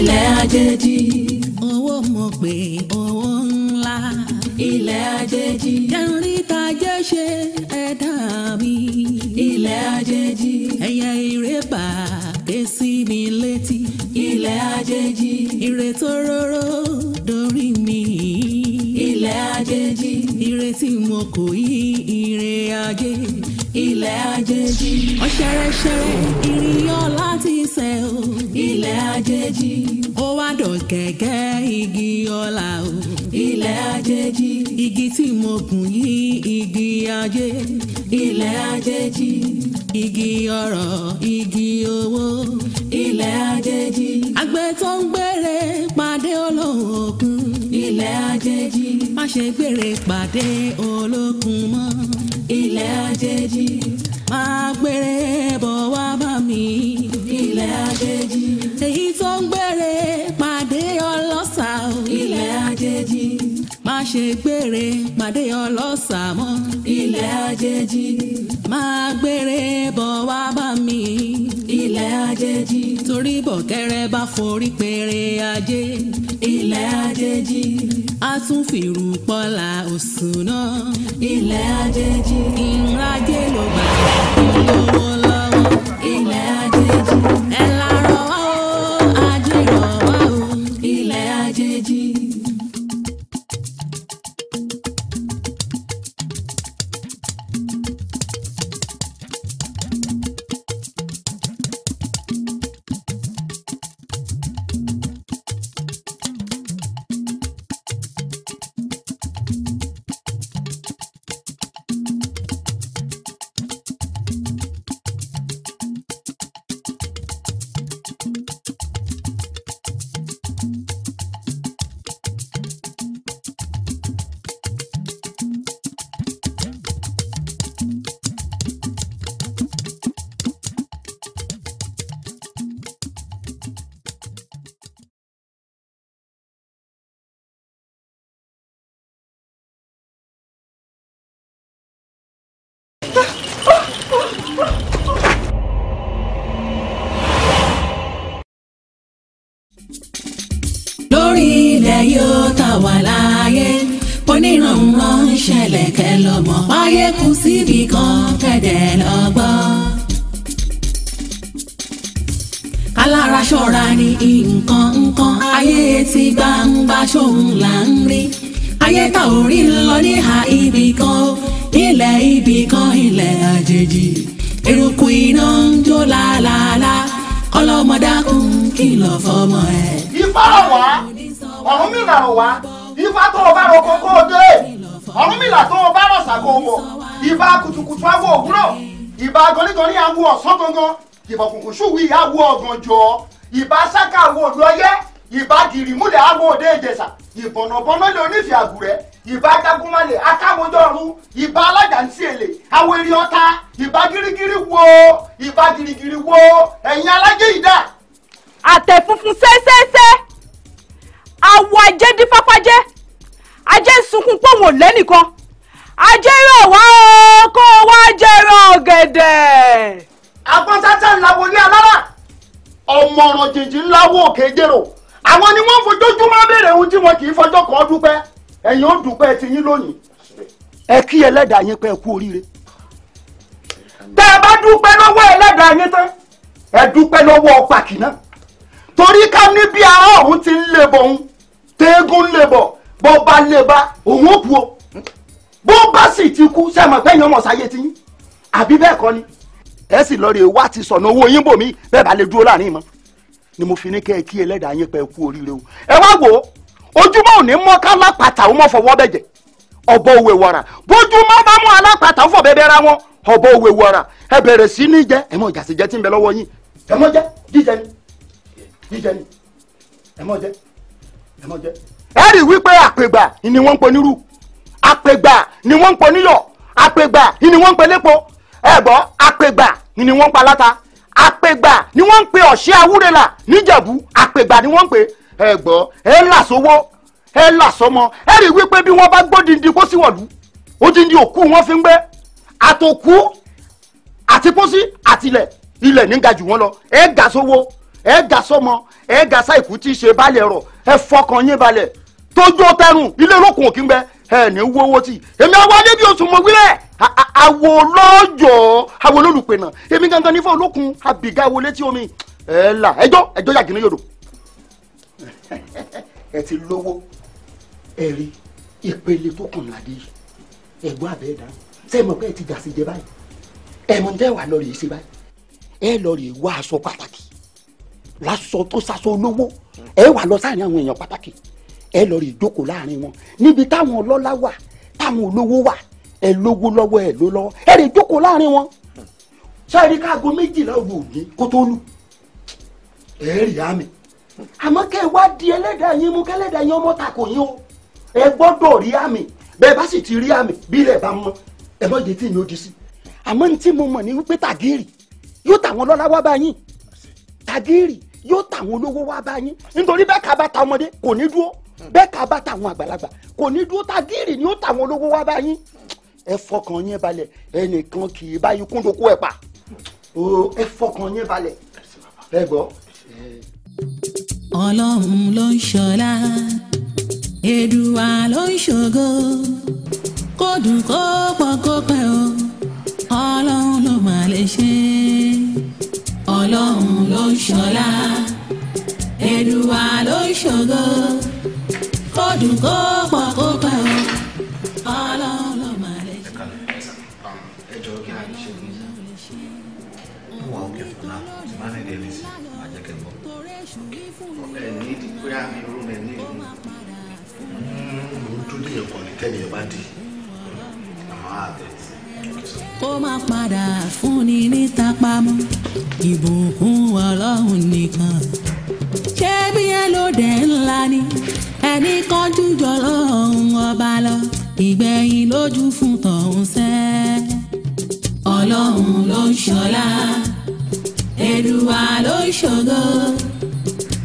ilẹ̀ àjèjì. owó mo pè owó ńlá. ilẹ̀ àjèjì. jẹun níta jẹ́ ṣe ẹ̀dá mi. ilẹ̀ àjèjì. ẹyẹ ìrẹ́pà ké sí mi létí. ilẹ̀ àjèjì. ire tó róró dorí mi. ilẹ̀ àjèjì. ire tí mo kò yí ire ajé ilẹ̀ àjèjì. ọ̀ṣẹ̀rẹ̀ṣẹ̀rẹ̀ ìrìyàn láti ṣe o. ilẹ̀ àjèjì. ó wá dọ̀kẹ̀kẹ́ igi ọlá o. ilẹ̀ àjèjì. igi tí mo gùn yí igi ajé. ilẹ̀ àjèjì. igi ọrọ̀ igi owó. ilẹ̀ àjèjì. àgbẹ̀ tó ń gbére pàdé olóhùn òkun ilẹ̀ àjèjì má ṣe gbèrè pàdé olókun mọ́ ilẹ̀ àjèjì má gbèrè bọ̀ wá bá mi ilẹ̀ àjèjì èyí tó ń gbèrè pàdé ọlọ́ṣà ilẹ̀ àjèjì ṣe gbére pàdé ọlọ́sàmọ́. ilẹ̀ àjèjì. máa gbére bọ̀ wá bá mi. ilẹ̀ àjèjì. torí bọ̀kẹ́rẹ́ bá forí péré ajé. ilẹ̀ àjèjì. a tún fìrù pọ́lá òsùn náà. ilẹ̀ àjèjì. ìrìnàjè ló bá lówó ilẹ̀ àjèjì. ẹ lọ. aṣóhun là ń rí ayé tá ò rí lọ níhà ibì kan ilẹ̀ ibì kan ilẹ̀ àjèjì eruku iná ń jó làálàálá ọlọ́mọdákùn kìlọ̀ fọmọ ẹ. ifá ò wá Ọ̀rúnmìlà ò wá ifá tó o bá roko kó o dé Ọ̀rúnmìlà tó o bá rọ̀ ṣàkóso ìbá kùtùkùtù awo òwúrọ̀ ìbá gọ́nígọ́ní awo ọ̀sán gangan ìbọ̀kùnkùn ṣùwì awo ọ̀gànjọ́ ìbá sáká awo òdùọyẹ́ ìbàgìrì múlẹ̀ àwọn òde ìjẹsà ìbọ̀nàbọ̀nà lè onífìí àgùrẹ́ ìbá jagunmalẹ̀ akámojọ́rú ìbá alájàǹsí èlé àwọn èrè ọ̀tá ìbá girigiri wo ìbá girigiri wo ẹ̀yin alájẹ ìdá. àtẹ funfun sẹ́sẹ́sẹ́ awọ ajé dín pápájẹ́ ajé ń sunkún pọ̀wọ̀n lẹ́nìkan ajé rẹ̀ wá kó wá jẹrọ ọ̀gẹ̀dẹ̀. àpọ́nsátá ńlá wọlé alára ọmọ ọ̀rọ̀ jìnjìn ńlá wò kéjèrò àwọn ni wọ́n fojoojúmọ́ béèrè ohun tí wọn kì í fọjọ́ kan dúpẹ́ ẹ̀yin ó dúpẹ́ ti yín lónìí ẹ kí ẹlẹ́dàá yín pé ẹ kú oríire tẹ́ ẹ bá dúpẹ́ lọ́wọ́ ẹlẹ́dàá yín tán ẹ dúpẹ́ lọ́wọ́ pàkì náà torí ká ní bí ara ọ̀hún ti ń lè bọ̀ ọ̀hún téégún lè bọ̀ bó bá lè bá òun ó kú o bó bá sì ti kú sẹ́mọ̀ pé èèyàn mọ̀ sáyé ti yín àbí bẹ́ẹ̀ kọ́ ni ẹ sì lọ rè wá ti sọ̀nà owó yín bò mí bẹ́ẹ̀ bá lè dúró láàrin mọ́ ni mo fi ní kẹ́ ẹ kí ẹlẹ́dàá yín pẹ́ kú oríire o ẹ wá wò ó ojúmọ́ ò ní mọ́ ká lápàtà ó mọ́ fọwọ́ bẹ̀jẹ̀ ọ̀bọ òwe wọ̀rà bójúmọ́ bá mú alápàtà ó fọ̀ bẹ́ẹ̀ bẹ́ẹ̀ ra wọn ọ̀bọ òwe wọ̀rà ẹ bẹ̀rẹ̀ sí ní jẹ ẹ mọ̀ jàsí jẹ tí ń bẹ lọ́wọ́ yín ẹ mọ̀ jẹ jíjẹ ni jíjẹ ni ẹ mọ̀ jẹ ẹ mọ̀ jẹ. ẹ rí i wípé àpègbà ni wọ́n ń pọ nírú àpègbà ni wọ́n ń pọ níyọ̀ àpègbà ni wọ́n ń pọ lépo ẹ gbọ́ àpègbà ni wọ́n ń pa láta àpègbà ni wọ́n ń pe ọ̀ṣẹ́ awúrẹ́là níjẹ̀bú àpègbà ni wọ́n ń pe ẹ gbọ́ ẹ là sówó ẹ là sọmọ ẹ rí i wípé bí wọ́n bá gbódìndín kó síwọ̀lú odindi òkú wọn fi ń gbé àtòkú àti pósí àtìlẹ̀ ilẹ̀ ní ga jù wọ́n lọ ẹ gà sówó ẹ gà sọmọ ẹ gà sáìkú tí í ṣe balẹ̀ rọ̀ ẹ fọkàn yín balẹ̀ tójú ọtẹrùn ilé olókùn òkín gbẹ ẹ ní wọ́wọ́ tì èmi àwọn adébíyọ̀sùn mọ̀ wílẹ̀ àwo lọ́jọ́ àwo lólùpẹ̀ náà èmi gangan nífọ̀ olókun àbìgá wo létí omi ẹ̀ là ẹjọ́ ẹjọ́ yàgì ní yòdò. ẹ ti lówó ẹ rí ìpele tó kàn ládé yìí ẹ̀gbọ́n àbẹ́ ẹ̀dá sẹ́mọ̀ pé ẹ ti dàsí jẹ báyìí ẹ̀mọ̀ tẹ́ wà lọ́ọ̀rì yìí ṣe báyìí ẹ lọ́ọ̀rì wá aṣọ pàtàkì lásọ tó ṣaṣọ olówó ẹ wà lọ sáàrin àwọn èèyàn pàtàkì ẹ lọ́ọ̀rì ìjókòó láàrin wọn níbi táwọn ọlọ́lá wà táwọn olówó wà ẹ lówó lọ́wọ́ ẹ ló lọ́wọ́ ẹ lè jókòó láàrin wọn sáré káago méjìlá òru òní kó tó lù ẹ rí àmì àmọ́ kẹ́ ẹ wá di ẹlẹ́dàá yín mú kẹ́lẹ́dàá yín ọmọ tako yín o ẹ gbọ́dọ̀ rí àmì bẹ́ẹ̀ bá sì ti rí àmì bí ilẹ̀ bá mọ ẹ mọ ìdí tí mi ò di sí. àmọ́ ní tí mo mọ̀ ní wípé tàgírì yóò tàwọn lọ́lá wá bá yín tàgírì yóò tàwọn olówó wá bá yín nítorí bẹ́ẹ̀ ká bá ta ọmọdé kò ní dúró bẹ́ẹ̀ ká bá tàwọn àgbàlagbà kò ní dúró tàgírì ni ó tàwọn olówó wá bá yín ẹ fọkàn yín balẹ̀ ẹnìkan kì í báyìí kúndùkú ẹ̀ pa ẹ fọkàn yín balẹ̀ ẹ gbọ́. ọlọ́run ló ń ṣọlá èdùà ló ń ṣògo kó dùn kó pọ̀ kó pẹ́ o ọlọ́run ló mà lè ṣe ọlọ́run ló ń ṣọlá èdùà ló ń ṣògo kó dùn kó pọ̀ kó pẹ́ o ọlọ́run. ẹni di pé àmì irú mi ní ìlú ń dúdú yẹn kàn ní tẹ́lẹ̀ bá di àwọn àtẹ̀tì. kó má padà fúnni níta pamọ́ ìbùkún ọlọ́run nìkan ṣé bí ẹ ló dé ńlá ni ẹni kan jújọ lọ́hùn ọba lọ ìgbẹ̀yìn lójú fún tọ̀hún sẹ́. ọlọ́run ló ń ṣọlá èdùwà ló ń ṣògo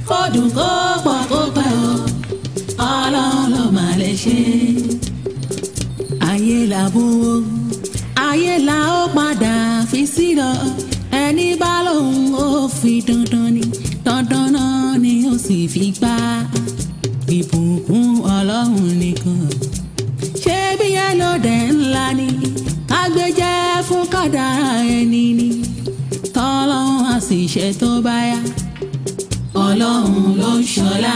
kó dùn kó pọ̀ kó pẹ́ o ọlọ́run ló mà lè ṣe. ayé là bówó ayé là ó padà fi sí lọ ẹni bá lòun ó fi dandan ni dandan náà ni ó sì fi gbá ìbùkún ọlọ́run nìkan ṣé bí yẹn ló dẹ̀ ńlá ni agbẹjẹ́ fún kádàrá ẹni ni tọ́lọ́run á tó bá ọlọ́run ló ń ṣọlá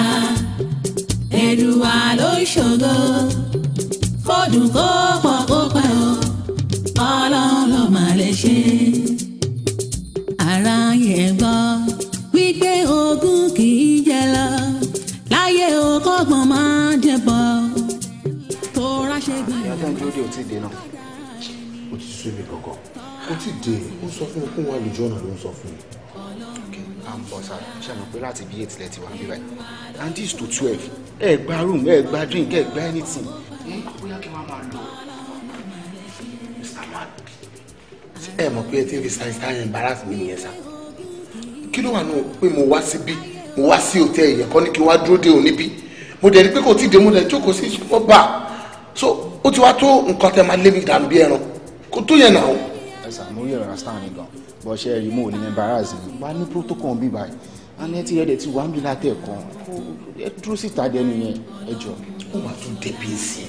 ẹ̀dùwà ló ń ṣògo fọdùn kó pọ̀ kó pẹ́ o ọlọ́run ló mà lè ṣe. ara yẹn gbọ́ wípé ogún kì í jẹ lọ láyé o kọ́gbọ́n máa jẹ bọ́ tó ráṣẹ́ bí. ìyá dájú ó dé òtí dé náà ó ti sún mi gangan ó ti dé ó sọ fún mi kó wà lójú ọ̀nà ló ń sọ fún mi bọ̀ sá ṣe mọ̀ pé láti bí eight lẹ́tì wá bíbáyìí and this to twelve ẹ gba room ẹ gba drink ẹ gba anything. bóyá kí wọ́n máa lọ mr man ẹ mọ̀ pé ẹ ti fi sáyẹn sáyẹn embarrass mi nìyẹn sá kí ló wà nù pé mo wá síbí mo wá sí hòtẹ́ẹ̀lì yẹn kọ́ ni kí n wá dúró dé òní bí mo dẹ̀ ní pé kò tí ì dé mo dẹ̀ jókòó sí ìṣúná so ó ti wá tó nǹkan tẹ́ máa lé mi dànù bí ẹran kò tó yẹn nà ó. ẹ sà mo rí ẹ̀rọ understand ni bọ́ ṣe rí mo ò embarrass mi wá ní protocol bí báyìí àná ẹ ti rẹ̀ ti wá ń bí látẹ̀ kan ẹ dúró síta dẹnu yẹn ẹ jọ. ó máa tún débi sí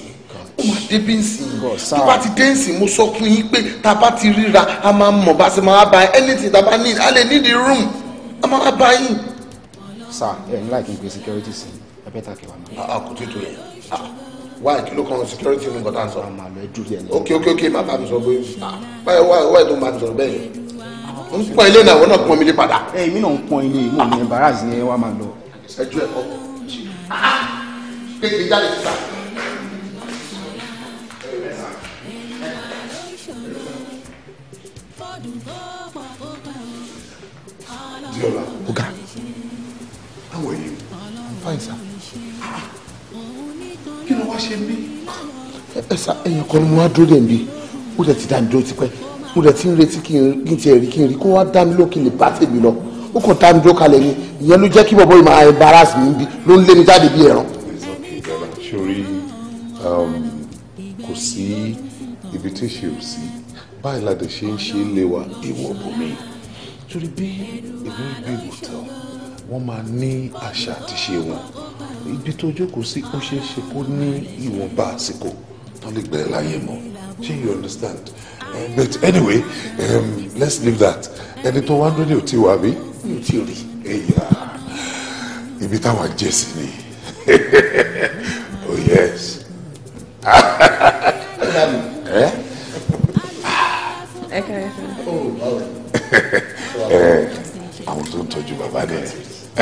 ó máa débi sí i ti dé sí mo sọ fún yín pé tá a bá ti ríra a máa mọ̀ bá ṣe máa bá ẹ anything tá a bá need a lè need the room a máa bá yín. sir ẹ ní láì kí n pe security sí i ẹ bẹ́ẹ̀ ta kẹwàá náà. a ah, ah, kò tó tó yẹn wá ìkìlọ̀ kan security ní nǹkan tá a sọ. Ah, ok ok ok má bàa mi sọ pé báyọ̀ wá tó máa mi sọ̀rọ̀ bẹ́ẹ̀ yẹn n pọn ilé náà wọn náà pọn mi lé padà. ẹ mi náà ń pọn ilé mò ń embarrass yẹn wàá máa lọ. ẹjọ ẹ kọ kékeré jáde síta. diola oga how are you. fine sir. kí ló wá ṣe mí. ẹ ẹ sá ẹyìn kan ni mo wá dúró dẹ̀ ń bí ó dẹ̀ ti dá mi dúró tipẹ́ mo dẹ̀ ti ń retí kí n tiẹ̀ rí kí n rí kó wá dá mi ló kí n lè bá tèmi lọ ó kàn dá mi dúró kalẹ̀ ni ìyẹn ló jẹ́ kí bọ̀bọ̀ yìí máa embarrass mi bí ló ń lé mi jáde bí ẹran. sori um, kò sí ibi tí ṣe ò sí báyìí la dẹ̀ ṣe ń ṣe é lé bòmí sori bí ìlú ìgbé hotel wọ́n máa ní àṣà àti ṣe wọn ibi tó jókòó sí ó ṣeé ṣe kó ní ìwọ̀nba àsìkò tó lè gbẹ̀rẹ̀ láyé mọ́ ṣé you understand? but anyway um, let's leave that ẹni tó wá ń dúró ní òtí wa bí. mi ò tí ò rí. ẹyà ibi táwa jẹ sí ni oh yes. Eh? ẹ kẹrẹ fún mi. Oh, eh, àwọn tó ń tọ́jú bàbá ni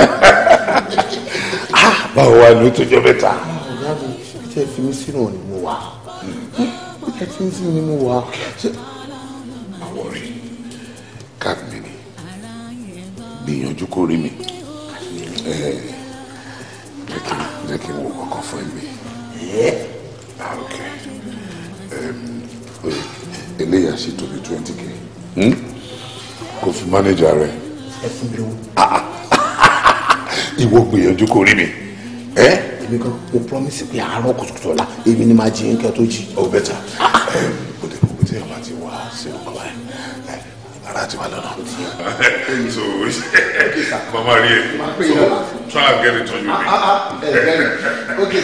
ah, báwo wà ní ó tó jọ mẹ́ta. ọ̀gá mi ṣe fi mí sínú ọ̀nìmọ̀ wa ẹtúntì ni mo wà. àwọn rẹ̀ káàdì mi ni gbìyànjú kó rí mi jẹ́ kí n wò kọ́kọ́ fún mi. eléyà ṣe tóbi twenty k hmm? kò fi mánéjà rẹ. Ah, ah, ah, ìwọ gbìyànjú kó rí mi. Eh? èmi kan mo promise pé àárọ̀ kùtùkùtù ọ̀la èmi ni màá jí yín kẹ́ tó jí. ó oh, bẹ́tà ehm, kò dé kò tí èèyàn ti wá sí ọkọ báyìí ara ti wà ehm, lọ́nà so mama ah, ah, ah, eh, rí so try get it on you. okay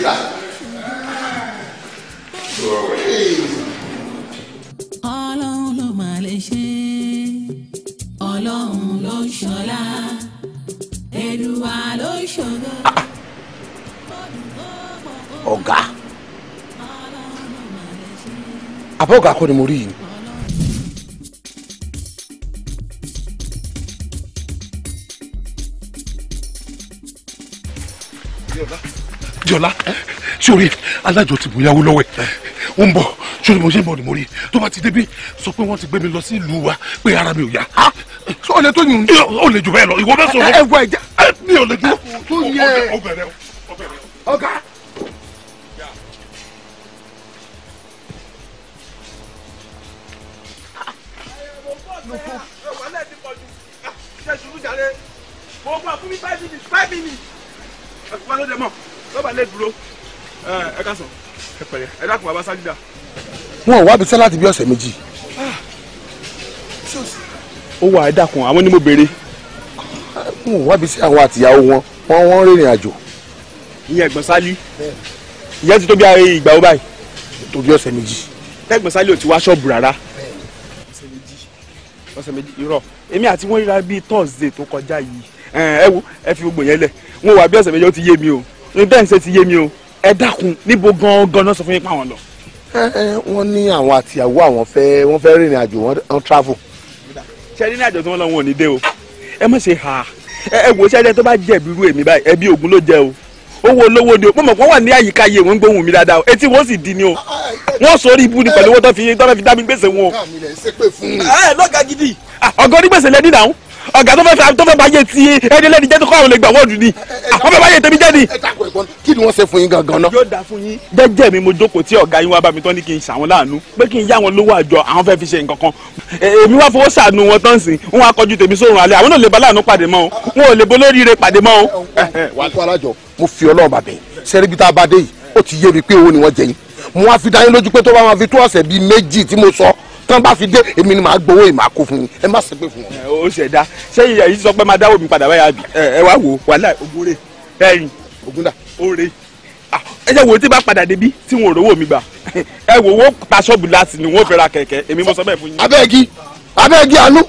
ló ń ṣọlá èdùwà ló ń ṣọlá ọ̀gá àbọ̀ ọ̀gá kọ́ ni mo rí yìí. jọlá sórí alájọ ti bóyá wúlọ́wẹ́ ó ń bọ̀ sórí mo ṣe ń bọ̀ ni mo rí tó bá ti débi sọ pé wọ́n ti gbé mi lọ sí ìlú wa pé ara mi ò yá. ó ah! lè tó yùn. ó lè jù bẹ́ẹ̀ lọ ìwọ bẹ́ẹ̀ sọ̀rọ̀. ẹ wọ ẹja. mi ò lè dúró. tó yẹ ọbẹ̀rẹ̀ ọbẹ̀rẹ̀. ọ̀gá. ọwọ́ fún wa fún mi five minutes five minutes. àkùkọ ló dé mọ lọ́ba lè dúró ẹ ká sọ ẹ pẹ̀lẹ́ ẹ dákun bàbá sájú dà. wọn ò wá bisẹ́ láti bí ọ̀sẹ̀ méjì. Ah, ó wà ẹ dákun àwọn ni mo béèrè. wọn ò wá bisẹ́ àwọn àtìyàwó wọn wọn wọn rìnrìn àjò. ìyẹn ẹ̀gbọ́n Sálí ìyẹn ti tó bí ìgbà ó báyìí. tó bí ọ̀sẹ̀ méjì. tẹ́gbọ̀n Sálí ò ti wá ṣọ́ọ̀bù rárá ọ̀sẹ̀ méjì irọ́ èmi àti wọ́n ríra bíi thursday tó kọjá yìí Eh, ẹ wo ẹ fi gbogbo yẹn lẹ̀ wọn wà bí ọ̀sẹ̀ méjì ó ti yé mi o ní bẹ́ẹ̀ ń ṣe ti yé mi o ẹ dákun níbo gan-an náà sọ fún yín pa àwọn lọ. wọ́n ní àwọn àtìyàwó àwọn fẹ́ wọ́n fẹ́ rìnrìn àjò wọn travel. ṣé ní àjọ tí wọ́n lọ wọn ò ní dé o ẹ má ṣe hà ẹ wò ó ṣẹ́jẹ́ tó bá jẹ̀bi irú èmi báyìí ẹbí ògún ló jẹ o owó olówó ni o mo mọ̀ wọ́n wà ní àyíká yìí wọ́n ń gbóhùn mi dáadáa o etí wọ́n sì di ni o ah, ah, ah, wọ́n sọrí ibú ni pẹ̀lú owó tó fi dá mi gbèsè wọn o. ẹ eh, lọ́gàá gidi. ọgọ́rí gbèsè lẹ́ni náà ọ̀gá tó fẹ́ fẹ́ tó fẹ́ báyé ti ẹni lẹ́ni jẹ́ tó kọ́ àwọn olè gbà wọ́ọ̀dù ni àwọn fẹ́ báyé tèmi jẹ́ kí ni wọ́n ṣe fún yín gangan náà. yóò dáa fún yín. jẹ́jẹ́ mi mo jókòó tí ọ̀gá yín wá bá mi tán ní kí n ṣàwọn láàánú pé kí n yá wọn lówó àjọ àwọn fẹ́ fi ṣe nǹkan kan. èmi wá fowó ṣàánú wọn tán sí wọn á kọjú tèmi sórun alẹ́ àwọn náà lè bá pàdé mọ́ tán bá fi dé èmi ni màá gbowó yìí màá kó fún yín ẹ má ṣe pé fún wọn. ó ṣẹ̀dá sẹ́yìn èyí sọ pé máa dáwọ́ mi padà báyà bí ẹ wá wò wàhálà ògùn rè ẹyìn ògùn dà ó rè ah, ẹ jẹ́ wo tí bá padà débi tí wọn ò rówó mi gbà ẹ wò wó pa ṣọ́ọ̀bù láti ni wọ́n fẹ́ ra kẹ̀kẹ́ èmi mo sọ bẹ́ẹ̀ fún yín. abẹ́ẹ̀gì abẹ́ẹ̀gì àánú.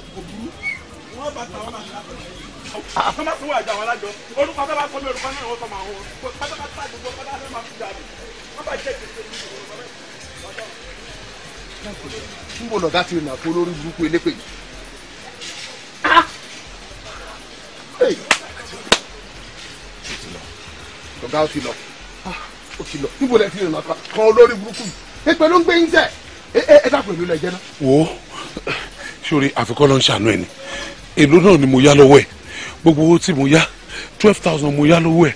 Thank ah. you níbo lọ̀gá ti na kó lórí burúkú elépè ah! yìí. lọ̀gá ó ti lọ ah! ó ti lọ níbo lẹ ti rìnà kan olórí burúkú yìí èpè ló ń gbé yín tẹ ẹ dákun ìlú lẹ jẹ náà. wo sori àfikọ́ ló ń ṣàánú ẹ ni èlò náà ni mo yá lọ́wọ́ ẹ̀ gbogbo owó tí mo yá twelve thousand mo yá lọ́wọ́ ẹ̀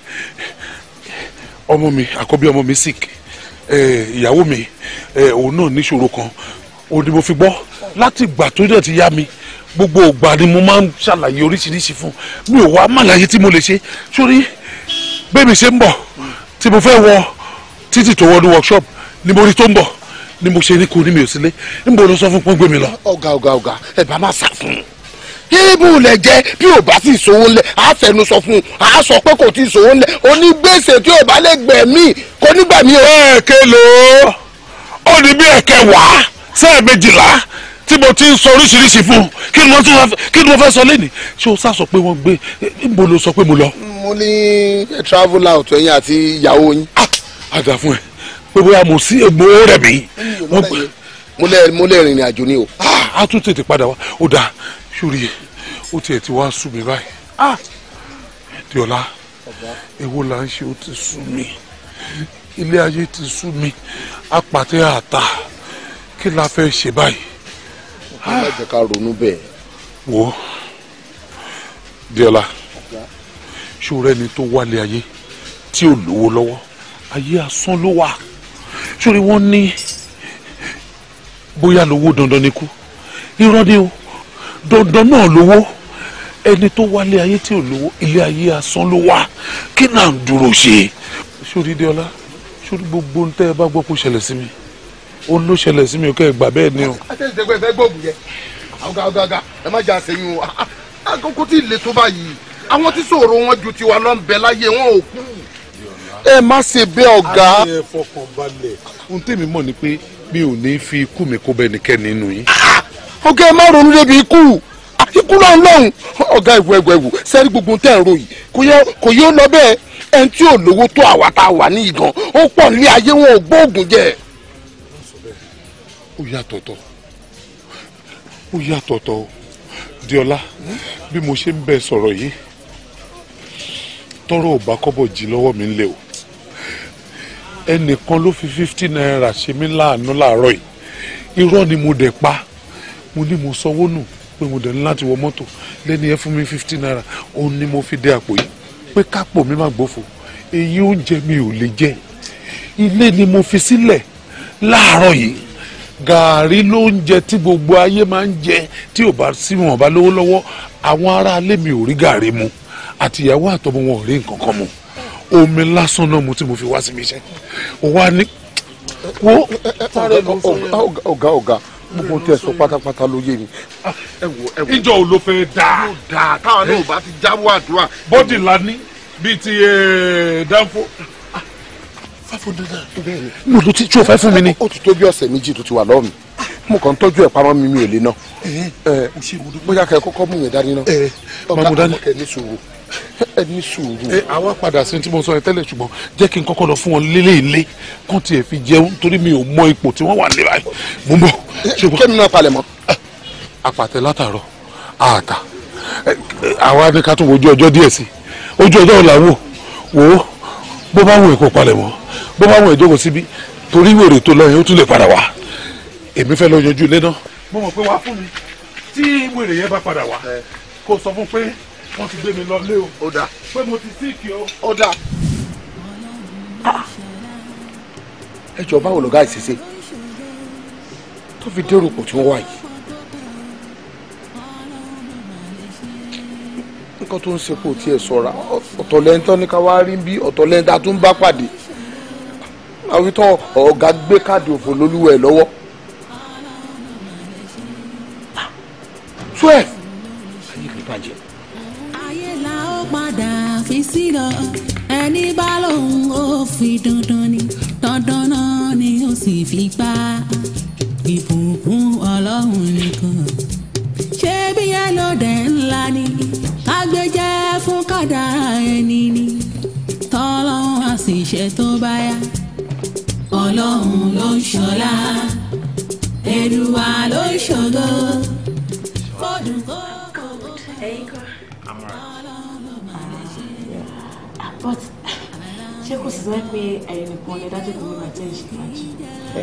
ọmọ mi àkọ́bí ọmọ mi sick ìyàwó mi òun náà níṣòro kan òun ni mo fi gbọ́ láti ìgbà tó dẹ̀ ti yá mi gbogbo ìgbà ni mo máa ń ṣàlàyé oríṣiríṣi fún mi ò wá màlàyé tí mo lè ṣe sórí bẹ́ẹ̀mi ṣe ń bọ̀ tí mo fẹ́ wọ títì tó wọnú workshop ni mo rí tó ń bọ̀ ni mo ṣe ní kò ní mi ò sílé ń bọ̀ ló sọ fún pọ́ngbẹ́mi lọ. ọ̀gá ọ̀gá ọ̀gá ẹ̀ bá má sá fún un ibu lẹ jẹ bí o bá sì sòwò ńlẹ a fẹnu sọ fún un a sọ pé kò ti sòwò ńlẹ onígbèsè tí o bá lè gbẹ̀mí kò ní gbẹ̀mí o. ẹ̀ẹ́kẹ́ lò ó ní bí ẹ̀kẹ́ wàá sẹ́ẹ̀mejìlá tí mo ti ń sọ oríṣiríṣi fún un kí ni mo fẹ́ sọ lẹ́nìí ṣé o sá sọ pé wọ́n gbé níbo ló sọ pé mo lọ. mo ní travel out ẹ̀yin àti ìyàwó yín. Ah, àgbà fún ẹ pé bóyá mo sí egbò rẹ mi. mo lè mo lè rìnrìn àjò ni o. Ah, a tún tètè padà wá ó dáa ṣúrí ó tiẹ̀ ti wá sùn mí báyìí. Ah, diola èwo là ń ṣe ó ti sùn mí ilé ayé ti sùn mí apàtẹ àtà kí la fẹ́ ṣe báyìí. ọkọ má jẹ́ ká ronú bẹ́ẹ̀. wo diola ṣòro ẹni tó wálé ayé tí ò lówó lọ́wọ́ ayé asán ló wà ṣòro wọn ní bóyá lówó dandan ni kú irọ́ ni o dandan náà lówó ẹni tó wálé ayé tí ò lówó ilé ayé asán ló wà kí náà ń dúró ṣe. ṣòro diola ṣòro gbogbo ń tẹ́ ẹ bá gbọ́ kó ṣẹlẹ̀ sí mi ó ló ṣẹlẹ̀ sí mi ò kẹ́ ẹ̀ gbà bẹ́ẹ̀ ni o. àtẹ̀síṣẹ́gbẹ́ fẹ́ gbóògùn yẹn àwògá àwògá àga ẹ má jà sẹ́yìn o àkókò tí ìletò báyìí àwọn tí ṣòro wọn ju tiwa lọ ń bẹ láyé wọn ò kú. ẹ má ṣe bẹ́ẹ̀ ọ̀gá. a ní ẹ fọkàn balẹ̀ ohun tèmi mọ̀ ni pé mi ò ní fi ikú mi kó bẹ́nikẹ́ni nínú yín. Ah, ah. ọ̀gá ẹ má ronú débi ikú ikú náà lọ́hùn ọ̀gá ìwọ ẹ̀wọ̀ ẹ̀wọ̀ sẹ́rí gbogbo tẹ̀ ń ròyìn kò yẹ ó lọ bẹ́ẹ̀ ẹni tí ò lówó tó àwa tá a wà ní ìgàn ó pọ̀ nílé ayé wọn ò gbóògùn jẹ ó yàtọ̀ tọ̀ ó yàtọ̀ tọ̀ o diola bí mo ṣe ń bẹ sọ̀rọ̀ yìí tọrọ ò bá kọ́bọ̀ jí lọ́wọ́ mi lé o ẹnìkan ló fi fifty naira ṣe mí láàánú láàárọ̀ yìí irọ́ ni mo dẹ̀ pa mo ní mo sanwó nù pé mo dẹ̀ ní láti wọ mọ́tò lẹ́ni ẹ fún mi fifty naira òun ni mo fi dé àpò yìí pé kápò mi má gbófo èyí oúnjẹ mi ò lè jẹ ilé ni mo fi sílẹ̀ láàárọ̀ yìí gàárì ló ń jẹ tí gbogbo ayé máa ń jẹ tí ò bá sí wọn bá lówó lọ́wọ́ àwọn ará ilé mi ò rí gàárì mu àtìyàwó àtọmọ wọn ò rí nǹkan kan mu omi lásán náà mo tí mo fi wá síbi iṣẹ́ ó wá ní. ọ̀gá ọ̀gá gbogbo tẹ sọ pátápátá ló yé mi. Ah, ìjọ ò ló fẹ́ dáa. yóò dáa táwọn náà ò bá ti jáwọ́ àdúrà. bọ́dì lani ní bíi ti eh, dánfó five hundred naira. mo lo ti tí o fẹ́ fún mi ni. ó ti tó bí ọ̀sẹ̀ méjì tó ti wà lọ́wọ́ mo kàn ń tọ́jú ẹ̀ pamọ́ mi mi ò lè ná. Eh, eh, bóyá kẹ́ ẹ kọ́kọ́ mú yẹn dání ná. ọ̀gá eh, ọ̀kẹ́ ní sùúrù ẹ ní sùúrù. ẹ àwa padà sí tí mo sọ yẹn tẹ́lẹ̀ ṣùgbọ́n jẹ́ kí n kọ́kọ́ lọ fún wọn lélẹ̀ ilé kó tiẹ̀ fi jẹun torí mi ò mọ ipò tí wọ́n wà ní báyìí mo mọ̀. ṣùgbọ́n kẹ́mi náà palẹ̀ mọ́. Ah, àpàtẹ látàárọ̀ àtà àwa ni ká tún wojú ọjọ́ díẹ̀ sí ojú ọjọ́ làwọ̀ wò ó bó bá wù ẹ́ kó palẹ̀ mọ́ bó bá wọn ìjókòó síbi torí wèrè tó lọ yẹn ó tún lè padà wá èmi fẹ́ lọ yanjú ilé náà. mo mọ̀ pé wá fún mi tí wèrè yẹn bá padà wá eh. kó sọ fún pé wọ́n ti gbé mi lọ lé o. ó dáa. pé mo ti síìkì o. ó dáa. ẹ jọ báwo lọ́gá ìṣẹ̀ṣe tó fi dérò pò tí wọ́n wà yìí. nǹkan tó ń sepò tí ẹ sọ̀ra ọ̀tọ̀lẹ́ńtọ́ ní ká wá rí bí ọ̀tọ̀lẹ́ńtà tó ń bá pàdé àwítọ́ ọ̀gá gbé káàdì òfò lólúwẹ̀ lọ́wọ́ ah, twelve ayé kìí bàjẹ́. ayé la ó padà fi sílọ ẹni bá lòun ó fi dandan ni dandan náà ni ó sì fi gbá ìbùkún ọlọ́run nìkan ṣé bí ẹ ló dẹ̀ ńlá ni agbẹjẹ́ fún kádàrá ẹni ni tọ́lọ́run á tó bá yá ọlọ́run ló ń ṣọlá ẹ̀dùwà ló ń ṣògo fọdùn kó kó kó ah, but ṣé kò sí sọ́wọ́ pé ẹ̀yin nìkan lè dájú pé bàbá jẹ́ ìṣèwádìí.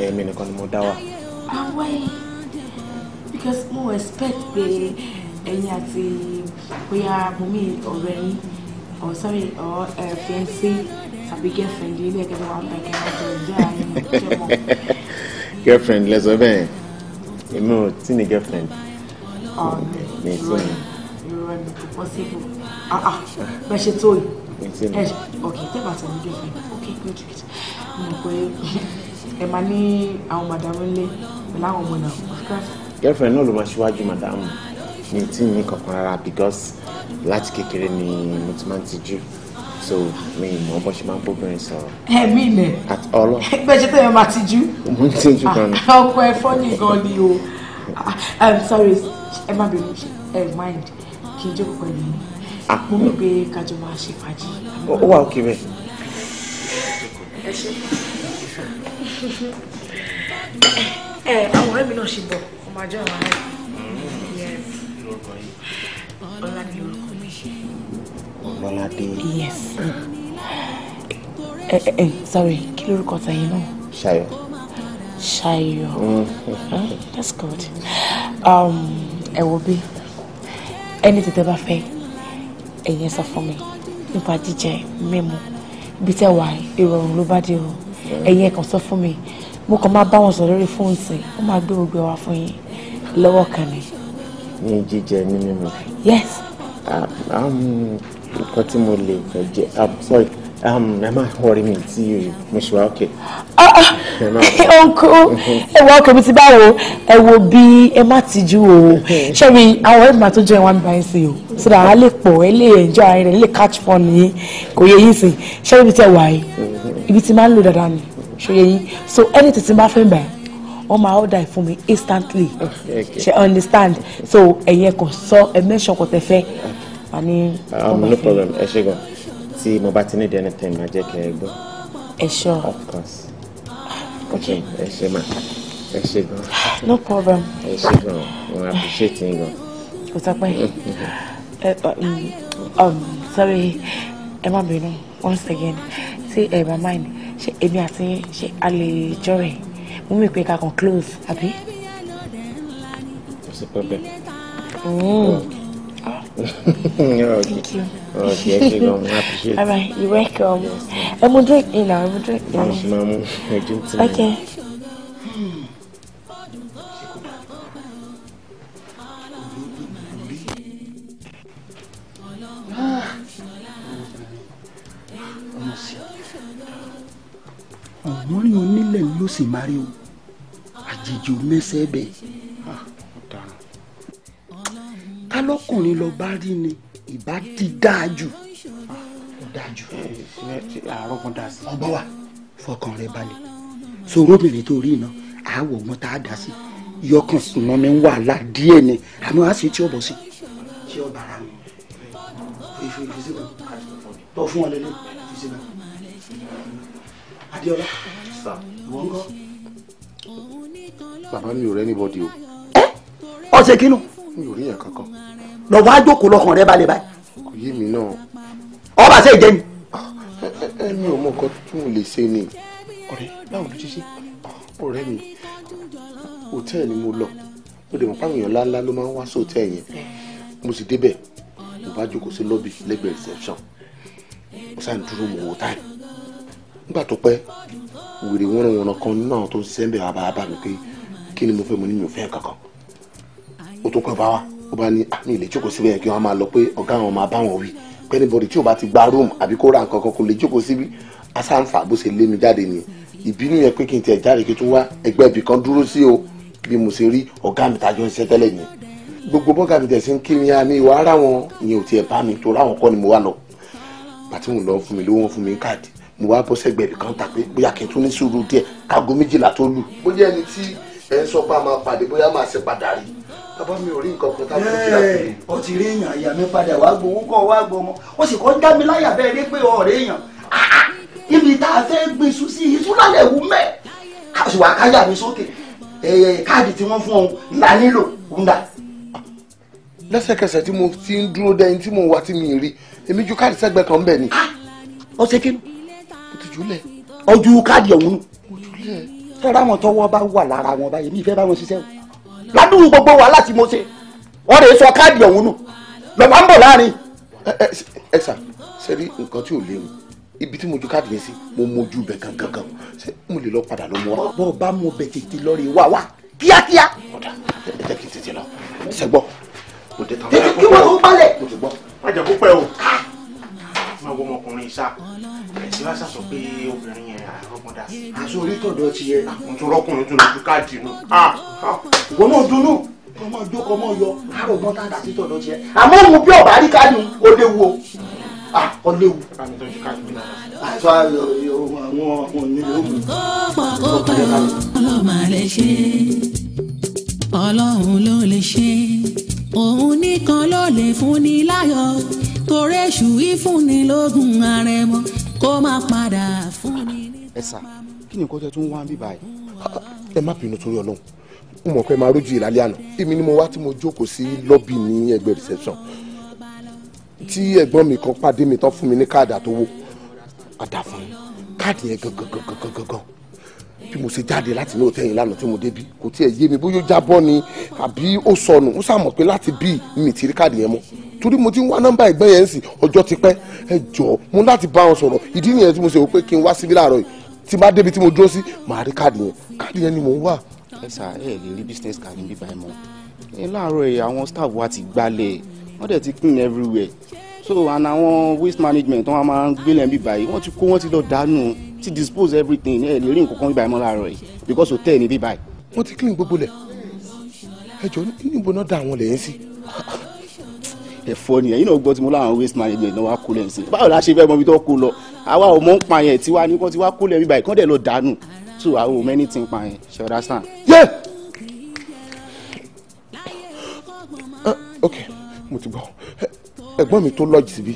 ẹ̀mí nìkan ni mo dá wà. àwọn ah, because mo expect pé ẹ̀yin àti bóyá mọ̀mí ọ̀rẹ́ yín or sorry or eh, fiancé àbí girlfriend ilé ẹ̀kẹ́ wà bẹ̀ kẹ́ ọ̀dọ̀ ìjọ ayé mi jẹ́ mọ́. girlfriend lẹ́sọ̀ bẹ́ẹ̀ èmi ò tí ní girlfriend. ọ̀nà ìrọ̀ ìrọ̀ ẹ̀mí kò possible bẹ́ẹ̀ ṣe tó yìí ok tẹ́ bá tẹ̀lé girlfriend ok good good mo mọ̀ pé ẹ máa ní àwọn màdàmú ńlé pẹ̀lú àwọn ọmọ náà of course. girlfriend náà ló máa ṣíwájú màdàmú mi tí ní kankan rárá because láti kékeré ni mo ti máa ń tijú so mi ì mọ bó ṣe máa ń bóbìnrin sọ̀rọ̀. ẹ mi ilẹ̀ ọlọ. gbẹ́jẹ́ tẹ̀yọ̀ máa ti jú. mo ń tijú gan ni. Ah, ọkọ ẹ fọ́nì gan ni o ah, i'm sorry ẹ má bẹ̀rù ẹ mind kí n jókòó pẹ̀lú mi. Ah. mo mú pé kájọ ma ṣe fàájì. ó wà òkè bẹ́ẹ̀. ẹ ṣe ẹ àwọn ọ̀rẹ́ mi náà ṣe bọ̀ ọmọ àjọ àwọn ọ̀rẹ́ mi. ọlá ni orúkọ. Lọ́ládé. Yes. Ẹ eh, ẹ eh, eh, sorry, kí lorúkọ tẹ̀yìn náà? Ṣayọ̀. Ṣayọ̀. Mm. That's good. Um, ẹ wo bí ẹni tètè bá fẹ́ ẹ̀yìn sọ fún mi nípa jíjẹ mímu bí tẹ́wà ìrọ̀rùn ló bá dé o mm. ẹ̀yìn ẹ̀kan sọ fún mi mo kàn máa bá wọn sọ lórí fóònù sí ó máa gbé gbogbo wa fún yín lọ́wọ́ kan ni. ní jíjẹ ní mímu. yes. Ah, um, nǹkan tí mo lè fẹ́ jẹ i'm ah, sorry um, ẹ má wọrí mi tí mo ṣe wá òkè. ọ̀nkú ah, ah. ẹ wá òkè mi ti báwo ẹ wo bí ẹ má tìjú o ṣẹ́bi àwọn ẹ̀gbọ́n tó jẹ́ wọn bá yín sí o so that a lè pọ̀ ẹ lè ẹ̀jọ́ ara rẹ̀ lè catch fun yín kò yẹ yín sìn ṣẹ́bi ibi tẹ̀ wá yìí ibi tí máa mm-hmm. ń lò dáadáa ni ṣò yẹ yín so anything tí n bá fẹ́ bẹ̀ wọ́n máa order for me instantly ṣe understand so ẹ̀yẹ kò sọ ẹ̀ mẹ́sàn kò tẹ̀ fẹ́ a ní. Um, no problem ẹ ṣe gan tí mo bá ti ní di anytime máa jẹ́ kẹ́ ẹ gbọ́. ẹ ṣọ. of course. okay ẹ ṣe ma ẹ ṣe gan. no problem. ẹ ṣe gan mo appreciate yín gan. kò sọ um, um, sorry ẹ má bínú once again sí ẹ bá mind ṣe èmi àti ṣe a lè jọrìn mú mi pé ká kàn close àbí. kò pẹ́ mm. bẹ́ẹ̀ okay. Thank you. Okay, you. I appreciate All right, you're welcome. I'm going to drink you now. I'm going to drink you. Okay. ọ̀gbọ́n ní onílẹ̀ ló sì máa rí o àjèjì mẹ́sẹ̀ bẹ́ẹ̀ tálọ́kùnrin lọ bá rí ni ìbá ti dáa jù. ó dáa jù. àárọ̀ kan dà sí. ọgbọ́n wa fọkàn rẹ balẹ̀ sọ̀rọ̀ obìnrin tó rí iná àáwọ̀ ọgbọ́n tá a dà sí yọkàn sùnmọ́ mi ń wàhálà díẹ̀ ni àmọ́ a sì tí ó bọ̀ sí. ṣé ọba ara mi fífi fífi tọ́ fún ọ lẹ́lẹ́ fífi náà Adéọlá ìwọ ń kọ́. bàbá mi ò rẹ́ níbọ̀dì o. ọ̀sẹ̀ kínú mi ò rí yẹn kankan. lọ wá jókòó lọkàn rẹ balẹ̀ báyìí. kò yé mi náà. ọba ṣe jẹ ni. Ah, ẹ mi ò mọ nǹkan tí mo lè ṣe ni ọ̀rẹ́ báwo ló ṣe ṣe ọ̀rẹ́ mi hòtẹ́ẹ̀lì mo lọ mo dẹ̀ mọ̀ páwọn èèyàn ńláńlá ló máa ń wá sí hòtẹ́ẹ̀lì yẹn mo sì débẹ̀ mo bá jókòó sí lọ́bì lẹ́gbẹ̀ẹ́ reception mo sáà ń dúró mo wò táì nígbà tó pẹ́ wèrè wọ́nrọ̀wọ́nrọ̀ kan nínú àwọn tó ń ṣiṣẹ́ ń bẹ̀ wá bá mi pé kí ni mo fẹ́ mo ní mi ò fẹ́ kankan o tó pẹ́ bá wa ó bá ní àmì ilé jókòó síbẹ̀ yẹn kí wọ́n máa lọ pé ọ̀gá àwọn máa bá wọn wí pé anybody tí ò bá ti gba room àbí kó ra nǹkan kan kò lè jókòó síbi asáǹfà bó ṣe lé mi jáde nìyẹn ìbínú yẹn pé kí n tiẹ̀ jáde kí n tún wá ẹgbẹ́ ibì kan dúró sí o bí mo ṣe rí ọ̀gá mi tàjọ ń ṣe tẹ́lẹ̀ yẹn gbogbo bọ́gà mi tẹ̀sí ń kí mi àmì ìwà ara wọn ìyẹn ò tiẹ̀ bá mi tó ráwọn kọ́ ni mo wá lọ bàtí mo lọ fún mi lówó fún mi káàdì mo wá bọ́ sẹ́gbẹ̀ẹ́ ibì kan tà bóyá kí n tún ní sùúrù díẹ̀ kágo méjìlá tó lù bóyá ẹni tí ẹ ń sọ pé a máa pàdé bóyá máa ṣe padà rí bàbá mi ò rí nǹkan kan táwọn ti rà sí. ó ti rí èèyàn àyà mi padà wá gbowó kọ́ wá gbọmọ ó sì kọ́ dá mi láyà bẹ́ẹ̀ dé pé ọ̀rẹ́ èèyàn ibi tá a fẹ́ gbin iṣu sí iṣu lálẹ́ wù mẹ́ àṣùwà káyà mi sókè káàdì tí wọ́n fún ọ ńlá nílò ńlá. lẹ́sẹ̀kẹsẹ̀ tí mo ti ń dúró dẹ́yìn tí mo wá tí mi rí èmi ju káàdì sẹ́gbẹ́ kan bẹ̀ ni. ó ṣe kí ni. mo ti jùlẹ̀. ojú káàdì ọ̀hún nù. mo jùlẹ̀. tọ́ra wọn tọwọ́ bá wà lára wọn báyìí mi ìfẹ́ ládùúgbò gbogbo wa láti mo ṣe wọ́n lè sọ káàdì ọ̀hún nù lọ́wọ́ ń bọ̀ láàrin. ẹ sà ṣe rí nǹkan tí ò léwu ibi tí mo ju káàdì yẹn sí mo mojú bẹ gangan ṣé mo lè lọ padà lọ mọ wa. bọ́ ọ bá mọ bẹ tètè lọ rè wá wá kíákíá. ọ̀dà ẹ jẹ́ kí n tètè lọ ṣẹ́gbọ́. kí wọ́n tó balẹ̀. mo ti gbọ́ má jẹ́ kó pẹ́ máa wọ ọmọkùnrin sá ẹ̀sìn wá sàsọ pé obìnrin yẹn àrọ́gbọ́n dá sí. àṣọ orítọ̀dọ̀ ti yẹ. àkùntún rọ́kùnrin tún lójú káàdì nù. Ah, ah. wọn náà dunnú kọ́ mọ́ jó kọ́ mọ́ yọ àrògbọ́n tá a dà sí tọ̀dọ̀ ti yẹ. àmọ́ mo bí ọ̀bá rí káàdì ó léwu o ah, ó léwu. àṣọ eh, eh, àwọn ọmọ ó mú. ọlọ́run ló lè ṣe òun nìkan ló lè fún ni láyọ̀ torí èṣù ìfúnni lógún àrẹ̀mọ kó má padà fúnni níta máa mú. kí ni nǹkan tẹ tún wá ń bí báyìí. ẹ má bínú torí Ọlọ́run mo mọ̀ pé máa rójú ìlàlẹ́ àná èmi ni mo wá tí mo jókòó sí lọ́bì ní ẹgbẹ́ reception tí ẹ̀gbọ́n mi kan pàdé mi tán fún mi ní káàdì àtọwọ́ àdà fún mi káàdì yẹn gangan gangan gangan bí mo ṣe jáde láti ní òtẹ́yìn lánàá tí mo débi kò tiẹ̀ yé mi bóyá ó jábọ́ ni àbí ó sọnù ó sàmọ̀ pé láti bí mi ti káàdì yẹn mọ́ torí mo ti ń wá nọ́mbà ẹ̀gbọ́n yẹn sì ọjọ́ ti pẹ́ ẹ jọ̀ọ́ mo láti bá wọn sọ̀rọ̀ ìdí nìyẹn tí mo ṣe wò pé kí n wá síbí láàárọ̀ yìí tí bá débi tí mo dúró sí màá rí káàdì yẹn káàdì yẹn ni mò ń wà. ẹ sà ẹ lè rí business card níbí báyìí mọ́ ẹ láàárọ̀ ẹ àwọn staff wa ti gbalẹ̀ wọ́n dẹ̀ ti clean everywhere so and àwọn waste management wọ́n máa ń gbélé ẹ̀ bíbá yìí wọ́n ti kó wọ́n ti lọ dànù ti dispose everything ẹ lè rí nǹkan kan bíbá yìí mọ́ láàárọ̀ because hotel ni bíbá yìí. wọ́n ti clean gbogbo lẹ̀ ẹ jọ níbo náà dá àwọn lẹ́yìn sí ẹ̀fọ́ nìyẹn yìí náà gbọ́ tí mo láwọn waste management náà wá kó lẹ́yìn báwo la ṣe fẹ́ mọ ibi tó kó lọ àwa ò mọ ń pa yẹn tiwa ní kó ti wá kó lẹ́yìn báyìí kán dẹ̀ lọ dànù tù àwọn ò mẹ́ni ti ń pa yẹn ṣe ọ̀dà sàn. yé ok mo ti gbọ́ ẹ̀gbọ́n mi tó lọ́ọ̀jì síbí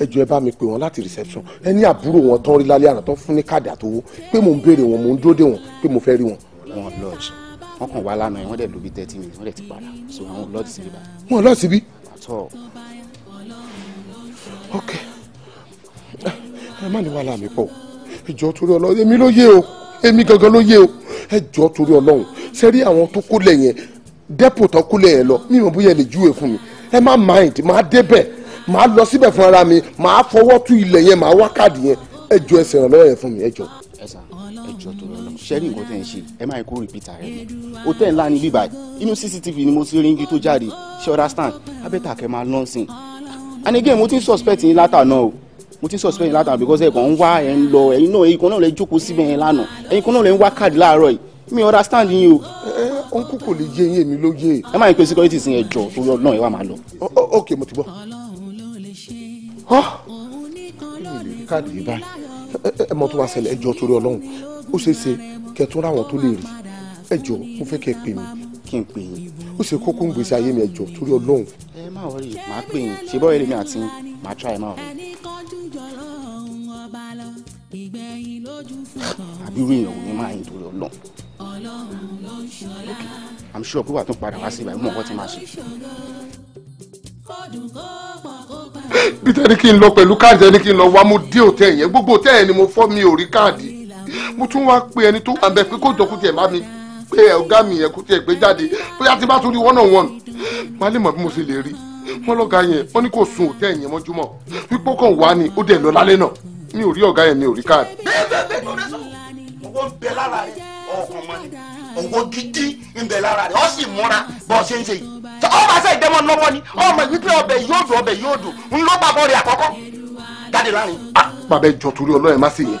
ẹ jọ̀ọ́ ẹ bá mi pè wọn láti reception ẹ ní àbúrò wọn tán rí lálẹ́ àná tán fún ní káàdì àtowó pé mò ń béèrè wọn mò ń dúró dè wọn pé mo fẹ́ rí wọn. wọn lọ́ọ̀jì wọn kàn wá lánàá yẹn wọn dẹ̀ lóbi thirty minutes wọn dẹ̀ ti padà so àwọn lọ́ọ̀jì síbí báyìí. wọn lọ́ọ̀jì síbí at all. ok ẹ má ní wàhálà mi pọ̀ ìjọ torí ọlọ́run èmi ló yé o èmi gangan ló yé o ẹ jọ torí ọlọ́run ṣe rí àwọn tó kó lẹ̀ yẹn dẹ́pò tó kó lẹ̀ yẹn lọ mi ìmọ̀ bóyá lè júwe fún mi ẹ má mind má débẹ̀ má lọ síbẹ̀ fún ara mi má fọwọ́ tú ilẹ̀ yẹn má wákàdí yẹn ẹ jọ ẹsẹ̀ ràn lọ́yẹ̀ fún mi ẹ jọ. ẹ sàn ẹjọ́ tó lọ́nà ṣẹ́rí nǹkan tẹ́ ń ṣe ẹ máa kó rìpítà rẹ hotel ńlá ní bíbá inú cctv ni mo ti rí igi tó jáde ṣe understand abẹ́tà kẹ́ máa lọ́nsìn and again mo ti ń suspect yín látàná o mo ti ń suspect yín látàná because ẹ̀ kàn ń wá ẹ̀ ń lọ ẹ̀yin náà ẹ̀yin kan náà lẹ jókòó síbẹ̀ yẹn lánàá ẹ̀yin kan náà lẹ ń wá káàdì láàárọ̀ yìí mi understand yín o. ẹ ẹ ọ̀nkú kò lè yé yín èmi ló yé. ẹ máa ń pe security sin ẹjọ́ torí ọdún náà ẹ wà máa lọ. ok mo ti bọ̀. ọ́ káàdì yìí báyìí ẹ mọ tó wá ṣẹlẹ̀ ẹjọ́ torí ọlọ́run ó ṣeé ṣe kẹ tún ráwọn tó lè rí ẹjọ́ mo fẹ́ kẹ pè mí kí n pè yín ó ṣe kókó ń gbèsè ayé mi ẹjọ́ torí ọlọ́run. ẹ má wọrí màá pè yín ṣe bọ́ọ̀lì mi àti màá try má wọrí. àbí irú èèyàn ò ní máa yín torí ọlọ́run. I'm sure pé wàá tún padà wá sí ibà ìmọ̀ ọ̀kọ́ ti máa ṣe bí tẹ́ni kí n lọ pẹ̀lú káàdì tẹ́ni kí n lọ wá mo dé òtẹ́ yẹn gbogbo òtẹ́ yẹn ni mo fọ́ mi ò rí káàdì mo tún wá pe ẹni tó wà pé kó jọ tiẹ̀ bá mi pé ọ̀gá mi yẹn kó tiẹ̀ gbé jáde bóyá tí bá tún rí one on one má mọ̀ bí mo ṣe lè rí wọn lọ́gàá yẹn wọn ní kò sun òtẹ́ yẹn mọ́júmọ́ pípọ́ kàn wá ni ó dẹ̀ lọ lálẹ́ náà mi ò rí ọ̀gá yẹn mi ò rí káàdì. bẹ́ẹ̀ bẹ́ẹ̀ bẹ́ẹ̀ tó fẹ́ sọ owó ń bẹ lára rẹ̀ ọkàn mọ́ni owó gidi ń bẹ lára rẹ̀ ó sì múra bọ́ ọ ṣe ń ṣe yìí ọmọ àṣẹ ìdẹ́mọ̀ lọ́wọ́ ni ọmọ ìwípé ọbẹ̀ yóò dùn ọbẹ̀ yóò dùn ń ló bàbọ̀ rẹ̀ àkọ́kọ́ jáde láàrin. bàbá ah, ẹ jọ torí ọlọ́run má sì yẹn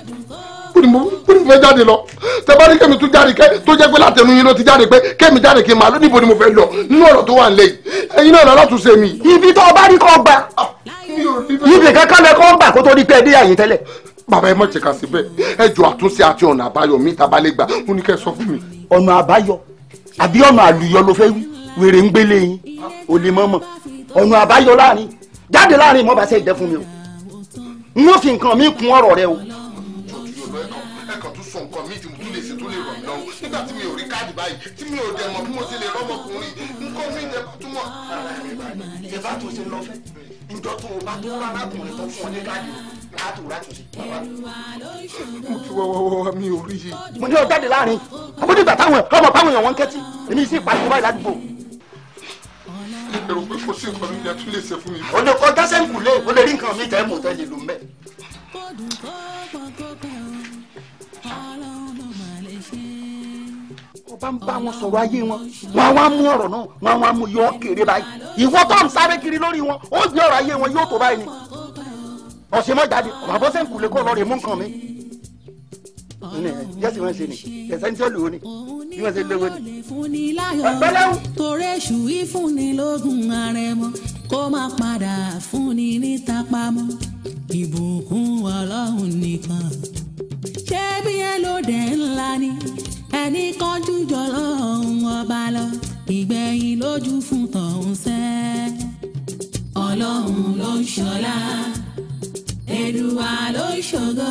kó ni mo fẹ́ jáde lọ tẹ́bárí kẹ́mi tún jáde kẹ́ tó jẹ́ pé látẹnu yín ló ti jáde pé kẹ́mi jáde kí n máa lọ níbo ni mo fẹ́ lọ nínú ọ̀rọ̀ tó wà ń lẹ̀ yìí ẹ̀yin náà lọ́la tún ṣe mí. ibi tó o bá rí kọ́ gbà ah, ibi kankan lẹ kọ́ ń bà kó tó di pé ẹ dé àyè tẹ́lẹ̀. bàbá ẹ mọ̀ ṣe kà síbẹ̀ ẹ jọ àtúnṣe àti ọ̀nà àbáyọ mi tàbá lè gbà ó ní kẹ́ sọ fún mi. ọ̀nà àbáyọ àbí ọ̀nà àlùyọ ló fẹ́ wí wèrè ń gbélé yín ò lè mọ̀ mọ̀ ọ̀nà àbáyọ láàrin jáde láàrin mọ́ bá ṣe ìdẹ́ mi o n ó fi nǹkan mi kún ọ̀rọ̀ rẹ o. mo ní ọjọ́ de láàrin àbúrò ìgbà táwọn ọmọ báwọn èèyàn wọn kẹ́tì èmi sì pariwo báyìí ládùúgbò lè bẹ̀rù pé kò sí nǹkan mi ìyá tún lè ṣe fún mi. o lè kọ dáṣẹ́ nkù lé o lè rí nǹkan mi tẹ́ mọ̀ tẹ́ lè lò mẹ́. ọba ń bá wọn sọ̀rọ̀ ayé wọn wọn wá mú ọ̀rọ̀ náà wọn wá mú yọ kéré báyìí ìwọ tó ń sáré kiri lórí wọn ó gbé ọ̀rọ̀ ayé wọn yóò tó báyìí ọ̀sẹ̀ mọ́ jáde ọ̀bàbọ́sẹ̀ nkù lè kọ́ lọ́ọ́ rè mú nǹkan mi ní jẹ́sí wọn ṣe ni ẹ̀sẹ̀ ń tẹ́ lò ó ni bí wọ́n ṣe lówó ni. ọ̀pẹ́lẹ́wù. torí èṣù ìfúnni lógún arẹmọ kó má padà fúnni níta pamọ́ ìbùkún ọlọ́run nìkan. ṣé bí ẹ ló dé ńlá ni ẹnì kan jújọ lọ́hùn ọba lọ ìgbẹ̀yìn lójú fún tọ̀hún sẹ́. ọlọ́run ló ń ṣọlá èdùwà ló ń ṣògo.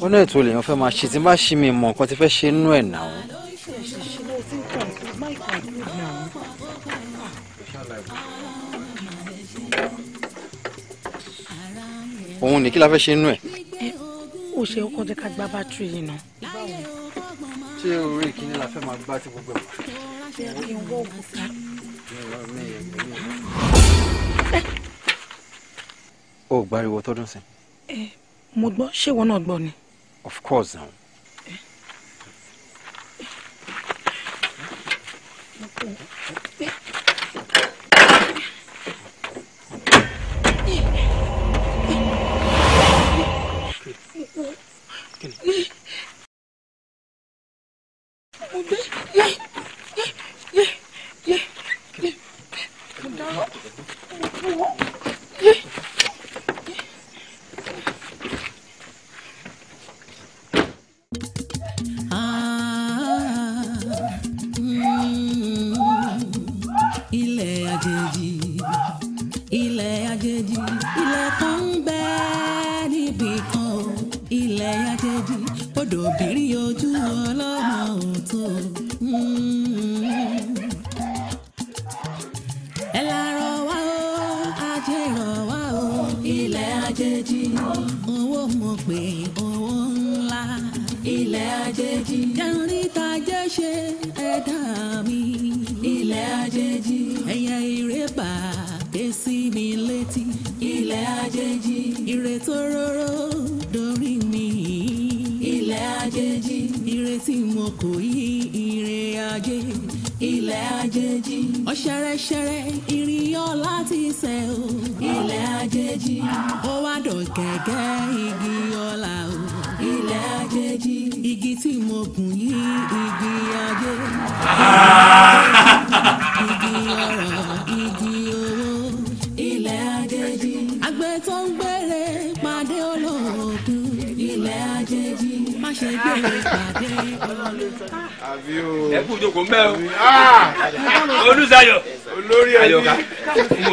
wọn náà ètò lèèyàn fẹ́ máa ṣe tí n bá ṣe mi mọ̀ nǹkan tí fẹ́ ṣe nú ẹ̀ náà. òun ní kí la fẹ́ ṣe nú ẹ̀. ó ṣe ọkọ jẹ́ ká gba bátìrì yìí ná. ṣé orí ìkíni la fẹ́ máa gbá tí gbogbo ẹ̀ wà. gbariwo tọdún sí. mo gbọ́ ṣé ìwọ náà gbọ́ ni. Of course now. Get it.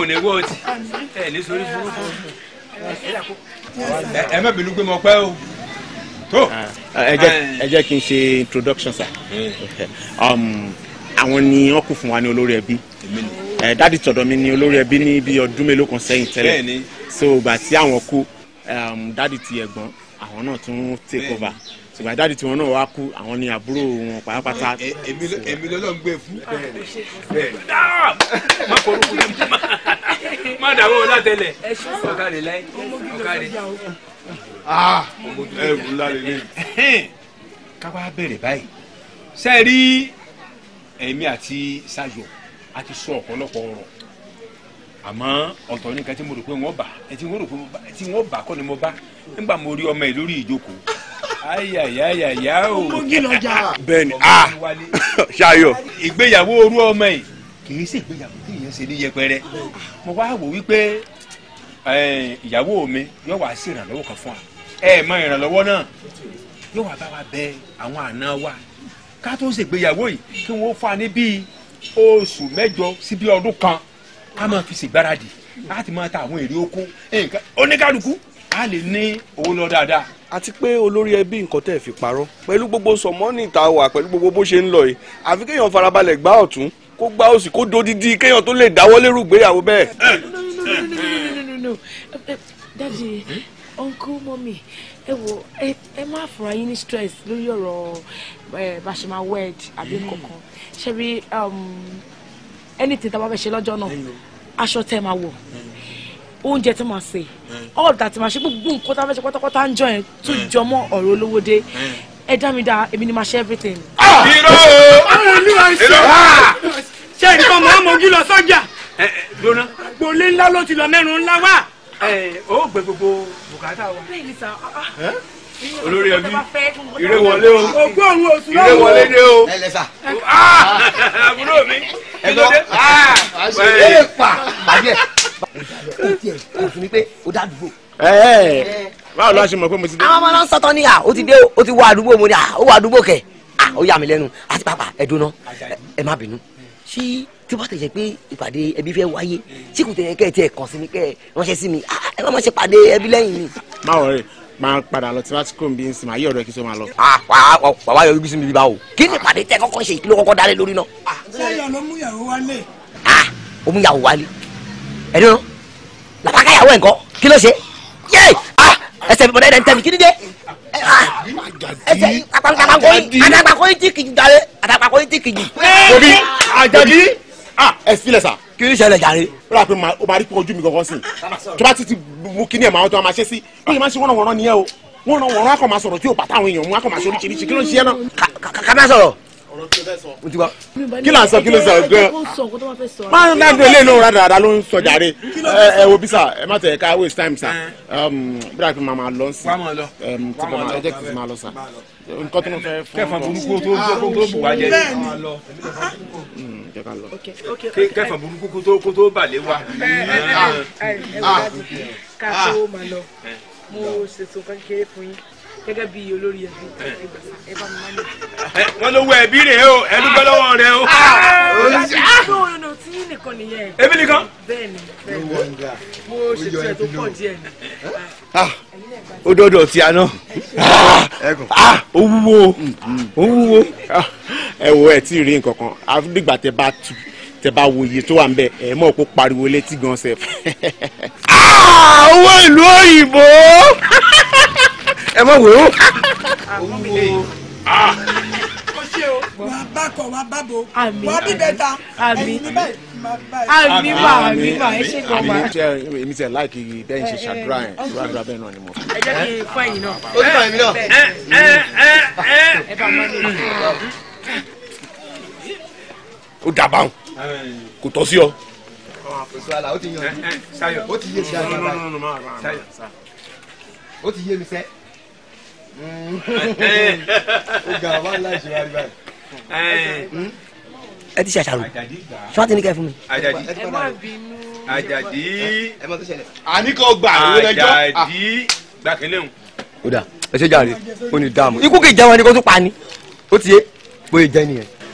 ní wọ́ ọtí ẹ ní sori burúkú ẹ má bínú pé mo pẹ́ o tó. ẹ jẹ́ kí n ṣe introduction sir um, àwọn ni wọ́n kù fún wa ní olórí ẹbí dádì tọ̀dọ̀ mi ni olórí ẹbí ní bí ọdún mélòó kan sẹ́yìn tẹ́lẹ̀ so gbà tí àwọn kú um, dádì ti ẹ̀gbọ́n àwọn náà tún take over ṣùgbọ́n dáàdi tí wọn náà wá kú àwọn ni àbúrò wọn pàápàá. èmi lọ́lọ́ ń gbé fún. bẹ́ẹ̀ ni bẹ́ẹ̀ ni. má forúkú lè má dàgbọ́ látẹlẹ ọ̀kadì láyé ọ̀kadì. Ah, ẹrù ńlá lélẹ̀. káwá bẹ̀rẹ̀ báyìí ṣe rí èmi àti Ṣayọ̀ a ti sọ ọ̀pọ̀lọpọ̀ ọ̀rọ̀ àmọ́ ọ̀tọ̀ nìkan tí mo rò pé wọ́n bà tí wọ́n rò pé tí wọ́n bà kọ́ ni mo bá nígbà mo rí ọmọ ẹ̀ lórí ìjókòó ayayayaya o. Ah, ọmọ gílọjà. bẹ́ẹ̀ni a Ṣayọ̀ ìgbéyàwó orú ọmọ yìí kì í sì gbéyàwó tí ìyẹn ṣe ní yẹpẹrẹ mo wá wò wípé ìyàwó mi yóò wá sí ìrànlọ́wọ́ kan fún wa ẹ mọ ìrànlọ́wọ́ náà yóò wá bá wa bẹ àwọn àna wa ká tó ṣègbéyàwó yìí kí wọ́n fa ní bíi oṣù mẹ́jọ sí bíi ọdún kan ká máa fi ṣègbáradì láti máa ta àwọn èrè oko nǹkan oníkálukú a lè ní owó lọ dáadáa àti pé olórí ẹbí nǹkan tẹ̀ fi parọ́ pẹ̀lú gbogbo sọ̀mọ́nì tá a wà pẹ̀lú gbogbo bó ṣe ń lọ yìí àfi kéèyàn farabalẹ̀ gbá ọ̀tún kó gbá òsì kó do dídí kéèyàn tó lè dáwọ́ lérú ìgbéyàwó bẹ́ẹ̀. dadi uncle mọ́mì ẹ wo ẹ má fura yín ní stress lórí ọ̀rọ̀ bá ṣe máa wed àbí kankan ṣe bí um, anything tá a bá fẹ́ ṣe lọ́jọ́ náà aṣọ tẹ́ máa wọ̀ oúnjẹ tí màá ṣe all that màá ṣe gbogbo nǹkan tá a fẹ́ ṣe pátápátá ń jọ yẹn tó jọmọ́ ọ̀rọ̀ olówó dé ẹ dá mi dá èmi ni ma ṣe everything. irọ́ o àwọn olúwa ṣe ṣe nǹkan mọ́ mojú lọ sọ́jà. gbóná. agboolé ńlá ló ti lọ mẹ́rùn ńlá wá. ó gbé gbogbo bùkátà wa. olórí ẹbí ire wọlé o ògbó òun oṣù lọ́wọ́ ire wọlé dé o. ẹ lẹ́sà. àbúrò mi kí ló dé. ẹ pa bàjẹ́ kò tiẹ̀ kò tún ní pé ó dá dùgbò báwo ló ṣe mọ̀ pé mo ti dé. àwọn ọmọ náà sọtọ ní à ó ti dé ó ti wọ àdúgbò mo ní à ó wọ àdúgbò kẹ à ó yà mí lẹ́nu àti pàpà ẹdùnà ẹ má bínú ṣí tí wọ́n tẹ̀sẹ̀ pé ìpàdé ẹbí fẹ́ wáyé tí kò tẹ̀yẹ kẹ́ ẹ tiẹ̀ kàn sí mi kẹ́ ẹ ránṣẹ́ sí mi ẹ má má ṣe pàdé ẹbí lẹ́yìn mi. má wọrí máa padà lọ tí wàá ti kó nbí nsìn máa yí ọ̀rọ̀ ẹ máa lọ. wàá yọ ibi sí mi bí báwo kí ni ìpàdé tẹ kọ́kọ́ ṣe ìkíló kọ́kọ́ dálé lórí náà. ṣé ìyá ló mú ìyàwó wálé. ó mú ìyàwó wálé ẹ̀dùn làbákàyàwó ẹ̀ ń kọ́ kí ló ṣe yé ah ẹsẹ̀ mi bọ̀dọ̀ ẹ̀dẹ̀ ń tẹ̀mí kíni dé ẹsẹ̀ àtàkpàkọ́yì àtàkpàkọ́yì tí kìjì jàre àtàkpàkọ́yì tí kìjì. tobi àjàdí ẹ filẹ sa. kí ni ṣẹlẹ̀ jàre. o yà pé o ma rí pọ̀ ojú mi gangan sí i jọba ti ti mú kíní ẹ̀ máa tó a ma ṣe sí i ní ìmọ̀ sí wọ́n wọ̀rọ̀ nìyẹn o wọ́n wọ̀rọ̀ akọ̀ ma sọ̀rọ̀ tí o bàtà àwọn èèyàn mú akọ̀ ma ṣe oríṣiríṣi kí ló ń ṣe náà. kàmá sọ̀rọ̀ kí ló ń sọ kí ló ń sọ gan máa ń dájú ilé inú rádà rádà ló ń sọ jàre ẹ wo bí sà ẹ má tẹ ká waste time sà bíra kí n máa lọ sí tí mo máa jẹ kí n máa lọ sà nǹkan tí mo fẹ́ fún kẹfà burúkú tó tó tó bù wá jẹ kẹfà burúkú tó kó tó bàlẹ́ wa. ká tó máa lọ mo ṣètò kékeré fún yín gẹ́gẹ́ bí olórí ẹbí ẹ bá mi mọ́lẹ̀. wọ́n ló wọ ẹbí rẹ̀ o ẹ dúpẹ́ lọ́wọ́ rẹ̀ o. Ah! Ah! olùsọ oh, tí nìkan nìyẹn. èmi nìkan. bẹ́ẹ̀ni bẹ́ẹ̀ni mo ṣe tiẹ̀ tó pọ̀ díẹ̀ ni. Ah! ó dọ́dọ̀ tí a náà ó wúwo ó wúwo ẹ wo ẹ tí ì rí nǹkan kan àfi dìgbà tẹ bá tu tẹ bá wo iye tó wà ń bẹ ẹ mọ̀ kó pariwo létí gan sef. owó ìlú òyìnbó. ẹ má wò ó. wàá bá kọ wàá bá bo wàá bí bẹ ta ẹyin ní báyìí àmì mà àmì mà ẹ ṣe gan ma. èmi tẹ láìkì bẹ́ẹ̀ ń ṣe ṣàdúrà yẹn ṣàdúrà bẹ́ẹ̀ náà ni mo. ẹ jẹ́ kí n fún ẹ̀yin náà. ó ti fà mí náà. ẹ ẹ ẹ ẹ. ẹ bá máa ní ìṣòro. ó dábàá ń kò tọ́ sí ọ. ó ti yé mi sẹ́. Mm. ẹ ti ṣàṣàrò sọ́ọ́tì ní ká ẹ fún mi. ẹ má bínú. Àjàdí àníkọ gbà lọ́jọ́ Àjàdí gbàkẹ́lẹ́hùn. ó dà ẹ ṣe jàre ó ní dààmú ikú kì í jẹ́ wọn ni kó tún pa ni ó ti yé bóyá jẹ́ nìyẹn.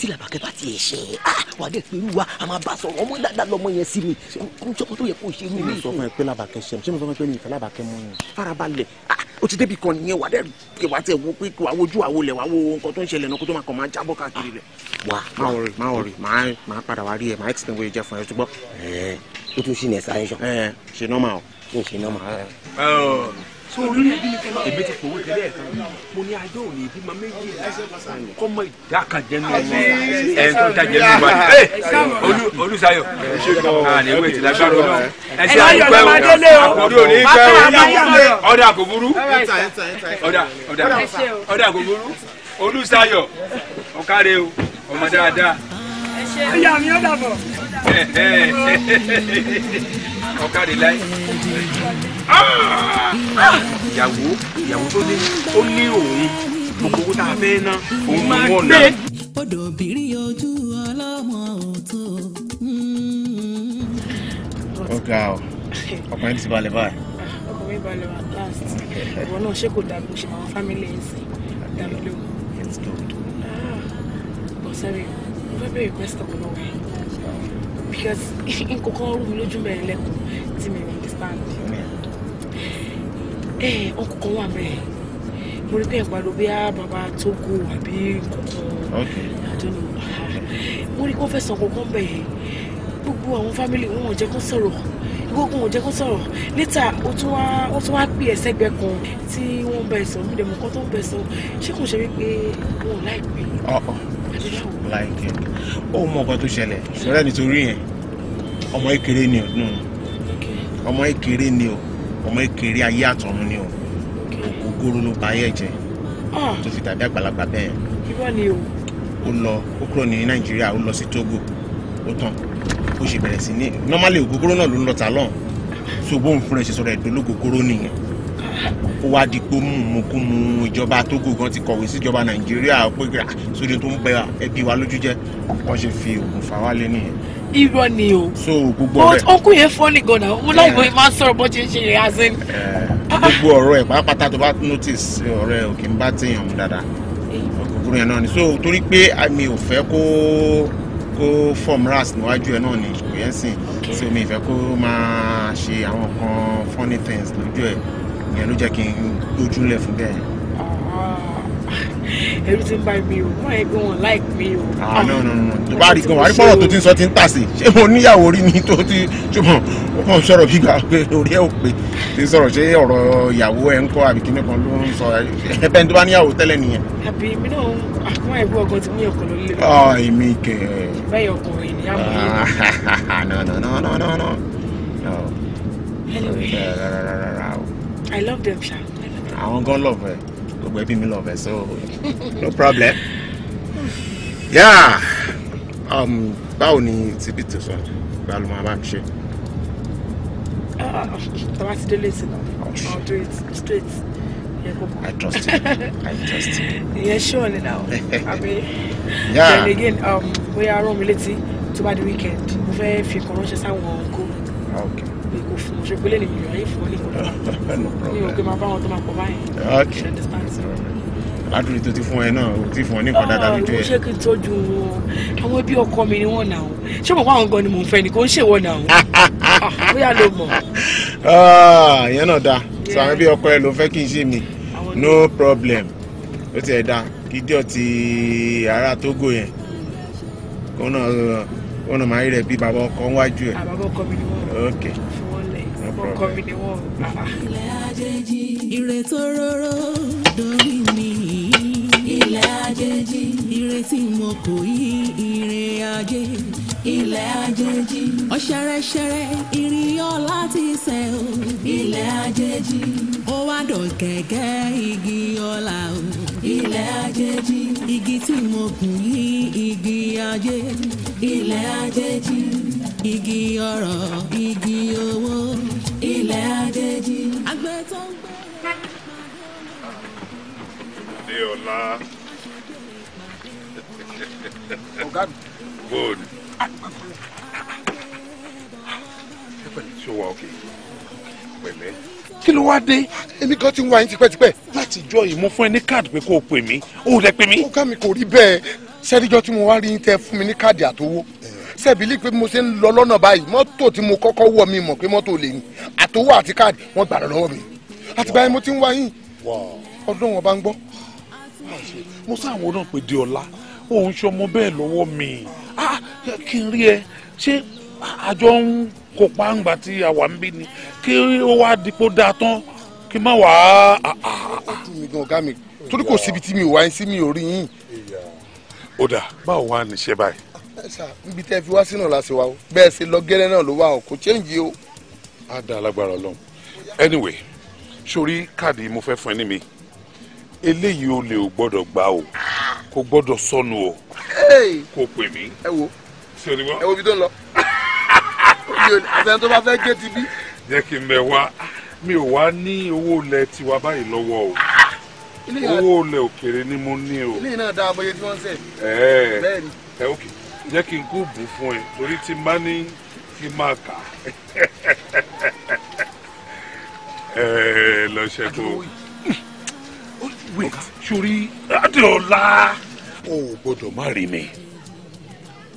tí làbàkẹ́ bá tiẹ̀ ṣe é ah, wà á dẹ̀ pé wíwá a máa bá sọ̀rọ̀ ọmọ dáadáa lọ́mọ yẹn sí mi kún sọ́kọ́ tó yẹ kó ṣe mi sọ fún ẹ pé làbàkẹ́ ṣe ṣé sọ fún ẹ pé mi ìfẹ́ mú yẹn. farabalẹ̀ o ah, ti débi kan nìyẹn wà á dẹ̀ wà á tẹ̀ wo pé wà á wojú àwo lẹ̀ wà á wo nǹkan tó ń ṣẹlẹ̀ náà kó tó máa kàn máa jábọ́ káàkiri rẹ̀. wà má wọrí má wọrí má padà wá rí ẹ má ẹ ṣùgbọ́n. o tún ṣì ní ẹ so orí ẹbí ni kẹlẹ èmi ti pòwe kẹlẹ ẹ tán mo ní adé òní ìbí ma méjì kọ́mọ ìdákàjẹnu ọmọ ẹ tó dájẹnu wa ẹ olú olùsayọ àní wẹ̀ ti lágbára ọ̀nà ẹ ṣe àdúgbò ẹ o àkọ́rí òní o ọ̀dà kò burú ọ̀dà ọ̀dà ọ̀dà kò burú olùsayọ ọ̀kárẹ́ o ọmọ dáadáa. ìyá mi ọ̀dà bọ̀. ọ̀kárẹ́ láyé ìyàwó ìyàwó tó dé ó ní òun gbogbo owó tá a fẹ́ ná òun ló wọ̀ náà. odò obìnrin ojú ọlọ́mọ òtó. ó ga ọkùnrin ti balẹ̀ báyìí. ọkùnrin balẹ̀ wà last ìwọ náà ṣé kò dàbí ṣe àwọn fámìlì ẹ̀ sìn dàbí lóhùn. it's good. Ah, bọ̀sẹ̀rì mo fẹ́ bẹ̀rẹ̀ pẹ́sítọ̀ kan lọ́wọ́ yìí because nǹkan kan rú mi lójú mẹ́rin lẹ́kọ̀ọ́ tí mi ò understand ẹ ọkọ kan wà mẹ mo rí pé ẹ pariwo bí bàbá Tógò àbí nǹkan àdúnú ah, mo rí pé wọn fẹ́ sọ kankan bẹ gbogbo àwọn fámìlì wọn ò jẹ́ kó sọ̀rọ̀ gbogbo wọn ò jẹ́ kó sọ̀rọ̀ níta ó tún wá ó tún wá pè ẹsẹ̀gbẹ́ kan tí wọ́n bẹ sọ mí dẹ̀mọ́ kan tó ń bẹ sọ ṣé kò ṣe wípé wọn ò láì pè uh-uh. ó mọ ọkọ tó ṣẹlẹ̀ ṣọlá nítorí yẹn ọmọ ìkéré ni ọmọ ìkéré ni o ọmọ ìkéré ayé àtọ̀run ni o ògóró ló ba ayé ẹ̀jẹ̀ ah. tó fi dàbí àgbàlagbà bẹ́ẹ̀. irọ́ ni o. ó lọ ó kúrò ní nàìjíríà ó lọ sí togo ó tán ó sì bẹ̀rẹ̀ sí ní normally ògógóró náà ló ń lọ tà lọ́hùn so bóun fúnra ẹ̀ ṣe sọ̀rọ̀ ẹ̀dọ́ lógógóró nìyẹn ó wá di pé mú mu kú mu ìjọba togo gan ti kọ̀wé síjọba nàìjíríà pé ah, sóde tó ń bẹ ẹbí wa lójú jẹ́ wọ́n ṣe fi ògùn fà wálé nìyẹn irọ́ ni o. so gbogbo ọ̀rẹ́ but okun yẹn funny gan na mo láì bóyá máa ń sọ̀rọ̀ bó ṣe ń ṣe yẹn as in. Eh, gbogbo ọ̀rọ̀ ẹ̀ pàápàá tó bá notice ọ̀rẹ́ òkè ń bá téèyàn mú dáadáa gbogbo yẹn náà ni so torí pé mi ò fẹ́ kó kó form ras níwájú ẹ náà ni kò yẹn sìn so mi ìfẹ́ kó máa ṣe àwọn kan funny things lójú ẹ yẹn ló jẹ́ kí n lójúlẹ̀ fún bẹ́ẹ̀ yẹn. Ah. Everything by me, bá mi o wọn ẹgbẹ wọn láì pé o. àná nà nà tó bá rí gan wàá rí fọ̀rọ̀ tó ti ń sọ ti ń tàsé ṣé mo níyàwó rí ni tó ti ṣùgbọ́n ó kàn sọ̀rọ̀ bí gbà pé orí ẹ̀ ò pé ti sọ̀rọ̀ ṣé ọ̀rọ̀ ìyàwó ẹ̀ ń kọ́ àbí kíní kan ló ń sọ ẹbẹ́ tó bá níyàwó tẹ́lẹ̀ nìyẹn. àbí mi náà àkún ẹ̀gbọ́n ọkọ ti ní ọkọ lórí rẹ. ọ èmi kẹ. bẹ́ẹ̀ ọkùnrin ni àmọ́ I love them, Sha. I love them. Àwọn gan love ẹ̀ gbogbo ẹbí mi lọ bẹ so no problem yeah um, báwo ni tibí tó sọ gba ló máa bá mi ṣe. Ah, tọ́wá ti délé sí náà i'll do it straight. I trust you. I trust you. Yeah, surely now. Abi. Yeah. Then again, um, we are on military to by the weekend. Mo fẹ́ fi kàn ránṣẹ́ sáwọn ọ̀gọ́. Okay ṣe pé lẹ́nu ìyọ̀ ayé fún ọ ní mi ò gbé máa bá wọn tó máa pọ̀ báyìí ṣe understand adúlé tó ti fún ẹ náà ò ti fún ọ ní nǹkan dáadáa lójú ẹ. Ah, ṣé kí n tọ́jú wọn àwọn ẹbí ọkọ mi ni wọ́n nà ó ṣé mo kọ́ àwọn gan ni mò ń fẹ́ ni kò ń ṣèwọ́ nà ó bóyá ló mọ̀. Ah, ìyẹn náà da sọ ẹbí ọkọ ẹ ló fẹ́ kí n ṣe mi no problem ó ti ẹ̀ da kí díọ̀ ti ará Tógò yẹn kó náà máa rí rẹ̀ bí bàbá ọkọ wájú ẹ̀. Ah, àbábọ̀ ọkọ mi ni wọ́n ọkọ mi ni wọ́n gbà. ilẹ̀ àjèjì ire tó róró dórí mi. ilẹ̀ o. ilẹ̀ àjèjì ó wá dọ̀gẹ̀gẹ̀ igi ọlá o. ilẹ̀ àjèjì igi tí mo gùn yí igi ajé. ilẹ̀ àjèjì igi ọrọ̀ igi owó ilẹ̀ adéjì. Adéọlá. Ọ̀gá mi. Bóòlù. Ṣé wà òkè? Pẹ̀lẹ́. Kí ló wá dé? Èmi kan ti ń wá yín tipẹ́tipẹ́. Láti jọ yìí mo fún ẹ ní káàdì pé kó o pè mí. O ò pè mí. Ọ̀gá mi kò rí bẹ́ẹ̀. Sẹ́díjọ́ tí mo wá rí yín tẹ fún mi ní káàdì àtowó sẹ́bìlì eh. pé mo ṣe ń lọ lọ́nà báyìí mọ́tò tí mo kọ́kọ́ wọ̀ mi mọ̀ pé mọ́tò lè ní àtòwò àti káàdì wọ́n gbà lọ́wọ́ mi àtìgbà yẹn mo ti ń wá yín ọdún wọn bá ń gbọ́. mo sáwọn náà pé deola òun ṣe ọmọ bẹ́ẹ̀ lọ́wọ́ mi kí n rí ẹ ṣé àjọ ń kópa ńgbà tí àwa ń bí ni kí ó wá dipò dáa tán kí n má wàá. ojú mi gan ọ̀gá mi torí kò síbi tí mi ò wá sí mi ò rí yín. ó dà báwo wá níṣẹ́ báyìí. ibi tẹ́ fi wá sínú la ṣe wá o bẹ́ẹ̀ ṣe lọ gẹ́lẹ́ náà ló wà o kò chẹ́ǹjì o á dá alágbára Ọlọ́run anyway sórí káàdì mo fẹ́ fún ẹ ní mi eléyìí o lè o gbọ́dọ̀ gbà o kò gbọ́dọ̀ sọnù o kò pè mí. ẹ wo ẹ wo bí tó ń lọ àtẹnudọ́ bá fẹ́ gé ti bí. jẹ́ kí n bẹ̀ wá mi ò wá ní owó ilẹ̀ tiwa báyìí lọ́wọ́ o owó ilẹ̀ òkèèrè ni mo ní o. ilé náà dáa bóyá tí wọ́n ń sẹ̀. ẹ ẹ ok jẹ́ kí n kú bù fún ẹ torí tí n bá ní kí n máa kà á. ẹ wait sori adiola o gbọ́dọ̀ má rí mi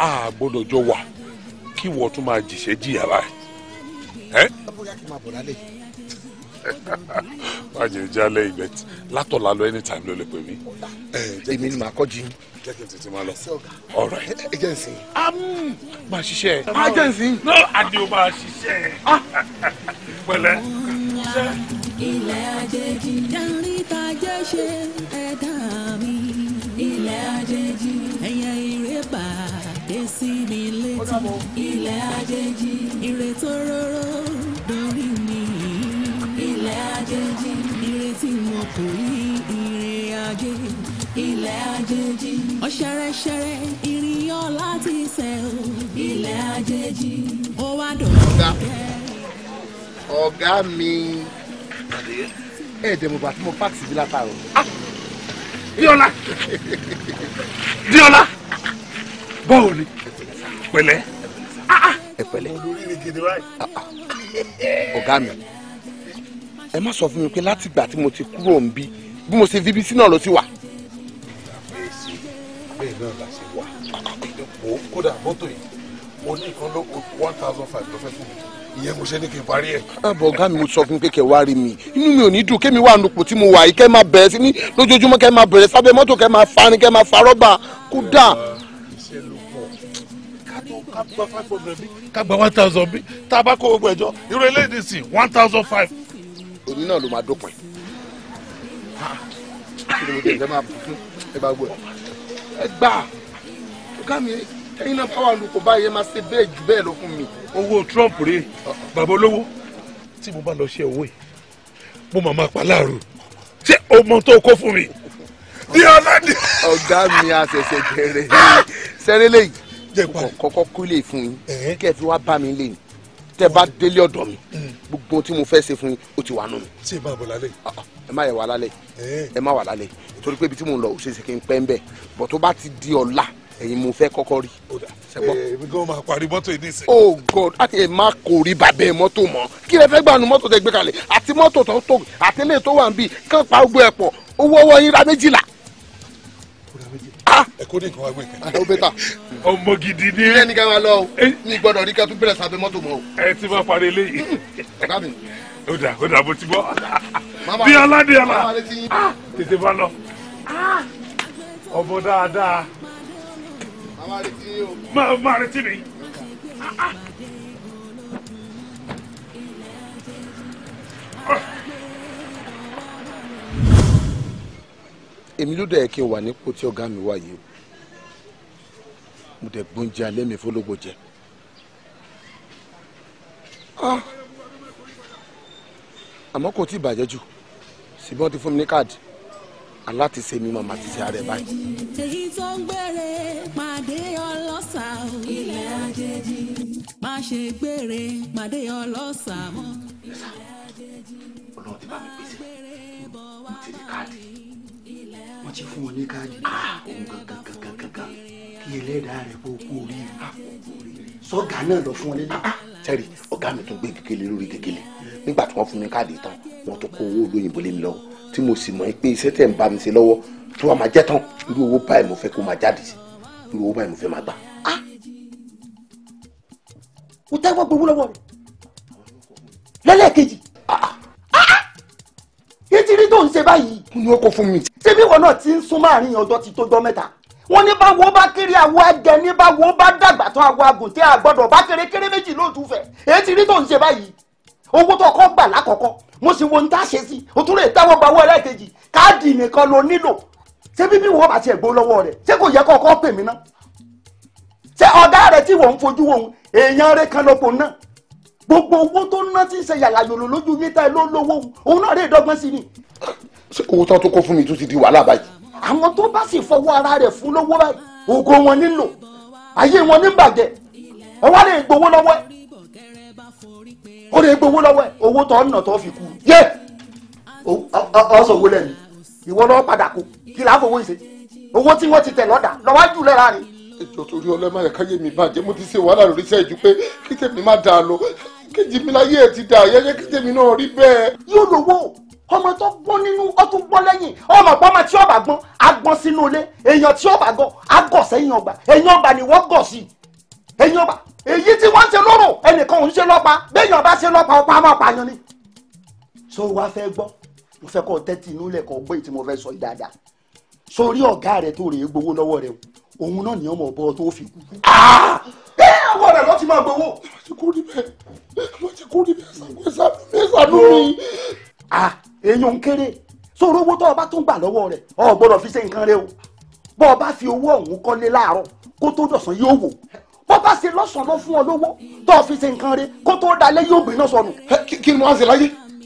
a gbọ́dọ̀ jọ wà kí wọ́n tún máa jìṣẹ́ jìyà báyìí. má jẹ jalè ibẹ látọ̀la lọ anytime ló lè pè mí. èmi ni màá kọ́ jí. jẹ́ tètè máa lọ. ọ̀rọ̀ agency. máa ṣiṣẹ́. agency. no adio máa ṣiṣẹ́. Ah! pẹ̀lẹ́. ilẹ̀ àjèjì darí tajẹ́ ṣe ẹ̀dá mi. ilẹ̀ àjèjì ẹ̀yẹ ìrẹ́pà dé sí mi létí. ilẹ̀ àjèjì ìrètò róró dorí mi àjèjì ìrètí mo kò rí ìrìn àjè ilẹ̀ àjèjì ọ̀ṣẹ̀rẹ̀ṣẹ̀rẹ̀ ìrìn ọ̀la ti sẹ̀ o ilẹ̀ àjèjì ó wá dọ̀kẹ́. ọ̀gá mi ẹ̀ẹ́dẹ̀mọ̀gbà tí mo fàksì bí látàrọ̀. Ah! Diola Diola báwo ni pẹ̀lẹ́. Ah, ah. ẹ pẹ̀lẹ́ ọ̀gá mi ẹ má sọ fún mi pé láti ìgbà tí mo ti kúrò ń bí bí mo ṣe fi ibi sí náà ló ti wà. bẹ́ẹ̀ náà la ṣe wà ìdókòwò kódà mọ́tò yìí mo ní nǹkan ló one thousand five ló fẹ́ fún mi ìyẹn mo ṣe ní kí n parí ẹ. àbọ̀ ọ̀gá mi mo sọ fún pé kẹ́ wá rí mi inú mi ò ní dùn kémi wà nùpò tí mo wà yìí kẹ́ máa bẹ̀rẹ̀ sí ní lójoojúmọ́ kẹ́ máa bẹ̀rẹ̀ sábẹ́ mọ́tò kẹ́ máa fani kẹ́ máa fa rọ́bà kódà. iṣẹ́ ló pọ̀ ká gba five hundred bí ká gba one thousand bí tá a bá kó gbogbo ẹ̀jọ́ irú eléyìí sì one thousand five òní náà ló máa dópin kí ló dé ẹ máa bù fún ẹ bá gbọ́ ẹ gbà ọ̀gá mi ẹ̀yin náà báwa lu kò bá yẹ máa ṣe bẹ́ẹ̀ jù bẹ́ẹ̀ lọ fún mi. owó Trump rèé bàbá olówó tí mo bá lọ ṣe owó yìí mo máa máa pa láàrú ṣé o mọ tó kó fún mi ní ọlọ́dún. ọ̀gá mi àṣẹ̀ṣẹ̀ bẹ̀rẹ̀ sẹ́rẹ́lẹ̀ yìí kọ́kọ́ kúlẹ̀ fún yín kẹ́ẹ̀ fi wá bá mi lè ní tẹ bá délé ọ̀dọ̀ mi gbogbo tí mo fẹ́ ṣe fún yín ó ti wà nù ṣé ẹ máa bọ̀ lálẹ́. Ah, ẹ má yẹ wà lálẹ́ ẹ má wà lálẹ́ torí pé ibi tí mo ń lọ òṣèṣe kí n pẹ́ ń bẹ̀ bọ̀ tó bá ti di ọ̀la ẹ̀yin mo fẹ́ kọ́kọ́ rí. èmi gan máa parí mọ́tò yìí nísìnyí. oh god àti ẹ má kò rí bàbẹ́ mọ́tò mọ́ kí lẹ fẹ́ gbàánu mọ́tò tẹ gbé kalẹ̀ àti mọ́tò tó tó àtẹlẹ́ tó wà ń bì kán pa gbogbo ẹ̀ pọ̀ owó ọwọ́ yín ra méjìlá ẹ̀kọ́ ní nǹkan wá gbé kan. ó bẹ ta. ọmọ gidi ni. ilé ẹni ká máa lọ o ní gbọ́dọ̀ rí ká tún bẹ̀rẹ̀ sábẹ́ mọ́tò mọ́ o. ẹ ti máa parí eléyìí. Hmm, ọ̀gá mi. ó dà ó dà bó ti bọ́. bí aládé ala ah, tètè bá lọ. Ah, ọmọ dáadáa. máa máa retí mi. Oh. èmi ló dẹ̀ kí n wà nípò tí ọ̀gá mi wà yìí mo dẹ̀ gbóúnjẹ alẹ́ mi fọlọ́gbọ̀ jẹ. Ah! àmọ́ kò tí ì bàjẹ́ jù ṣùgbọ́n ti fún mi ní káàdì aláti ṣe mi màmá ti ṣe ààrẹ báyìí. èyí tó ń gbére pàdé ọlọ́sà o ilẹ̀ àjèjì má ṣe gbére pàdé ọlọ́sà o ilẹ̀ àjèjì má gbére bọ̀ wá báyìí ti fún ọ ní káàdì òun ah, gangan kí ẹlẹ́dàá rẹ̀ kó kú oríire ah, sọ́gà náà lọ fún ọ lélẹ̀. Ah, sẹ́rí ọ̀gá mi tún gbé kékeré lórí kékeré nígbà tí wọ́n fún mi káàdì tán wọ́n tún kó owó olóyìnbó lé mi lọ́wọ́ tí mo sì mọ̀ pé iṣẹ́ tẹ̀ ń bá mi ṣe lọ́wọ́ tí wọ́n máa jẹ́ tán irú owó báyìí mo fẹ́ kó máa jáde sí irú owó báyìí mo fẹ́ máa gbà. o tẹ́ gbowó lọ́wọ́ rẹ̀ lẹ́lẹ́kejì ìtìrí tó ń ṣe báyìí. ni wọn kò fún mi. ṣebí wọn náà ti ń sún máàrin ọjọ́ ti tó jọ́ mẹ́ta. wọ́n ní báwo bá kéré àwọ̀ ẹ̀jẹ̀ ní báwo bá dàgbà tán àwọ̀ àgùntẹ́ àgbọ̀dọ̀ bá kéré kéré méjì lóòtú fẹ̀. ìtìrí tó ń ṣe báyìí. owó tó kọ́ gbà lákọ̀ọ́kọ́ mo sì wo ní tá a ṣe sí o tún lè táwọn bá wọ ẹlẹ́ẹ̀kejì káàdì nìkan ló nílò. ṣebí bí wọ́n bá tiẹ̀ gbó lọ́wọ́ rẹ̀ ṣé kò yẹ kọ́kọ́ pè mí ná. ṣé ọ̀gá rẹ̀ tí wọ́n ń fojú wọn èèyàn rẹ̀ kan lọ́pọ̀ náà gbogbo owó tó ná tí ń ṣe yàrá yòlò lójú yín tá ẹ ló lówó òun náà rèé dọ́gbọ́n sí ni. ṣé owó tán tó kó fún mi tún ti di wàhálà báyìí. àwọn tó bá sì fọwọ́ ara rẹ̀ fún lówó báyìí ògo wọn nílò ayé wọn ní bàjẹ́ ẹ wá lè gbowó lọ́wọ́ ẹ̀ ó lè gbowó lọ́wọ́ ẹ̀ owó tó ọ̀nà tó fi kú yé ọ̀sán owó lẹ́nu ìwọ lọ́wọ́ padà kó kí làá fowó ìṣe owó tí wọ́n ti tẹ̀ lọ́dà lọ́wọ́ jù lẹ́ra rìn ẹjọ́ torí ọlọ́mọ yẹn káyé mi bàjẹ́ mo ti ṣe wàhálà lórí iṣẹ́ ìjú pé kí tèmi má dáa lọ kejì mi láyé ẹ̀ ti dà yẹ́yẹ́ kí tèmi náà rí bẹ́ẹ̀. yóò lówó ọmọ tó gbọ́n nínú ó tún gbọ́n lẹ́yìn ọmọ gbọ́mọ tí ọba gbọ́n á gbọ́n sínú ilé èèyàn tí ọba gbọ́n á gọ̀ sẹ́yìn ọgbà èèyàn ọgbà ni wọ́n gọ̀ sí èèyàn ọba èyí tí wọ́n ń ṣe lóró ẹnìkan ò ń ṣe lọ́pa béèyàn bá ṣe lọ́pa ọpa máa pààyàn ni. so wàá fẹ́ gbọ́ mo fẹ́ kọ́ tẹ́tí inú lẹ̀ kọ́ gbé ìtí mo fẹ́ sọ yìí dáadáa sórí ọ̀gá rẹ̀ tó rèé gbowó lọ́wọ́ rẹ̀ o òun náà ni ọmọ ọbọ tó fi kú. ẹ àwọn ọ̀rẹ́ lọ́ọ́ ti máa gbowó. lọ́ọ́ ti kú níbẹ̀ lọ́ọ́ ti kú níbẹ̀ ṣàánú mi. èèyàn ń kéré sórí owó tó o bá tún gbà lọ́wọ́ rẹ̀ o gbọ́dọ̀ fi ṣe nǹkan rẹ o bọ́ ọ bá fi owó ọ̀hún kọ́lé láàárọ̀ kó tó dọ̀sán yóò wò bọ́ bá ṣe lọ́sàn-án lọ fún ọ lówó tó fi ṣe nǹkan rẹ kó tó dalẹ́ yóò gbé náà sọnù. Eh, kí ni wọ́n á ṣe láyé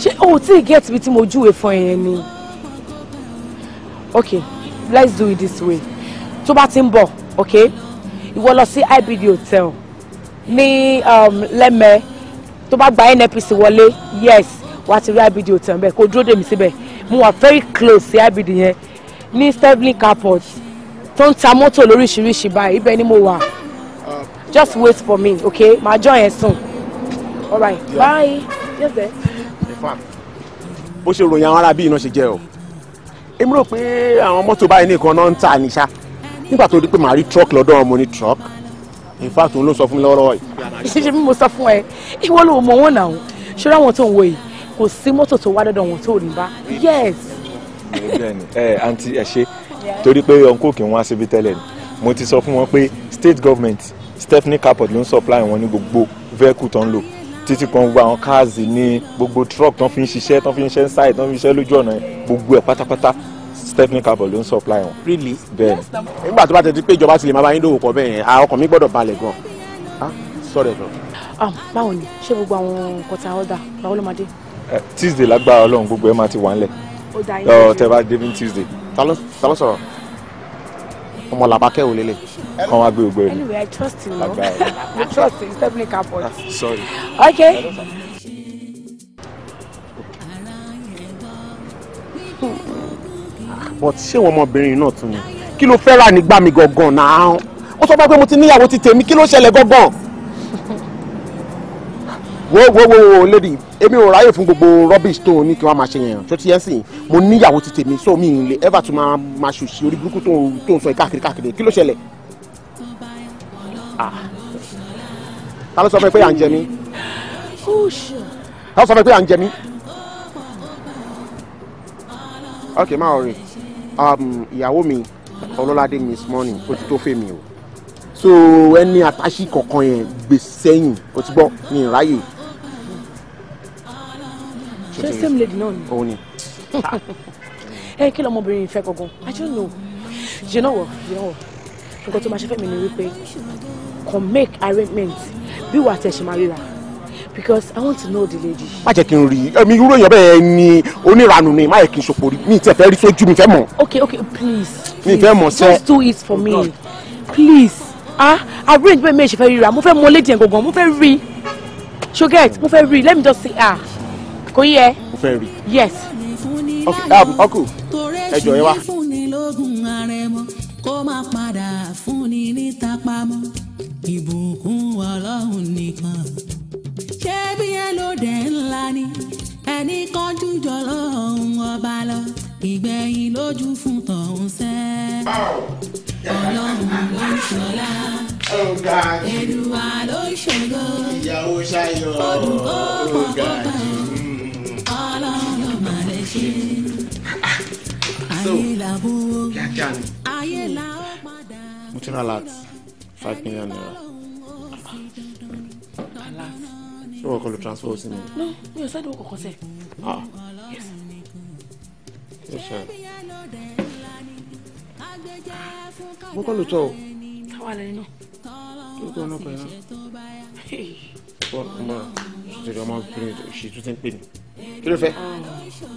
ṣé o ti get ibi tí mo júwe fún ẹ yẹn ni okay let's do it this way tó bá ti ń bọ̀ okay ìwọ lọ sí IBD hotel ní um, lẹ́mẹ̀ tó bá gba NNPC wọlé yes wà á ti rí IBD hotel bẹ́ẹ̀ kó dúró dè mí síbẹ̀ mo wà very close sí IBD yẹn ní Stepney carport tó ń ta mọ́tò lóríṣiríṣi báyìí ibẹ̀ ni mo wà just wait for me okay màá jọ yẹn sùn all right bye yes sir fact bó ṣe ròyìn àwọn arábí iná ṣe jẹ́ o èmi rò pé àwọn mọ́tò báyìí nìkan náà ń tà ní sá nígbà tó di pé màá rí truck lọ́dọ̀ ọmọ ní truck in fact òun ló sọ fún mi lọ́wọ́lọ́wọ́ yìí. ìṣèṣe mi mo sọ fún ẹ ìwọ ló mọ wọn náà ṣọlá wọn tó ń wo yìí kò sí mọ́tò tó wá dọ́dọ̀ wọn tó ní bá yes. ẹ àǹtí ẹ ṣe torí pé ọ̀nkò kì í wá síbi tẹ́lẹ̀ ni mo ti sọ fún wọn pé state government Stephanie Capot ló ń supply wọn ní gbogbo vehicle tó ń lò títí kan gbogbo àwọn káàzì ní gbogbo truck tán fi ń ṣiṣẹ́ tán fi ń ṣe ṣáì tán fi ń ṣe lójú ọ̀nà gbogbo ẹ̀ pátápátá Stephanie Kabor ló ń supply wọn. really bẹ́ẹ̀ ni. nígbà tó bá tẹ̀sí pé ìjọba ti lè máa bá yín dòwò pọ̀ bẹ́ẹ̀ yẹn ọkàn mi gbọ́dọ̀ balẹ̀ gan-an sọ̀rọ̀ ẹ̀dọ̀. báwo ni ṣé gbogbo àwọn nǹkan tá ọ̀dà báwo ló máa dé. Eh, Tuesday lágbára Ọlọ́run gbogbo ẹ máa ti wà ńlẹ̀ tẹ bá dé bí Tuesday. ta ló sọ̀rọ̀ ọmọ làbákẹ́ ò lélẹ̀. kọ́ wá gbé ògbó anyway i trust you no i trust you stephanie capot. sorry. okay. but ṣé wọn ọmọbìnrin náà tún ni kí ló fẹ́ rà nígbà mi gangan náà ó sọ fún mi pé mo ti níyàwó ti tèmi kí ló ṣẹlẹ̀ gangan wo wo wo lady emi ò ráyè fún gbogbo rubbish tó o ní kí wọ́n máa ṣe yẹn tó ti yẹn sìn mo níyàwó ti tèmi so mi ì lè ever to máa máa ṣòṣì orí burúkú tó tó ń sọ káàkiri káàkiri kí ló ṣẹlẹ̀ ah. ta ló sọ fún mi pé à ń jẹ mí ta ló sọ fún mi pé à ń jẹ mí ok má worry um, ìyàwó mi ọlọ́ládé miss morning ó ti tó fèmí o so ẹni àtàṣì kọ̀ọ̀kan yẹn gbèsè yìn ó ti gbọ́ ní ìráyè ṣé same lady náà ni. òun ni. ẹ kí lọmọbìnrin ìfẹ́ gangan i don't know you know what you know what nǹkan to máa ṣe fẹ́ mi ni wípé Come make arrangements. bí wàá tẹ̀ ṣe máa ríra because i want to know the lady. má jẹ́ kí n rí ẹ̀mí irú èèyàn ni oníranù ni má yẹ kí n mi ìtẹ̀ fẹ́ rí sójú mi fẹ́ mọ̀. okay okay please. mi ìfẹ́ mọ̀ sẹ́. just do it for oh me please ah arrange bẹ́ẹ̀ me, ẹ̀ ṣe fẹ́ mo fẹ́ mọ lady yẹn gangan mo fẹ́ rí Sugar, mo fẹ́ rí let me just see. ah kò yẹ. mo fẹ́ rí. yes. Okay. ọkù ẹjọ yẹ wa. kó má padà fúnni ní tapamọ́ ìbùkún ọlọ́run nìkan ṣé bí ẹ ló dẹ̀ ńlá ni ẹnì kan jújọ lọ́hùn ọba lọ ìgbẹ̀yìn lójú fún tọ̀hún sẹ́. ọlọ́run ló ń ṣọlá èdùwà ló ń ṣògo olùkọ́ ọ̀pọ̀ kan ṣe so kíákíá ni mo ti rán alert five million naira ṣé wọ́n kọ́ lu transfer sí mi. no mi ò sáré owó kọ̀ọ̀kan sẹ́ẹ̀. ah yes. ṣe ṣe ah, mo kọ́ lu tọ́ o. táwa lẹ́yìn náà. kí ló kọ́ ọ náà pẹ̀lú fọ́ ọmọ sọtẹ́rì ọmọ obìnrin ṣì tún ti ń pè mí kí ló fẹ́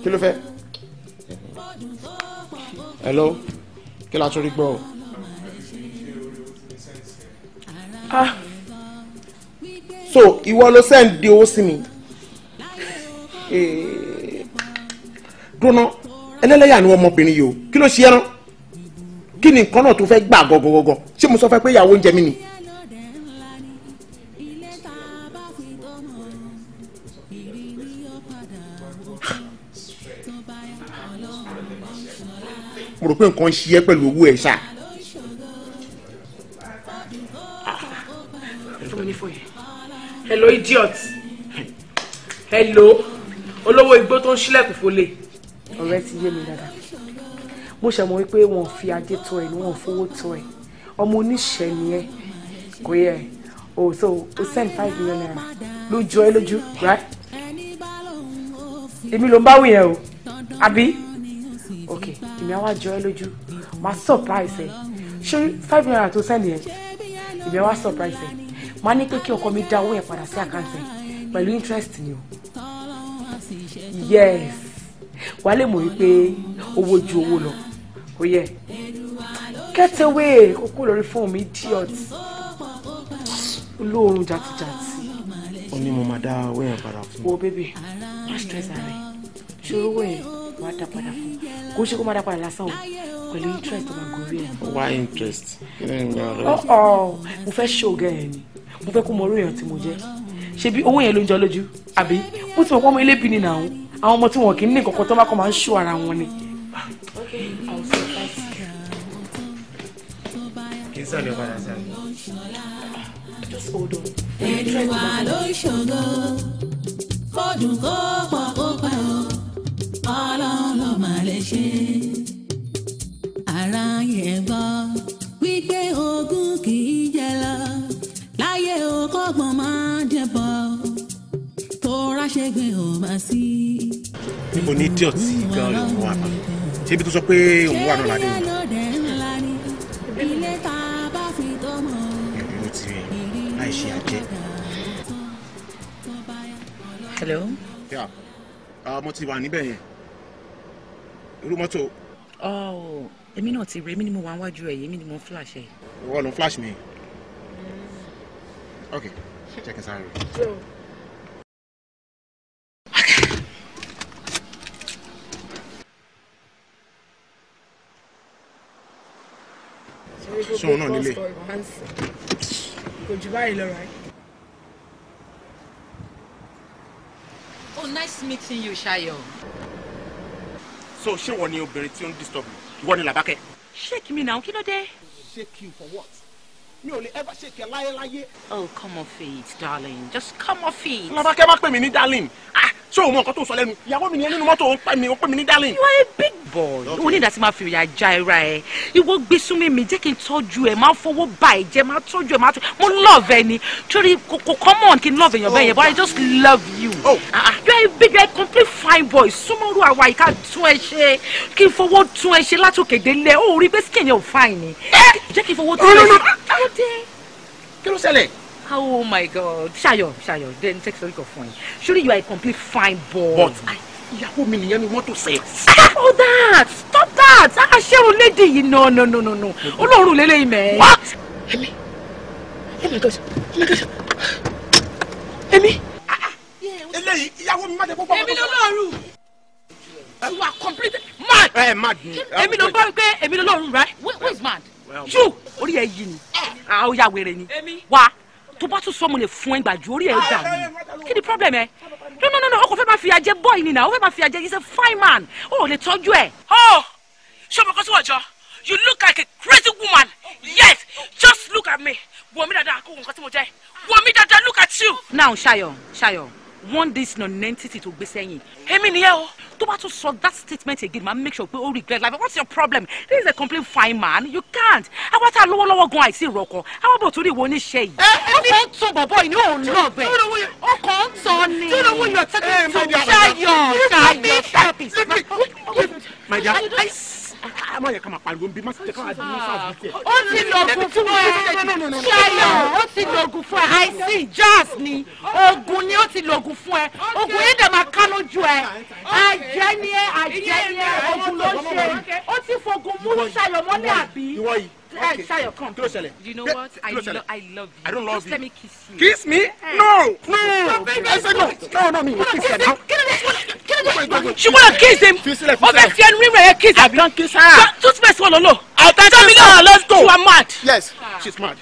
kí ló fẹ́ hello kí la tún rí gbọ́ o. so ìwọ ló sẹ́ǹdì owó sí mi eh. dúnà ẹlẹ́lẹ́yà ni ọmọbìnrin yìí o kí ló ṣe é rán kí ni nǹkan náà tó fẹ́ gbà gọ́gọ́gọ́gọ́ ṣé mo sọ fẹ́ pé ìyàwó ń jẹ mí ni. mo rò pé nǹkan ń ṣiyẹ́ pẹ̀lú owó ẹ̀ ṣá. hello idiot hello olówó igbó tó ń ṣílẹ̀kùn fọlé. ọ̀rẹ́ ti yé mi dáadáa mo ṣe mọ̀ wípé wọn ò fi adé tọ́ ẹ ni wọn ò fowó tọ́ ẹ ọmọ oníṣẹ́ ni ẹ kò yẹ o so o send five million naira lójú ẹ lójú right èmi ló ń bá wù yẹn o àbí ok èmi àwa jọ ẹ lójú máa surprise ẹ ṣé five naira tó sẹ́ni ẹ èmi àwa surprise ẹ máa ní pé kí ọkọ mi dá owó yẹn padà sí àkáǹtì ẹ pẹ̀lú interest ni o yes wàá lè mọ̀ wípé owó ju owó lọ ó yẹ get away kókó lórí fóònù mi idiot olóorun jàtijàti ó ní mo máa dá owó yẹn padà fún. wo bébè má stress ara ẹ ṣòro owó yẹn wàá dá padà fún kò ṣe kó má dápadà lásán o pẹ̀lú interest ọmọ gòrí ẹ̀. wá interest kí ni ìgbà rẹ. ọ mo fẹ́ ṣògẹ́ ẹ̀ ni mo fẹ́ kó mọ orí èèyàn tí mo jẹ́ ṣebí owó yẹn ló ń jọ lójú àbí mo ti mọ̀ pé ọmọ elébi ni nà àwọn ọmọ tí wọn kì í ní nǹkan tó bá kọ́ máa ń ṣó ara wọn ni. kì í sọ̀rọ̀ padà sáré. ẹni wa ló ṣògo kó kó pọ̀ kó pa ọ́ ọlọ́run ló mà lè ṣe ara yẹn gbọ́ wípé ogún kì í jẹ lọ láyé okọ́gbọ̀n máa jẹ níbo ni idiot gan lòun wà bá ṣébi tó sọ pé òun wà lọ́la dé ìlú ti láìṣe ajé. hello. ọmọ uh, ti wà níbẹ̀ yẹn irú mọ́tò. ọ oh, èmi náà ti rè èmi ni mo wà níwájú ẹ èmi ni mo flash ẹ. ìwọ ló flash mi. ok jẹ́ kí n sáré rẹ̀. sóun náà nílé. kò jù báyìí lọ right. oh nice meeting you Ṣayọ̀ so ṣé wọ́n ni obìnrin tí ó ń disturb mi ìwọ ni làbákẹ́. shake me now kí ló dé. shake you for what? mi ò lè ever shake ẹ láyéláyé. oh come off it darling just come off it. làbákẹ́ má pè mí ní darling ah ṣé o mọ sọ lẹ́nu ìyàwó mi ni ẹni mọ́tò ń pè mí ń pè mí ní darling. you are a big boy o ní ìdásí máa fi ìyà já ẹra ẹ ìwọ gbé súnmí mi jẹ́ kí n tọ́jú ẹ máa fọwọ́ bà ẹ jẹ́ máa tọ́jú ẹ máa tọ́jú mo love ẹ ni torí kò come on kí n love èèyàn bẹ́ẹ̀ yẹn but I just love you oh. ah, ah. you are a big you are a complete fine boy súnmọ́rú àwa yìí ká tún ẹ ṣe kí n fọwọ́ tún ẹ ṣe látòkè délẹ̀ ó rí pé skin yẹn ò fine ni eh! jẹ́ kí n fọwọ́ tún ẹ ṣe. kí ló ṣẹlẹ̀ oh my god ṣayọ ṣayọ then take story kan fún ẹ surely you are a complete fine boy. but ìyàwó mi nìyẹn ni mọ́tò sẹ́. stop all that stop that a ah, ṣé o lédi yìí no no no no no olóòórùn lélẹ́yìn mẹ́. what èmi oh my god oh my god èmi. eléyìí ìyàwó mi má dé gbogbo. èmi lọ́lọ́rùn you are complete mad. ẹ mad ni. èmi ló gbọ́ pé èmi lọ́lọ́rùn rẹ who is mad. you orí ẹ yìí ni àwọn eh. ah, ya wèrè ni wá tó bá tún sọ mo lè fún ẹ gbàjú orí ẹ dà mí kí ni problem ẹ no no no no o kò fẹ́ máa fi àjẹ bọ́ọ̀ì nìyà o fẹ́ máa fi àjẹ he's a fine man o ò lè tọ́jú ẹ. Oh, ṣọmọ kan tí wọ́n jọ you look like a crazy woman yes just look at me wò mí dáadáa kó nǹkan tí mo jẹ wò mí dáadáa look at you. now ṣayọ ṣayọ one this non-entity tó gbé sẹ́yìn. èmi nìyẹn o. tó bá tún sọ that statement again máa make sure pé ó regret life what's your problem this is a complete fine man you can't. àwa tá a lówólọ́wọ́ gan àìsí ìrọ̀kọ̀ àwa bò torí ìwọ oníṣẹ́ yìí fẹ́ tún bọ̀bọ̀ yìí ní òun náà bẹ̀ ọkọ̀ ń tọ́ ni ṣayọ̀ ṣayọ̀ ṣayọ̀. Ama yẹ kama pariwo nbí masi tẹ ká di musa bi tẹ. Ó ti lògùn fún ẹ. Ṣayọ̀ ó ti lògùn fún ẹ. Àìsí jazz ni oògùn ni ó ti lògùn fún ẹ. Oògùn yìí dẹ̀ máa ju ẹ. Àjẹ́ ni ẹ àjẹ́ ni ẹ oògùn ló ṣe. Ó ti fògùn mú Ṣayọ̀ mọ́lẹ̀ àbí okay. Sayo, come. Close, you know what? I, lo I love you. I don't love Just you. let me kiss you. Kiss me? Hey. No! No! no baby, I said no. No, no, me. Kiss her now. She wanna kiss him. Okay, see, and remember, I kiss her. I can't kiss her. Toothpaste, one, no, no. I'll tell you. Let's go. You are mad. Yes, ah. she's mad.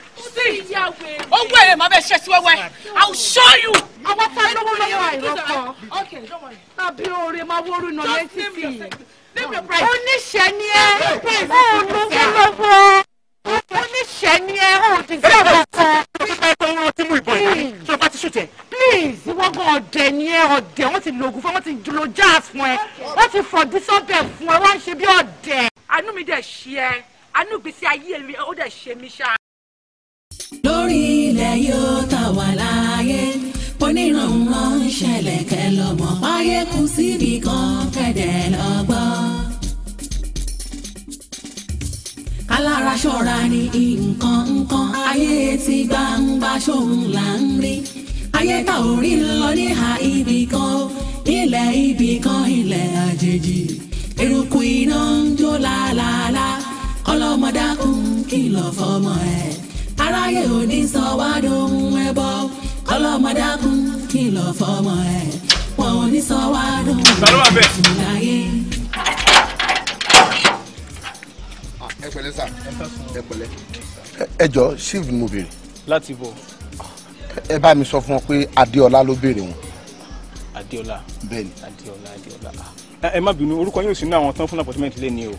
Owó èrè máa bẹ ṣe sí wẹ́wẹ́, I will show you. Àwọn afọ ìlówó lọ́wọ́ àìrọ́pọ̀. Tàbí oore my wóró no létí sí i. Oníṣẹ́ ni ẹ́, òun ló fẹ́ lọ́wọ́ oníṣẹ́ ni ẹ ò ti ṣe kankan. nípa ẹgbẹ́ wọn ti please wọ́n gan ọ̀dẹ̀ ni ẹ ọ̀dẹ̀ wọ́n ti lògùn fún ẹ wọ́n ti lo jazz fún ẹ wọ́n ti fọ̀dí sọ́bẹ̀ fún ẹ wọ́n ṣe bí ọ̀dẹ̀. àánú mi dẹ̀ ṣe ẹ àánú gbèsè ayé mi ó dẹ̀ ṣe mi ṣá. lórí ilẹ̀ yóò tà wá láàyè onírànwọ́ ṣẹlẹ̀ kẹ́ lọ́mọ kù síbi kan kẹ́dẹ̀ lọ́gbọ́n. alára ṣọ́ra ni nǹkan nǹkan ayé ti gbangba ṣóun là ń rí ayé tá ò rí lọ níhà ibì kan ilẹ̀ ibì kan ilẹ̀ àjèjì eruku iná ń jó làálàálá ọlọ́mọdákùn kìlọ̀ fọmọ ẹ̀ aráyé ò ní sọ wá dohun ẹbọ ọlọ́mọdákùn kìlọ̀ fọmọ ẹ̀ wọn ò ní sọ wá dohun ẹbọ ìṣúná yẹn. ẹ pẹ̀lẹ́ sà ẹ pẹ̀lẹ́. ẹ jọ shiv ni mo béèrè. láti bọ. ẹ bá mi sọ fún wọn pé adéọlá ló béèrè wọn. adéọlá bẹ́ẹ̀ni adéọlá adéọlá ah, ẹ má bínú orúkọ yóò sí ní àwọn tán fún appointment lé ní o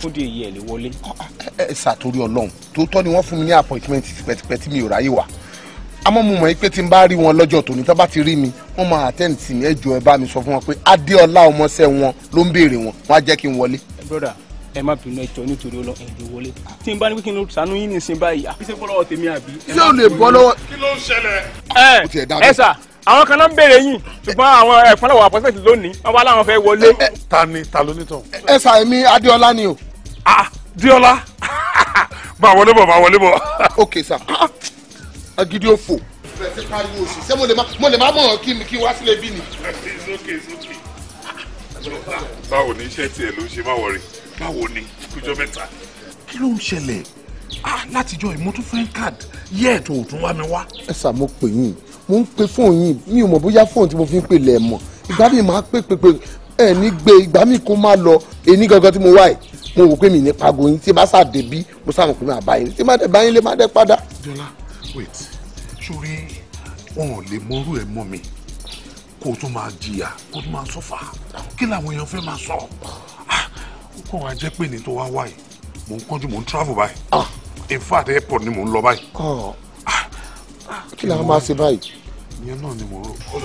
fún di èyí ẹ lè wọlé. ẹ ṣàtòrí Ọlọ́run tòótọ́ ni wọ́n fún mi ní appointment tipẹ́tipẹ́ tí mi ò ráyè wá àmọ́ mo mọ̀ pé tí n bá rí wọn lọ́jọ́ tòní tó ti rí mi wọ́n máa attend sí mi ẹ jọ̀ọ́ ẹ bá mi sọ fún wọn pé adéọlá ọmọọṣẹ́ wọn ló ń béèrè wọn wọ́n á jẹ́ kí n wọlé. broda ẹ má bínú ẹ jọ nítorí ọlọ ẹ̀ǹdẹ̀ wọlé tí n bá ní pé kí n yín nìsín báyìí àbí ṣe tèmi àbí. ṣé lè bọ́ lọ́wọ́. kí ló ń ṣẹlẹ̀. ẹ ẹ sà àwọn kan náà ń béèrè yín ṣùgbọ́n àwọn ẹ̀fọn àpọ́sẹ̀tì lónìí wọ́n bá láwọn fẹ́ wọlé. ta ni ta ló ní tán. ẹ sà èmi Adéọlá ni o. ah Diola máa wọlé bọ̀ máa wọlé bọ̀. ok sà agídí òfò. bẹ́ẹ̀ ti pariwo sí ṣé báwo ni iṣẹ́ tiẹ̀ ló ń ṣe má wọrí báwo ni kújọ mẹ́ta. kí ló ń ṣẹlẹ̀ ah látijọ́ yìí mo tún fẹ́ card yẹ́ ẹ̀ tó o tún wá mi wá. ẹ sà mo pè yín mo ń pe fóònù yín mi ò mọ̀ bóyá fóònù tí mo fi ń pè lẹ̀ mọ̀ ìgbà mi máa pè pè pè ẹ ní gbé ìgbà mi kó má lọ èyí gangan tí mo wá yìí mo wò pé mi ní pago yín tí bá sà débí mo sà mọ̀ pé mi àbá yín tí má dẹ̀ bá yín má dẹ̀ padà. jọlá wait sórí wọn ò lè mọrú ẹ mọ mi kó o tún máa jìyà kó o tún máa sọfà kí làwọn èèyàn fẹ́ máa sọ ah, kó wàá jẹ́ pé ní tó wá wáyé mò ń kánjú mò ń travel báyìí ah. in fact airport ni mò ń lọ báyìí. Ah. Ah. kí làwọn máa ṣe báyìí. ìyẹn náà ni mò ń rò.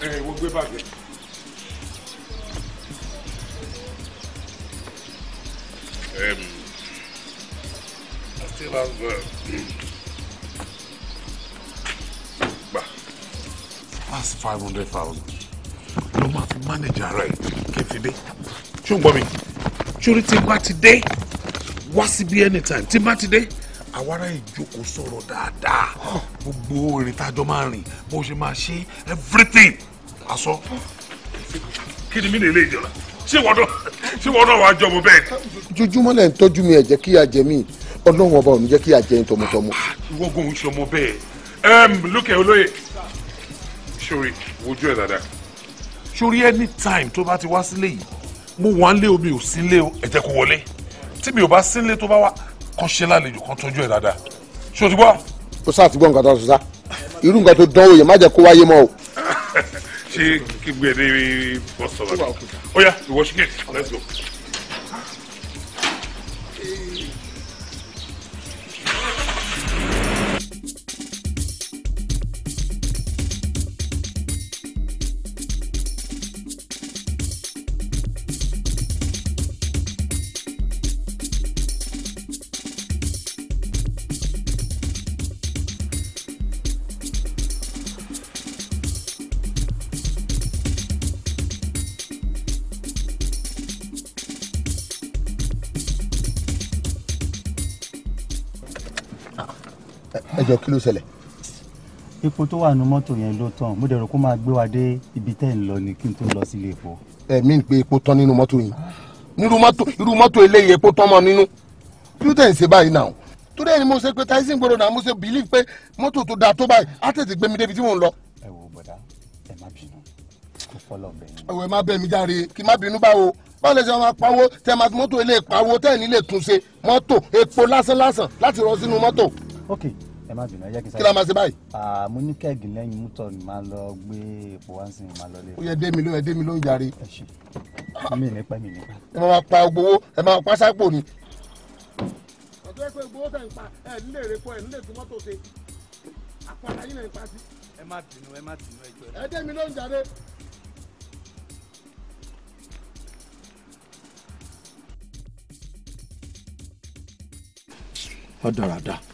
ẹ ẹ wo gbé bàgẹ́. Um, I still have. Uh, bah. That's five hundred thousand ló máa fi manage ara ẹ̀ kí n fi dé ṣé o ń gbọ́ mi ṣórí tí bá ti dé wá síbi anytime tí n bá ti dé àwárá ìjókòó sọ̀rọ̀ dáadáa gbogbo orin tájọ máa rìn bó ṣe máa ṣe everything aṣọ kí ni mí lè lè jọra ṣé wọ́n náà ṣé wọ́n náà wàá jọmọ bẹ́ẹ̀. jojúmọ́ lẹ̀ ń tọ́jú mi ẹ̀ jẹ́ kí a jẹ mí ọlọ́run ọba ò ní jẹ́ kí a jẹ yín tọmọtọmọ. Ah, ìwọ gan ṣọmọ bẹ́ẹ̀ lókè olóyè sori wojú ẹ̀ dáadáa sórí anytime tó bá ti wá sílé yìí mo wà ń lé omi ò sílé o ẹ̀jẹ̀ kò wọlé tí mi ò bá sílé tó bá wá kàn ṣe lálejò kan tójú ẹ̀ dáadáa ṣé o ti gbọ́. ó sá àti gbọ́ nǹkan tó ń sá irú nǹkan tó dánwò yẹn má jẹ́ kó wáyé mọ́ o. ṣé kí gbèdé bọ́ sọ̀rọ̀ ó yá ìwọ ṣíkè let's go. ẹjọ kí ló ṣẹlẹ̀. epo tó wà nínú mọ́tò yẹn ló tán mo dẹ̀rọ kó máa gbé wa dé ibi tẹ́ ń lọ ni kí n tó lọ sílé epo. ẹ mi ń pe epo tán nínú mọ́tò yìí nínú mọ́tò irú mọ́tò eléyìí epo tán mọ́ nínú kí ló tẹ̀ ń ṣe báyìí náà torí ẹni mo ṣe pé tyson gbọdọ̀ náà mo ṣe believe pé mọ́tò tó dáa tó báyìí á tètè gbé mi débi tí mò ń lọ. ẹ wo bọ̀dá ẹ má bínú kó fọlọ́ bẹ̀yìn. ẹ wo ẹ báwo lè ṣe máa pawó tẹ máa mọ́tò ilé pawó tẹ́ ẹ̀ nílé túnṣe mọ́tò epo lásán lásán láti rọ sínú mọ́tò ẹ má bínú ẹ jẹ́ kí n sáré. kí la máa ṣe báyìí. mo ní kẹ́ẹ̀gì lẹ́yìn mútọ̀ ni màá lọ gbé epo wá sí màá lọ lé. E. ó yẹ dé mi ló yẹ dé mi ló ń jàre. mi nípa mi nípa. ẹ máa pa gbowó ẹ máa pa sápò ni. ọ̀dọ́ ẹ pé gbowó tẹ̀ ń pa ẹ̀ ń lè repo ẹ̀ ń lè tún mọ́tò ṣe àpàlà yìí lẹ̀ ń ẹ má bínú ẹ má bínú ẹ jọ̀ọ́. ẹ dé mi ló ń jàre. ọ̀dọ̀ rà dáa.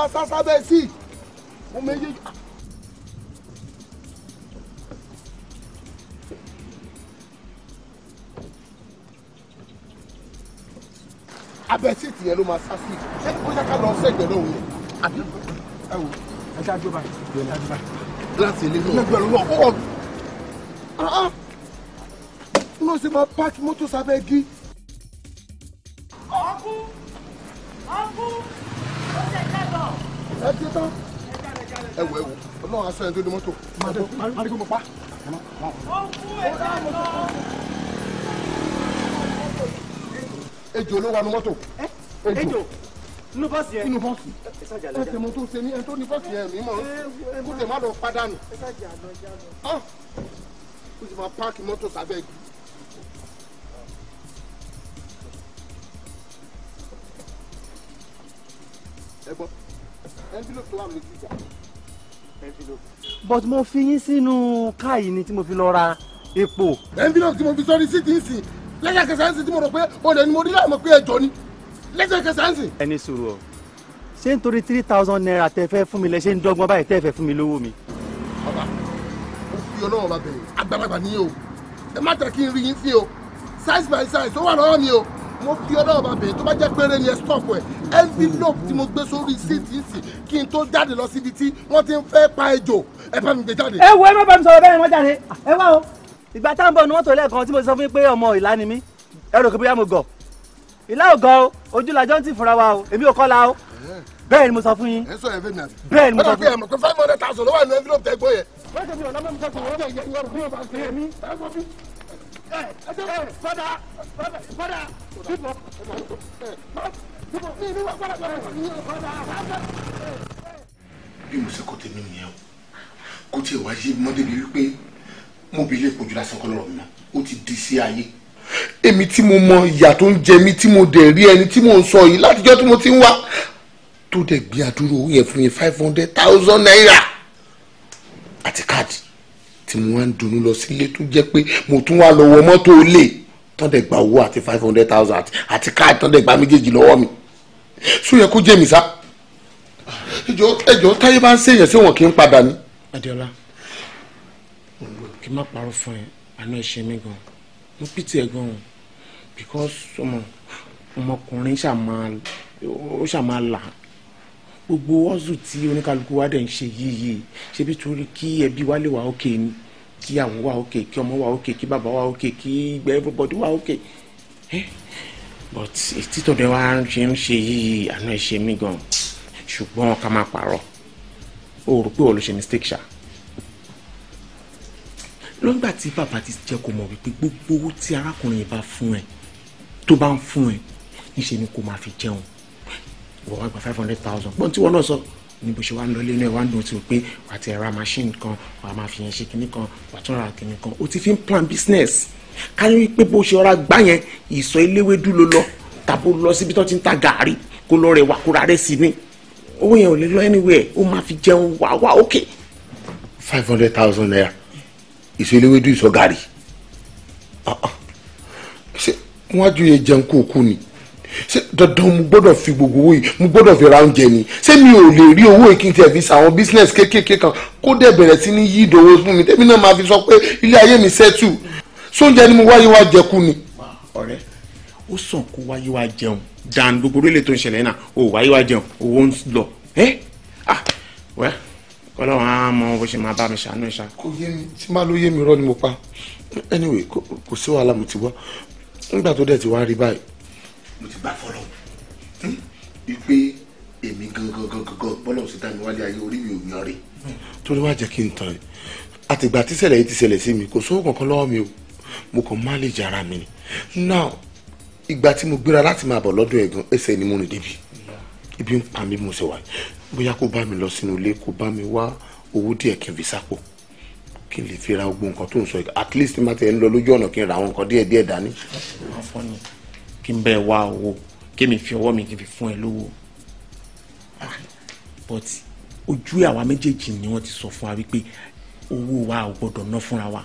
máa sá sábẹ́ sí mo méjèèjì. abẹ́ síìtì yẹn ló máa sá sí ṣé kó ṣáká lọ sẹ́gbẹ̀ẹ́ lóhùn yẹn. àbí ẹ wò ẹ ṣáájú báyìí ẹ ṣáájú báyìí. láti ilé náà ẹgbẹ̀rún náà ó wọ̀ n ló ṣe máa páàkì mọ́tò sábẹ́ igi. ọkú ọkú ó ṣe ẹ ti tán ẹ wọ ẹ wọ ọlọ́run aṣọ ẹni tó di mọ́tò. marigo mo pa. ejò ló wà ní mọ́tò. ejò inú bọ́ọ̀sì yẹn. inú bọ́ọ̀sì. ẹ tẹ̀mọ tó ṣe ní ẹni tó ní bọ́ọ̀sì yẹn mímọ́ kó tẹ̀ má lọ padà nù. ó sì máa páàkì mọ́tò sábẹ́ igi. ẹ gbọ́ but mo fi yín sínú káyìí ni tí mo fi lọ ra epo. envelope tí mo fi sọ́ni sí ti lẹ́sẹ̀kẹsẹ̀ ń tí mo rò pé olè ni mo rí láàmú pé ẹjọ́ ni lẹ́sẹ̀kẹsẹ̀ ń ẹni sùúrù o ṣé nítorí three thousand naira tẹ fẹ́ fún mi lẹ ṣe ń dọ́gbọ́n báyìí tẹ fẹ́ fún mi lówó mi. bàbá mo fi ọlọ́run bá bẹ̀rẹ̀ àgbàlagbà ni o ẹ má tẹ̀ kí n rí yín fi o size by size ó wà lọ́wọ́ mi o mo fi ọlọ́run bá bẹ̀rẹ̀ tó bá jẹ́ péré ni stop ẹ̀ envelope tí mo gbé sórí síìtì ìsì kí n tó jáde lọ síbi tí wọ́n ti ń fẹ́ pa ejò ẹ bá mi gbé jáde. ẹ wo ẹ má bá mi sọ̀rọ̀ bẹ́ẹ̀ ni wọ́n jáde ẹ wá o ìgbà tá à ń bọ̀ ni wọ́n tó lẹ́ẹ̀kan tí mo sọ fún yín pé ọmọ ìlà ni mí ẹ rò pé bóyá mo gọ̀ ìlà ò gọ̀ o ojú la jọ ń tì fúnra wa o èmi ò kọ́la o bẹ́ẹ̀ ni mo sọ fún yín bẹ́ẹ̀ ni mo sọ fún yín. ọ̀dọ̀ fi ẹ̀mọ̀ Father, father, father, people, people, people, father, bí mo ṣe kó tèmi nìyẹn o kó tiẹ̀ wá yé mọ́ débi wípé mo bí ilé ìpọ́njú lásán kọ́ lọ́rọ̀ mi náà ó ti di sí ayé èmi tí mo mọ ìyà tó ń jẹ mí tí mo dẹ̀ rí ẹni tí mo ń sọ yìí látijọ́ tí mo ti ń wá tó dẹ̀ gbé àdúró yẹn fún mi five hundred thousand naira àti káàdì tí mo wá ń dunnú lọ sílé tó jẹ́ pé mo tún wá lọ wọ mọ́tò olè tọ́ndẹ̀ owó àti five hundred thousand àti káàdì tọ́ndẹ̀ méjèèjì lọ́wọ́ mi sọ yẹ kó jẹ́ mi sá ẹjọ́ ẹjọ́ táyé bá ń ṣèyàn sí wọn kì í padà ní. adiola kí n má parọ́ fún ẹ àná ẹ ṣe mí gan mo pìtì ẹ gan because ọmọkùnrin ṣàmà ó ṣàmà là gbogbo wọ́ọ̀zù tí oníkálukú wa dẹ̀ ń ṣe yìí yìí ṣe bí torí kí ẹbí wa lè wà òkè ni kí ìyàwó wa òkè kí ọmọ wa òkè kí bàbá eh, wa òkè kí ìgbẹ́ everybody wa òkè but títọ́ dẹ̀ wá ṣe ń ṣe yìí àná ẹ̀ ṣe mí gan ṣùgbọ́n ká má parọ́ o rò pé wọ́n mistake ṣá lọ́gbà tí bàbá ti jẹ́ kó mọ̀ wípé gbogbo owó tí arákùnrin yìí bá fún ẹ tó bá ń fún ẹ níṣẹ́ ni kó máa fi jẹun wọ́n five hundred thousand gbọ́n tí wọ́n náà sọ ní bó ṣe wá ń lọ lẹ́nu ẹ̀ wá ń dùn tí o pé wà á ti ra machine kan wà á máa fi yẹn ṣe kinní kan wà á tún ra kinní kan o ti fi ń plan business ká ní pé bó ṣe ọ̀rá gbá yẹn ìsọ eléwédú ló lọ tàbó lọ síbi tó ti ń ta gàárì kó lọ rẹ̀ wà kó ra rẹ̀ sí ni owó yẹn ò lè lọ anywhere ó máa fi jẹun wà wá òkè. five hundred thousand naira ìsọ eléwédú ìsọ gàárì ah, ah. ṣé wọ́n á ju iye jẹun kó o kú ni ṣé dandan mo gbọ́dọ̀ fi gbogbo owó yìí mo gbọ́dọ̀ fi ra oúnjẹ ni ṣé mi ò lè rí owó kí n tiẹ̀ fi business kéékèèké kan kó dẹ̀ bẹ̀rẹ̀ sí ní yí ìdòwò fún mi tẹ́mi náà máa fi sọ pé ilé ayé mi ṣẹ́tù sóúnjẹ ni mo wáyé wá jẹku ni. ọ̀rẹ́ ó sàn kó wáyé wá jẹun dan gbogbo orílẹ̀ tó ń ṣẹlẹ̀ náà ó wáyé wá jẹun owó ń lọ ẹ́ ah wẹ́ ọlọ́run á mọ bó ṣe máa bá mi ṣàánú ìṣá. kò yé mi tí má ló yé mi anyway kò sí wàhálà mo ti wá mo ti gbà fọlọ wípé èmi gangan gangan bọ́lọ̀ sí dámi wálé ayé orí mi ò yan rè. torí wàá jẹ́ kí n tàn ẹ́ àtìgbà tíṣẹ̀lẹ̀ yìí ti sí mi kò sówó kankan lọ́wọ́ mi o mo kàn má lè jara mi ni now ìgbà tí mo gbéra láti máa bọ̀ lọ́dọ̀ ẹ̀gàn ẹsẹ̀ ni mo rìn débi ibi ń pa mi mo ṣe wà bóyá kó bá mi lọ sínú ilé kó bá mi wá owó díẹ̀ kí n fi sápò kí n lè fi ra gbogbo nǹkan tó ń sọ at least má ti ẹ̀ ń lọ lójú ọ̀nà kí n ra àwọn nǹkan díẹ̀ díẹ̀ dání kí n bẹ́ẹ̀ wá owó kémi fi ọwọ́ mi kí n fi fún ẹ lówó ah, but ojú àwa méjèèjì ni wọ́n ti sọ fún wa wípé owó wa ò gbọ́dọ̀ ná fúnra wa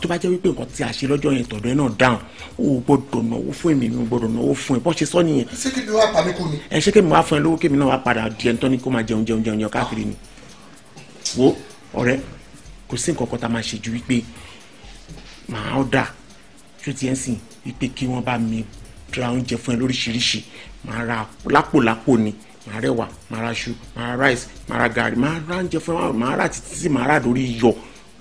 tó bá jẹ́ wípé nǹkan tí a ṣe lọ́jọ́ yẹn tọ̀dọ̀ ẹ náà dáhùn o gbọ́dọ̀ náwó fún èmi mi o gbọ́dọ̀ náwó fún ẹ bọ́ ṣe sọ nìyẹn. ṣé kí ni wàá pa mí kú ni. ẹ ṣé kí mi wàá fún ẹ lówó kí mi náà wàá padà di ẹni tó ní kó máa jẹun jẹun jẹun káàkiri ni. wo ọ̀rẹ́ kò sí nǹkan kan tá a máa ṣe ju wípé màá ọ̀dà tó ti ẹ̀ sìn wípé kí wọ́n bá mi ra oúnjẹ fún ẹ lóríṣiríṣi màá ra lápòlápò ni màá rẹwà màá ra ṣu màá ra rice màá ra gàrí màá ra oúnjẹ fún ẹ màá ra títí tí màá lórí iyọ̀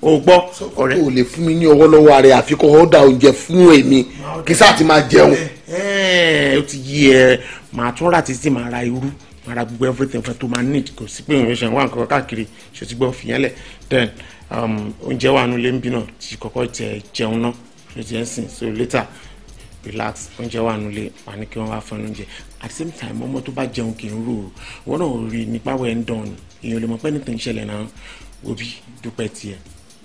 o gbọ́ ọ̀rẹ́. o lè fún mi ní ọwọ́ lọ́wọ́ rẹ̀ àfi kó oúnjẹ fún èmi kí sáà ti máa jẹun. ẹ o ti yí ẹ màá tún rà títí màá ra irú màá ra gbogbo everything fún tó máa need kò sí pé ìrìnsẹ̀ wà nǹkan káàkiri ṣe ti gbọ́ fìyẹn lẹ̀ then um, oúnjẹ wà nulẹ̀ ń bí náà ti kọ́kọ́ jẹ jẹun náà ṣe ti ẹ̀ sìn so later relax oúnjẹ wà nulẹ̀ wà ní kí wọ́n wá fún oúnjẹ at the same time ọmọ tó bá jẹun kì í rò wọ́n náà rí nípa wẹ̀ ń dán ni èèyàn lè mọ̀ pé ní tó ń ṣẹlẹ̀ náà òbí dúpẹ́ tiẹ̀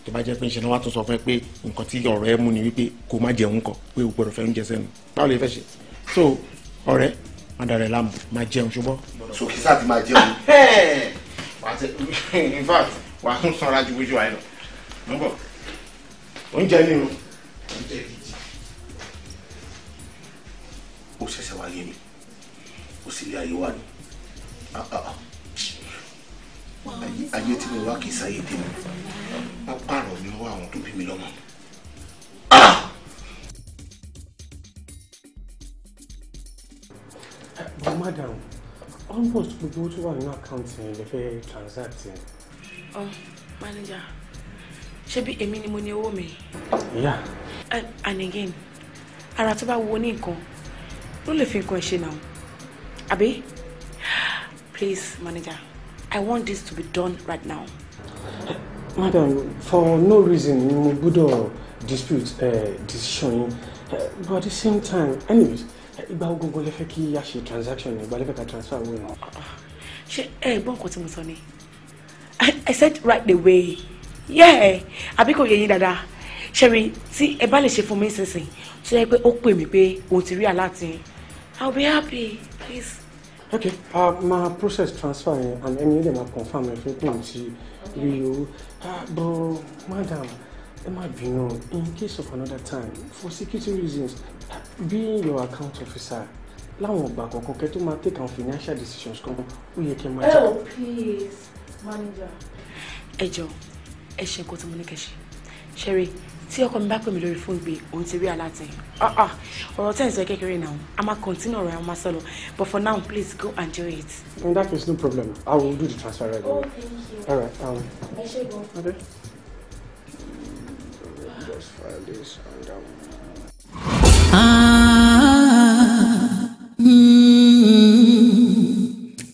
tó bá jẹ́ pé ń ṣe náà wá tún sọ fún ẹ pé nǹkan tí ọ̀rọ̀ ẹ mú ni wípé kó má jẹun kọ pé o gbọ́dọ̀ fẹ́ oúnjẹ sẹ́nu báwo lè fẹ́ ṣe so ọ̀rẹ́ má dara ẹ̀ láàmú má jẹun ṣùgbọ́n. sókè sáà ti máa jẹun in fact wàá tún sanra ju bójú wa yìí lọ. oúnjẹ ni o. oúnjẹ ni ó ṣẹ̀ṣẹ̀ wá yé mi ó sì lé ayé wà ní ah, ah, ah. ayé tí mo wá kì í sáyé tèmi wọ́n pààrọ̀ mi lọ́wọ́ àwọn tó bí mi lọ́mọ. Eh, madam almost gbogbo tó wà nínú àkáǹtì yẹn lè fẹ́ transact yẹn. ọ oh, manager ṣebí èmi ni mo ní owó mi. yeah. Eh, and again ara tó bá wo ní nǹkan ló lè fi nǹkan ẹ̀ ṣe náà àbí please manager i want this to be done right now. madam for no reason ni mo gbọ́dọ̀ dispute uh, decision yín uh, but at the same time anyways eh, ìgbà ogungun lè fẹ́ kí a ṣe transaction ìgbà lè fẹ́ ká transfer owó yẹn. ṣé ẹ gbọ́ nǹkan tí mo sọ ni i said right the way. yeah Abi ko yẹ dada. dáadáa ṣẹ́mi tí ẹ bá lè ṣe fún mi nísinsìnyí tó yẹ pé ó pè mí pé òun ti rí aláàtì i be happy please. ok uh, ma process transfer yẹn and ẹni yẹn dẹ̀ ma confam ẹ̀ fún plan ti rí o ah, bro madam ẹ má bínú in case of another time for security reasons being your account officer láwọn ọgbà kọ̀ọ̀kan kẹ́ tó máa take our financial decisions kan ó yẹ kẹ́ máa jẹ́. oh please manager. ẹ jọ ẹ ṣe nǹkan tí mo ní kẹ́ ṣe ṣeré tí ọkọ mi bá pè mí lórí fóònù pé òun ti rí aláàtẹ ah, ah, ọ̀rọ̀ tẹ́ ẹ̀ sọ kékeré náà a máa continue ọ̀rọ̀ àwọn máa sọ lọ but for now please go and do it. in that case no problem i will do the transfer right now. oh thank you. all right. ẹ ṣe gan. just file this and that one.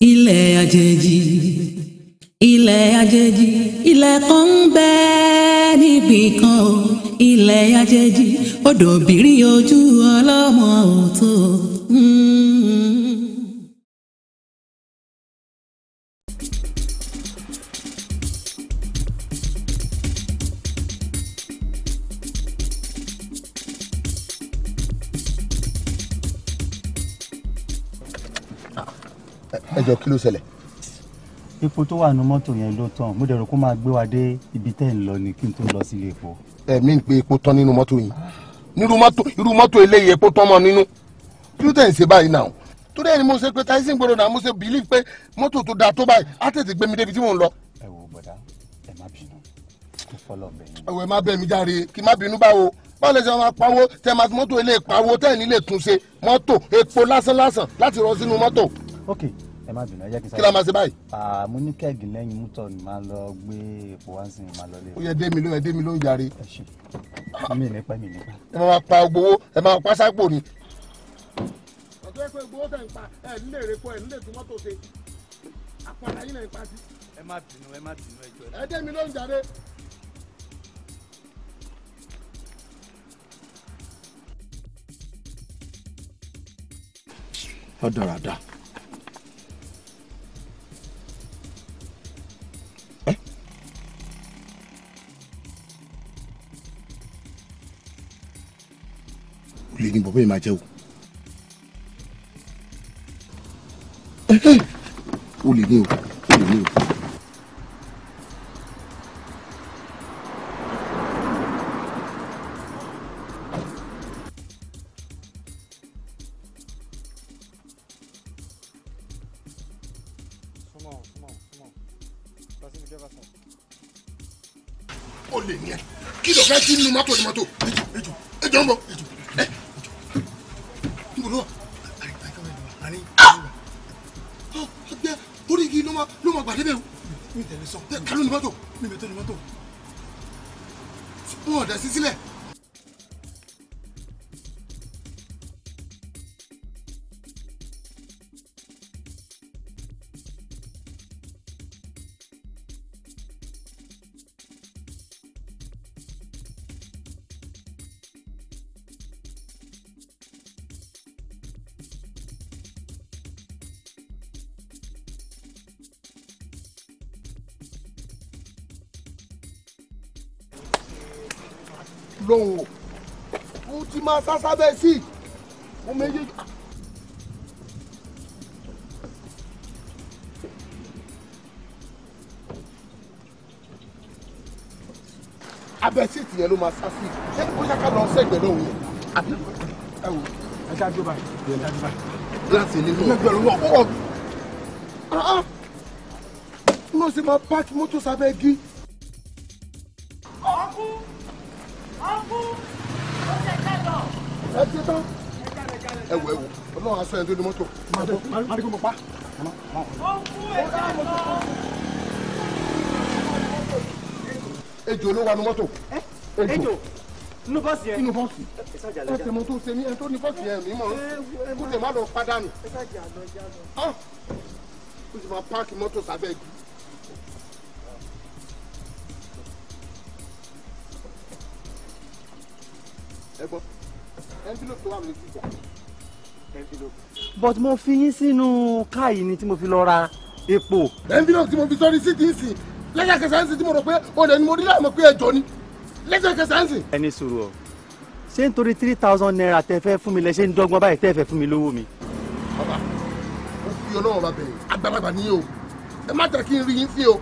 ilé àjèjì ilẹ̀ àjèjì ilẹ̀ kan ń bẹ níbì kan o ilẹ̀ àjèjì odò bìrì ojú ọlọ́mọ òtó. ẹ jọ kí ló ṣẹlẹ̀ epo tó wà nù mọ́tò yẹn ló tán mo dẹ̀rọ kó máa gbé wa dé ibi tẹ́ ń lọ ni kí n tó lọ sílé epo. ẹ mi ń pe epo tán nínú mọ́tò yìí nírú mọ́tò irú mọ́tò eléyìí epo tán mọ́ nínú kí ló tẹ̀ ń ṣe báyìí náà torí ẹni mo ṣe pé tyson gbọdọ̀ náà mo ṣe bìlí pé mọ́tò tó da tó báyìí á tètè gbé mi débi tí mò ń lọ. ẹ wo bọ̀dá ẹ má bínú kó fọlọ́ bẹ̀ mí. ẹ̀wẹ̀ má bẹ̀ mí járe kí má bínú báwo báwo lè ṣe tẹ máa fi mọ́tò ilé pawó tẹ̀ epo lásán lásán láti rọ sínú mọ́tò. okay ẹ má dùn ẹ jẹ́ kí n sáré. kí la máa ṣe báyìí. mo ní kẹ́ẹ̀gì lẹ́yìn mútọ̀ ni máa lọ gbé epo wá sí máa lọ lé. ó yẹ dé mi ló yẹ dé mi ló yàrá. ẹ ṣe mi nípa mi nípa. ẹ máa pa gbowó ẹ máa pa sápò ni. ọ̀tọ́ ẹ pé gbowó tẹ̀ ń pa ẹ̀ nílé èrè pọ̀ ẹ̀ nílé tó mọ́tò ṣe àpàdà yín lẹ́yìn pàṣẹ. ẹ má bínú ẹ má bínú ẹ jọ ẹ. ẹ dé mi ló ń jàre. ọ̀dọ̀ rà dáa. olè ní bọ̀bọ́ yìí máa jẹ́ o olè ní o. máa sásá bẹ́ẹ̀ sí mo méjèèjì. abẹ́ síìtì yẹn ló máa sá sí ṣé kó ṣáká lọ sẹ́gbẹ̀ẹ́ náà yẹn àbí ẹ wò ẹ ṣáà dúró báyìí ẹ ṣáà dúró báyìí láti nínú ẹgbẹ̀rún náà ó rọ̀ mí. mo sì máa pààkì mọ́tò sábẹ́ gí. sọ ẹni tó ní mọ́tò. moto. dé kó mo pa. ejò ló wà ní mọ́tò. ejò nínú bọ́ọ̀sì yẹn. nínú bọ́ọ̀sì. ẹ tẹ̀mọ́ tó ṣe ní ẹni tó ní bọ́ọ̀sì yẹn mi mọ̀ kó tẹ̀ má lọ but mo fi yín sínú káyì ni tí mo fi lọ ra epo. envelope tí mo fi sọ́ni sí ti ń sìn lẹ́sẹ̀ kẹsàn-án sì tí mo rò pé olè ni mo rí láàmú pé ẹjọ́ ni lẹ́sẹ̀ kẹsàn-án sì. ẹni sùúrù o ṣé nítorí three thousand naira tẹ fẹ́ fún mi lẹ ṣe ń dọ́gbọ́n báyìí tẹ́ fẹ́ fún mi lówó mi. bàbá mo fi ọlọ́run bàbẹ̀ àgbàlagbà ní o ẹ má tẹ̀ kí n rí yín sí o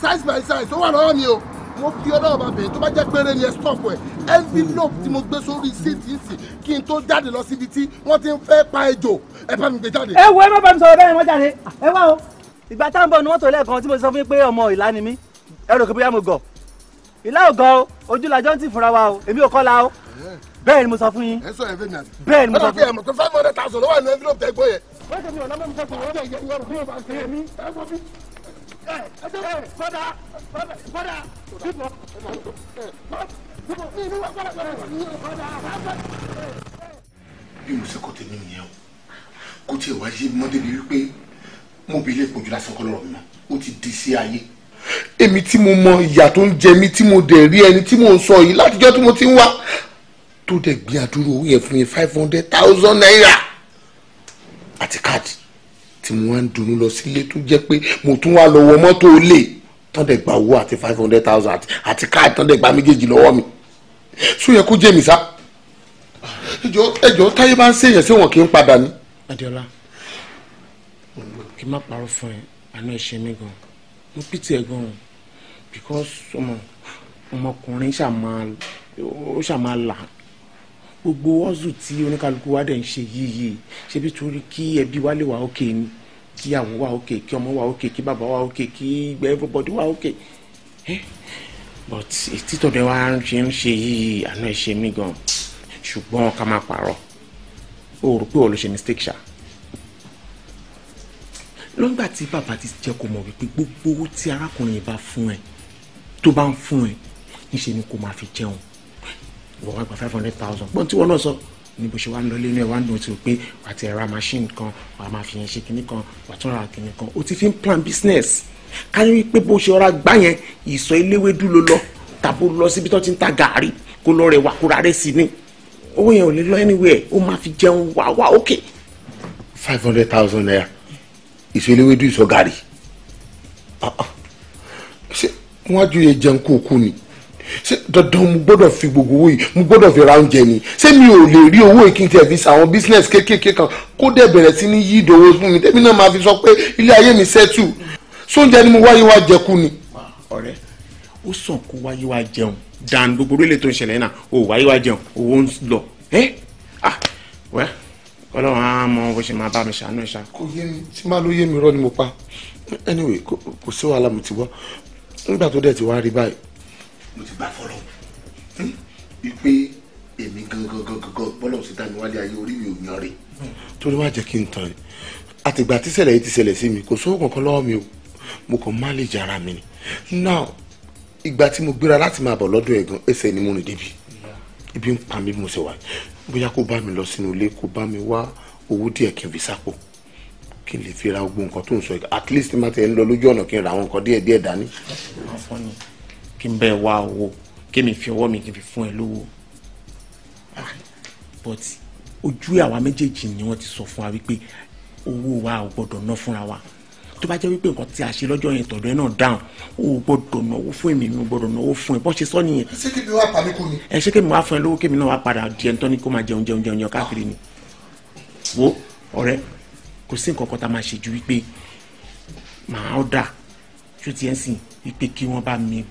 size by size ó wà lọ́wọ́ mi o mo fi ọlọ́run bá bẹ̀rẹ̀ tó bá jẹ́ péré ni ẹ stop ẹ̀ envelope tí mo gbé sórí síìtì ìsìn kí n tó jáde lọ síbi tí wọ́n ti ń fẹ́ pa ejò ẹ bá mi gbé jáde. ẹ wo ẹ má bá mi sọ̀rọ̀ bẹ́ẹ̀ wọ́n jáde ẹ wá o ìgbà táwọn bọ̀ ni wọ́n tó lẹ́ẹ̀kan tí mo sọ fún yín pé ọmọ ìlà ni mí ẹ rò pé mo gọ̀ ìlà ò gọ̀ o ojú làjọ ń tì fúnra wa o èmi ò kọ́ la o bẹ́ẹ̀ ni mo sọ fún yín bẹ́ẹ̀ ni mo sọ fún yín. ẹ lọ fi ẹ̀ mi ọ̀nà mẹ́mi fẹ́ kò wọ́n fún ọ̀bà kẹ́yẹ fada fada dìbò dìbò inú wa fada fada. bí mo ṣe kọ́ tèmi nìyẹn o kó tiẹ̀ wá yé mọ́ débi wípé mo bí ilé ìpọ́njú lásán kọ́ lọ́rọ̀ mi ó ti di sí ayé èmi tí mo mọ ìyà tó ń jẹ mí tí mo dẹ̀ rí ẹni tí mo ń sọ yìí látijọ́ tí mo ti ń wá tó dẹ̀ gbé owó yẹn fún mi five hundred thousand naira àti káàdì tí mo wá ń dunú lọ sílé tó jẹ́ pé mo tún wá lọ wọ olè tán dẹ̀ gba owó àti five hundred thousand àti káàdì tán dẹ̀ gba méjèèjì lọ́wọ́ mi sún yẹ kó jẹ́ mi sá ẹjọ́ ẹjọ́ táyé bá ń ṣèyàn sí wọn kì í padà ní. Adéọlá kí n má parọ́ fún ẹ àná ẹ ṣe mí gan mo pìtì ẹ gan because ọmọ ọmọkùnrin ṣàmà ó ṣàmà là gbogbo ọ̀zù tí oníkálukú wa dẹ̀ ń ṣe yìí yìí ṣebí torí kí ẹbí wa lè wà òkè ni kí àwọn wà òkè kí ọmọ wà òkè kí bàbá wà òkè kí gbẹ́ everybody wà òkè but títọ́ bẹ́ẹ̀ wá ṣe ń ṣe yìí àná ẹ̀ ṣe mí gan ṣùgbọ́n ká má parọ́ o rò pé o lọ ṣe mistake ṣá lọ́ngbà tí bàbá ti jẹ́ kó mọ̀ wípé gbogbo owó tí arákùnrin yìí bá fún ẹ tó bá ń fún ẹ níṣẹ́ ni kó máa fi jẹun wọ́n wá gba five hundred thousand pọ́n tí wọ́n náà sọ ní bó ṣe wá ń lọ lẹ́nu ẹ̀ wá ń dùn tí o pé wà á ti ra machine kan wà á máa fi yẹn ṣe kinní kan wà á tún ra kinní kan o ti fi ń plan business káyọ̀ wípé bó ṣe ọ̀rá gbá yẹn ìsọ̀ eléwédú ló lọ tàbó lọ síbi tó ti ń ta gàárì kó lọ rẹ̀ wà kó ra rẹ̀ sí ni owó yẹn ò lè lọ anywhere ó máa fi jẹun wà wà ókè. five hundred thousand naira ìsọ̀ eléwédú ìsọ̀ gàárì ah, ah. ṣé wọ́n á ju iye jẹun kó o kú ni ṣé dandan mo gbọ́dọ̀ fi gbogbo owó yìí mo gbọ́dọ̀ fi ra oúnjẹ ni ṣé mi ò lè rí owó yìí kí n tiẹ̀ business kéékèèké kan kó dẹ̀ bẹ̀rẹ̀ sí ní yí ìdòwò fún mi tẹ́mi náà máa fi sọ pé ilé ayé mi ṣẹ́tù sóúnjẹ ni mo wáyé wá jẹku ni. ọ̀rẹ́ ó sàn kó wáyé wá jẹun dan gbogbo orílẹ̀ tó ń ṣẹlẹ̀ náà ó wáyé wá jẹun owó ń lọ ẹ́ ah wẹ́ ọlọ́run á mọ bó ṣe máa bá mi ṣàánú ìṣá. kò yé mi tí máa ló yé mi rọ ni mo pa anyway kò sí wàhálà mo ti wọ́ nígbà tó dẹ̀ ti wá rí báyìí mo ti gbà fọlọ wípé èmi gangan gangan bọ́lọ̀ sí dání wálé ayé orí mi ò yan rè. torí wàá jẹ́ kí n tán ẹ àtìgbà tí ṣẹlẹ̀ yìí ti ṣẹlẹ̀ sí mi kò sówó kankan lọ́wọ́ mi o mo kàn má lè jara mi ni now ìgbà tí mo gbéra láti máa bọ̀ lọ́dún ẹ̀ ẹsẹ̀ ni mo rìn débi ibi ń pa mi bí mo ṣe wà bóyá kó bá mi lọ sínú ilé kó bá mi wá owó díẹ̀ kí n fi sápò kí n lè fi ra gbogbo nǹkan tó ń sọ at least má ti ń lọ lójú ọ̀nà kí n ra àwọn nǹkan díẹ̀ díẹ̀ dání kí n bẹ́ẹ̀ wá owó kí mi fi ọwọ́ mi kí n fi fún ẹ lówó ah, but ojú àwa méjèèjì ni wọ́n ti sọ fún wa wípé owó wa ò gbọ́dọ̀ ná fúnra wa tó bá jẹ́ wípé nǹkan tí a ṣe lọ́jọ́ yẹn tọ̀dọ̀ ẹ náà dáhùn o gbọ́dọ̀ náwó fún èmi o gbọ́dọ̀ náwó fún ẹ bọ́ ṣe sọ nìyẹn. ṣé kí mi wá pa mí kú ni. ẹ ṣé kí mi wá fún ẹ lówó kí mi náà wá padà di ẹni tó ní kó máa jẹun jẹun jẹun káàkiri ni. wo ọ̀rẹ́ kò sí nǹkan kan tá a máa ṣe ju wípé màá ọ̀dà tó ti ẹ̀ sìn wípé kí wọ́n bá mi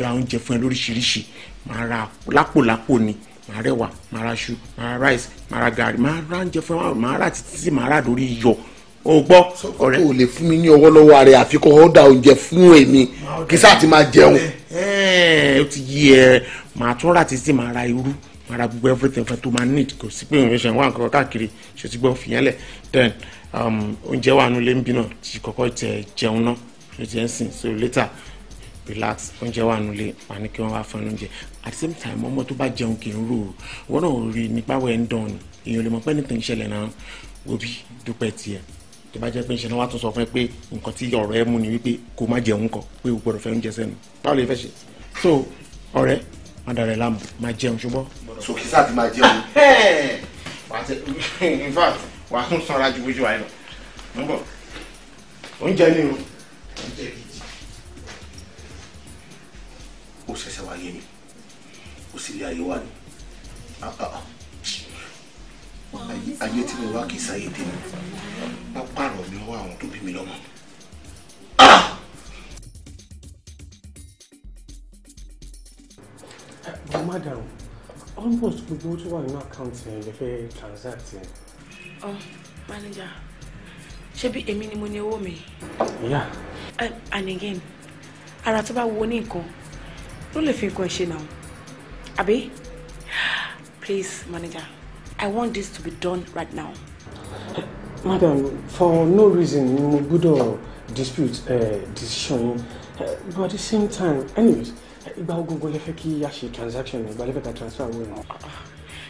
ra oúnjẹ fún ẹ lóríṣiríṣi máa ra lápòlápò ni máa rẹwà máa ra ṣu máa ra rice máa ra gàrí máa ra oúnjẹ fún ẹ máa ra títí tí máa ra lórí iyọ̀ o gbọ́ ọ̀rẹ́. o lè fún mi ní ọwọ́ lọ́wọ́ ààrẹ àfikún ọ̀dà oúnjẹ fún èmi kí sáà ti máa jẹun. ẹ o ti yí ẹ màá tún rà títí màá ra irú màá ra gbogbo everything fún ẹ tó máa need kò sí pé òun ṣe ń wá nǹkan káàkiri ṣe ti gbọ́ fìyẹn lẹ̀ then um, oúnjẹ wà nílé ń bí ti kọ́kọ́ tẹ jẹun náà ṣe ti ń sìn so later relax oúnjẹ wà nulẹ̀ wà ní kí wọ́n wá fún ẹ at the same time ọmọ tó bá jẹun kì í rò wọn náà rí nípa wẹ̀ ń dán èèyàn lè mọ pé nìkan ìṣẹ̀lẹ̀ náà òbí dúpẹ́ tiẹ̀ tó bá jẹ́ pé ìṣẹ̀lẹ̀ wa tún sọ fún ẹ pé nǹkan tí ọ̀rọ̀ ẹ mú ni wípé kó má jẹun kọ pé o fẹ́ oúnjẹ sẹ́nu báwo lè fẹ́ ṣe so ọ̀rẹ́ má dara ẹ má jẹun ṣùgbọ́n. sókè sáà ti máa jẹun. in fact wàá tún sanra ju bójú wa yìí lọ. oúnjẹ ni o. oúnjẹ ni ó ṣẹ̀ṣẹ̀ wáyé ni ó sì lé ayé wá ni ayé tí mo wá kì í sáyé tèmi wọ́n pààrọ̀ mi lọ́wọ́ àwọn tó bí mi lọ́mọ. má dàrú almost gbogbo tó wà nínú àkáǹtì yẹn lè fẹ́ transact yẹn. ọ manager ṣebí èmi ni mo ní owó mi. ìyá. and again ara tó bá wo ní nǹkan ló lè fi nǹkan ṣe náà àbí please manager i want this to be done right now. madam for no reason ni mo gbọ́dọ̀ dispute uh, decision uh, but at the same time anyways ìgbà gbogbo lè fẹ́ kí a ṣe transaction ìgbà lè fẹ́ ká transfer owó yẹn.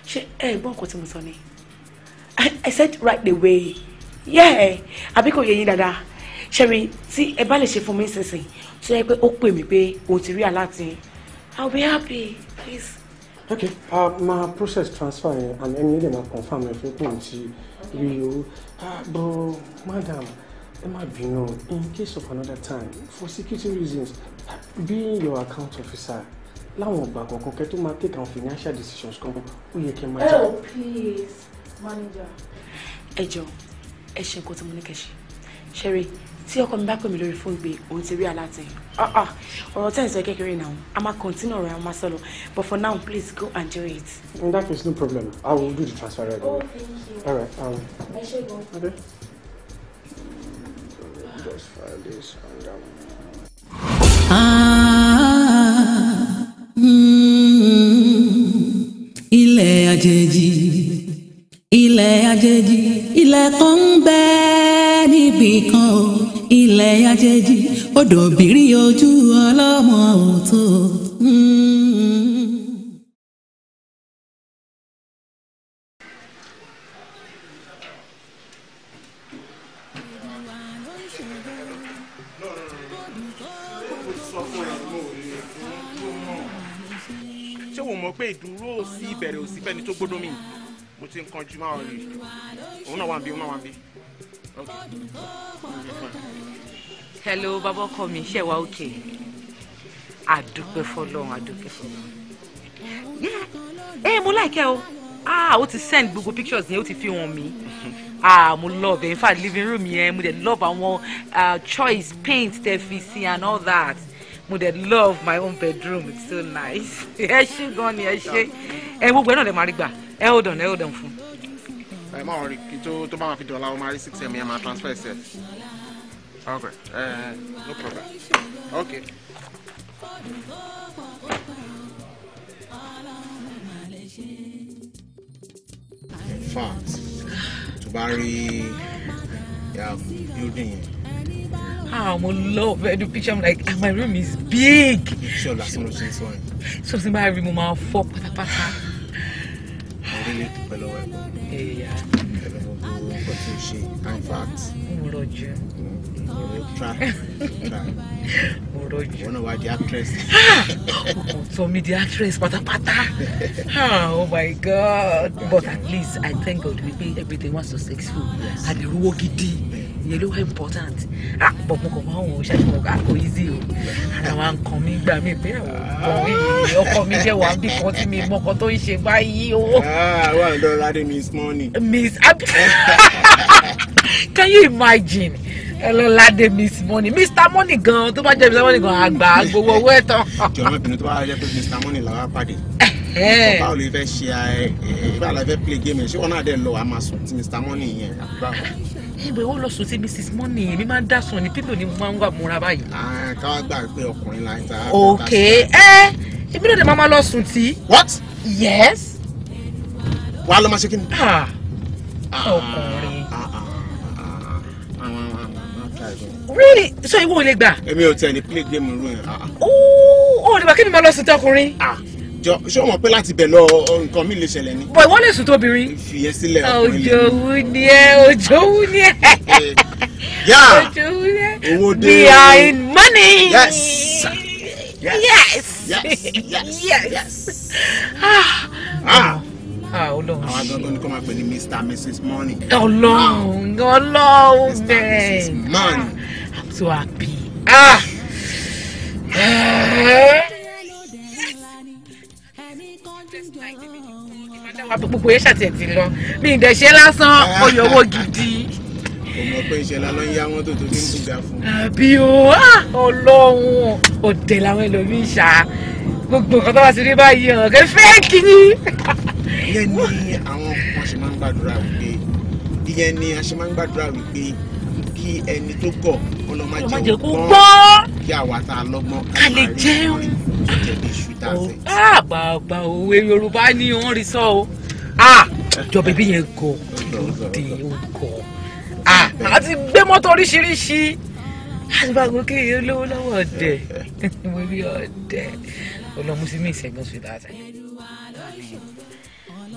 ṣé ẹ gbọ́ nǹkan tí mo sọ ni i said right the way. yeah Abi ko yẹ dada. dáadáa ṣẹ́mi e ẹ bá lè ṣe fún mi sísìn tó yẹ pé ó pè mí pé òun ti rí aláàtì I'll be happy, please. Okay, uh, ma process transfer yẹn and ẹni ilé ma confirm ẹ fún kóun ti rí owó. Ah, Bro, madam, ẹ má bínú in case of another time for security reasons being your account officer láwọn ọgbà kọ̀ọ̀kan kẹ́ tó máa take àwọn financial decisions Come, ó yẹ kẹ́ máa oh please manager. ẹ jọ ẹ ṣe nǹkan tí mo ní tí ọkọ mi bá pè mí lórí fóònù pé òun ti rí aláàtẹ ah, ah, ọ̀rọ̀ tẹ́ ẹ̀ sọ kékeré náà a máa continue ọ̀rọ̀ àwọn máa but for now please go and do it. in that case no problem i will do the transfer right away. oh thank you. all right. Um, ẹ ṣe gan. okay. just file this ah, and that one. ilẹ̀ àjèjì ilẹ̀ àjèjì ilẹ̀ kan ń bẹ níbì kan o ilẹ̀ àjèjì odò bìrí ojú ọlọ́mọ òtó. ṣé o mọ̀ pé ìdúró sí ìbẹ̀rẹ̀ òsì tó gbódó mi mo ti ń kanjú máa rí òun náà wà ń bí òun náà wà ń bí hello bàbá ọkọ mi ṣe wá òkè àdúpẹ́ fọlọ́run àdúpẹ́ fọlọ́run eh, ẹ mo láìkẹ́ o ah o ti send gbogbo pictures yẹn o ti fi hàn mí ah mo love in fact living room yẹn mo dẹ̀ love àwọn ah, choice paint tẹ́ fi sí and all that mo dẹ̀ love my own bedroom it's so nice ẹ ṣé gan ni ẹ ṣé ẹ eh, gbogbo ẹ náà lè máa rí gbà ẹ eh, hold on ẹ hold on fún un ẹ má kí tó tó bá wọn fi dọ̀la wọn máa rí six m yẹn máa transfer ẹsẹ̀ ok ẹ no problem ok. in fact tó bá rí ya building yẹn. Ah, I'm in love with the picture. I'm like, ah, my room is big. Sure, that's what I'm saying. So, my room, my four, pata pata. I really, well, well. Yeah to shake. In fact, Roger. Try, try. Roger. One of why the actress. For ah! me, the actress, pata. Ah, oh my God! But at least I thank God we pay everything was successful. Yes. And the gidi yẹn ló wá important àpò mo kàn máa ń wò ó àpò easy o ara wa ń gbà mí pé ọkọ mi ọkọ wà bí kan tí mi mọ ọkọ tó ń ṣe báyìí o. Ah, àwọn àdó ládé miss money. miss abi can you imagine ọlọ́ládé miss money mr money gan tó bá jẹ́ mr money gan àgbà gbowó owó ẹ̀ tán. jọ̀wọ́ ìpinnu tó bá jẹ́ pé mr money làwọn pàdé báwo lè fẹ́ ṣe ẹ ẹ báwo fẹ́ play game ẹ ṣé wọn náà dẹ̀ lọ àmàsùn tí mr money yẹn àbúrò ìbẹ̀ wo lọ sùn sí mrs money èmi máa dá sùn ní pílò ni mo máa ń wà múra ah, gbà pé ọkùnrin la ń ta. ok ẹ èmi náà lè máa lọ sùn tí. what. yes. wàá lọ máa ṣe kí ni. ọkùnrin. really so ìwọ ò lè gbà. èmi ò tẹ̀ ní play game rú yẹn. ó ò lè gbà kí ni mo lọ sùn tọkùnrin. ah jọ ṣé o mọ̀ pé láti bẹ̀ lọ nǹkan mi lè ṣẹlẹ̀ ni. bọ̀ ìwọ lè sùn tóbìnrin. fìyẹ sílẹ̀ ọkùnrin lè mú. òjòwú ni ni ẹ. yá òjòwú ni ẹ. owó behind money. yes yes yes yes yes. ah. ah, ah ọlọ́run ṣe àwọn agangan ni kò máa pè ní mr mrs money. ọlọ́run ah. ọlọ́run bẹ́ẹ̀ mr mrs money. Ah, i'm so happy. Ah. Eh? gbogbo yẹn ṣàtẹ̀ ti lọ mi ì ṣe lásán oyè owó gidi. kò mọ pé ìṣẹ̀lá ló ń yá wọn tó tó ti ń dùgà fún. àbí o ah, ọlọ́run òdè làwọn ẹlòmíín ṣá gbogbo nǹkan tó bá ti rí báyìí ọ̀rọ̀ kẹ́ fẹ́ kí ni. ìyẹn ni àwọn kan ṣe máa ń gbàdúrà wípé ìyẹn ni a ṣe máa ń gbàdúrà wípé kí ẹni tó gọ̀ ọlọ́mọ jẹ́ ògbọ́n kí àwa tá lọ́gbọ́n ká lè ah, rí sọ Ah! jọ bèbí yẹn gọ lóde ó gọ ah, a ti gbé mọ́tò oríṣiríṣi a bá gòkè yẹn lówó lọ́wọ́ ọ̀dẹ̀ mo rí ọ̀dẹ̀ ọlọ́mú sí sí dáadáa.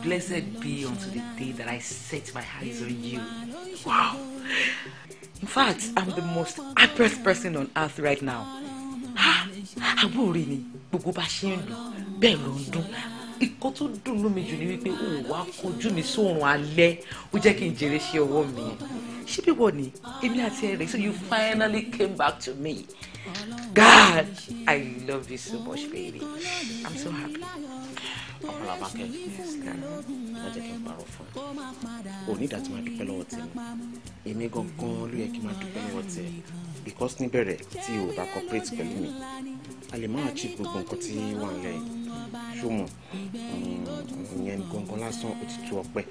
Blessed be unto the day that I set my eyes on you. Wow. In fact, I'm the most happiest person on earth right now. Ah, àbúrò ni gbogbo bá ṣe ń lò bẹ́ẹ̀ ló ń dún ikọ́ tó dùn lómi jù ni wípé o wá kojú mi sóòrùn alẹ́ ó jẹ́ kí n jèrè ṣe ọwọ́ mi ṣé bí ni èmi àti ẹ̀rẹ́ so you finally came back to me God I love you so much baby I'm so happy. ọ̀pọ̀lọpọ̀ lọ́jọ́ kí n parọ́ fún ẹ onídàá tí máa lọ́wọ́ tẹ̀ èmi gangan ló yẹ kí n máa dúpẹ́ lọ́wọ́ tẹ̀ because níbẹ̀rẹ̀ tí o bá cooperate pẹ̀lú mi a lè má achieve gbogbo nǹkan tí wà ń lẹ̀ ṣùgbọ́n hmm, ìyẹn gangan lásán ó ti tó ọpẹ́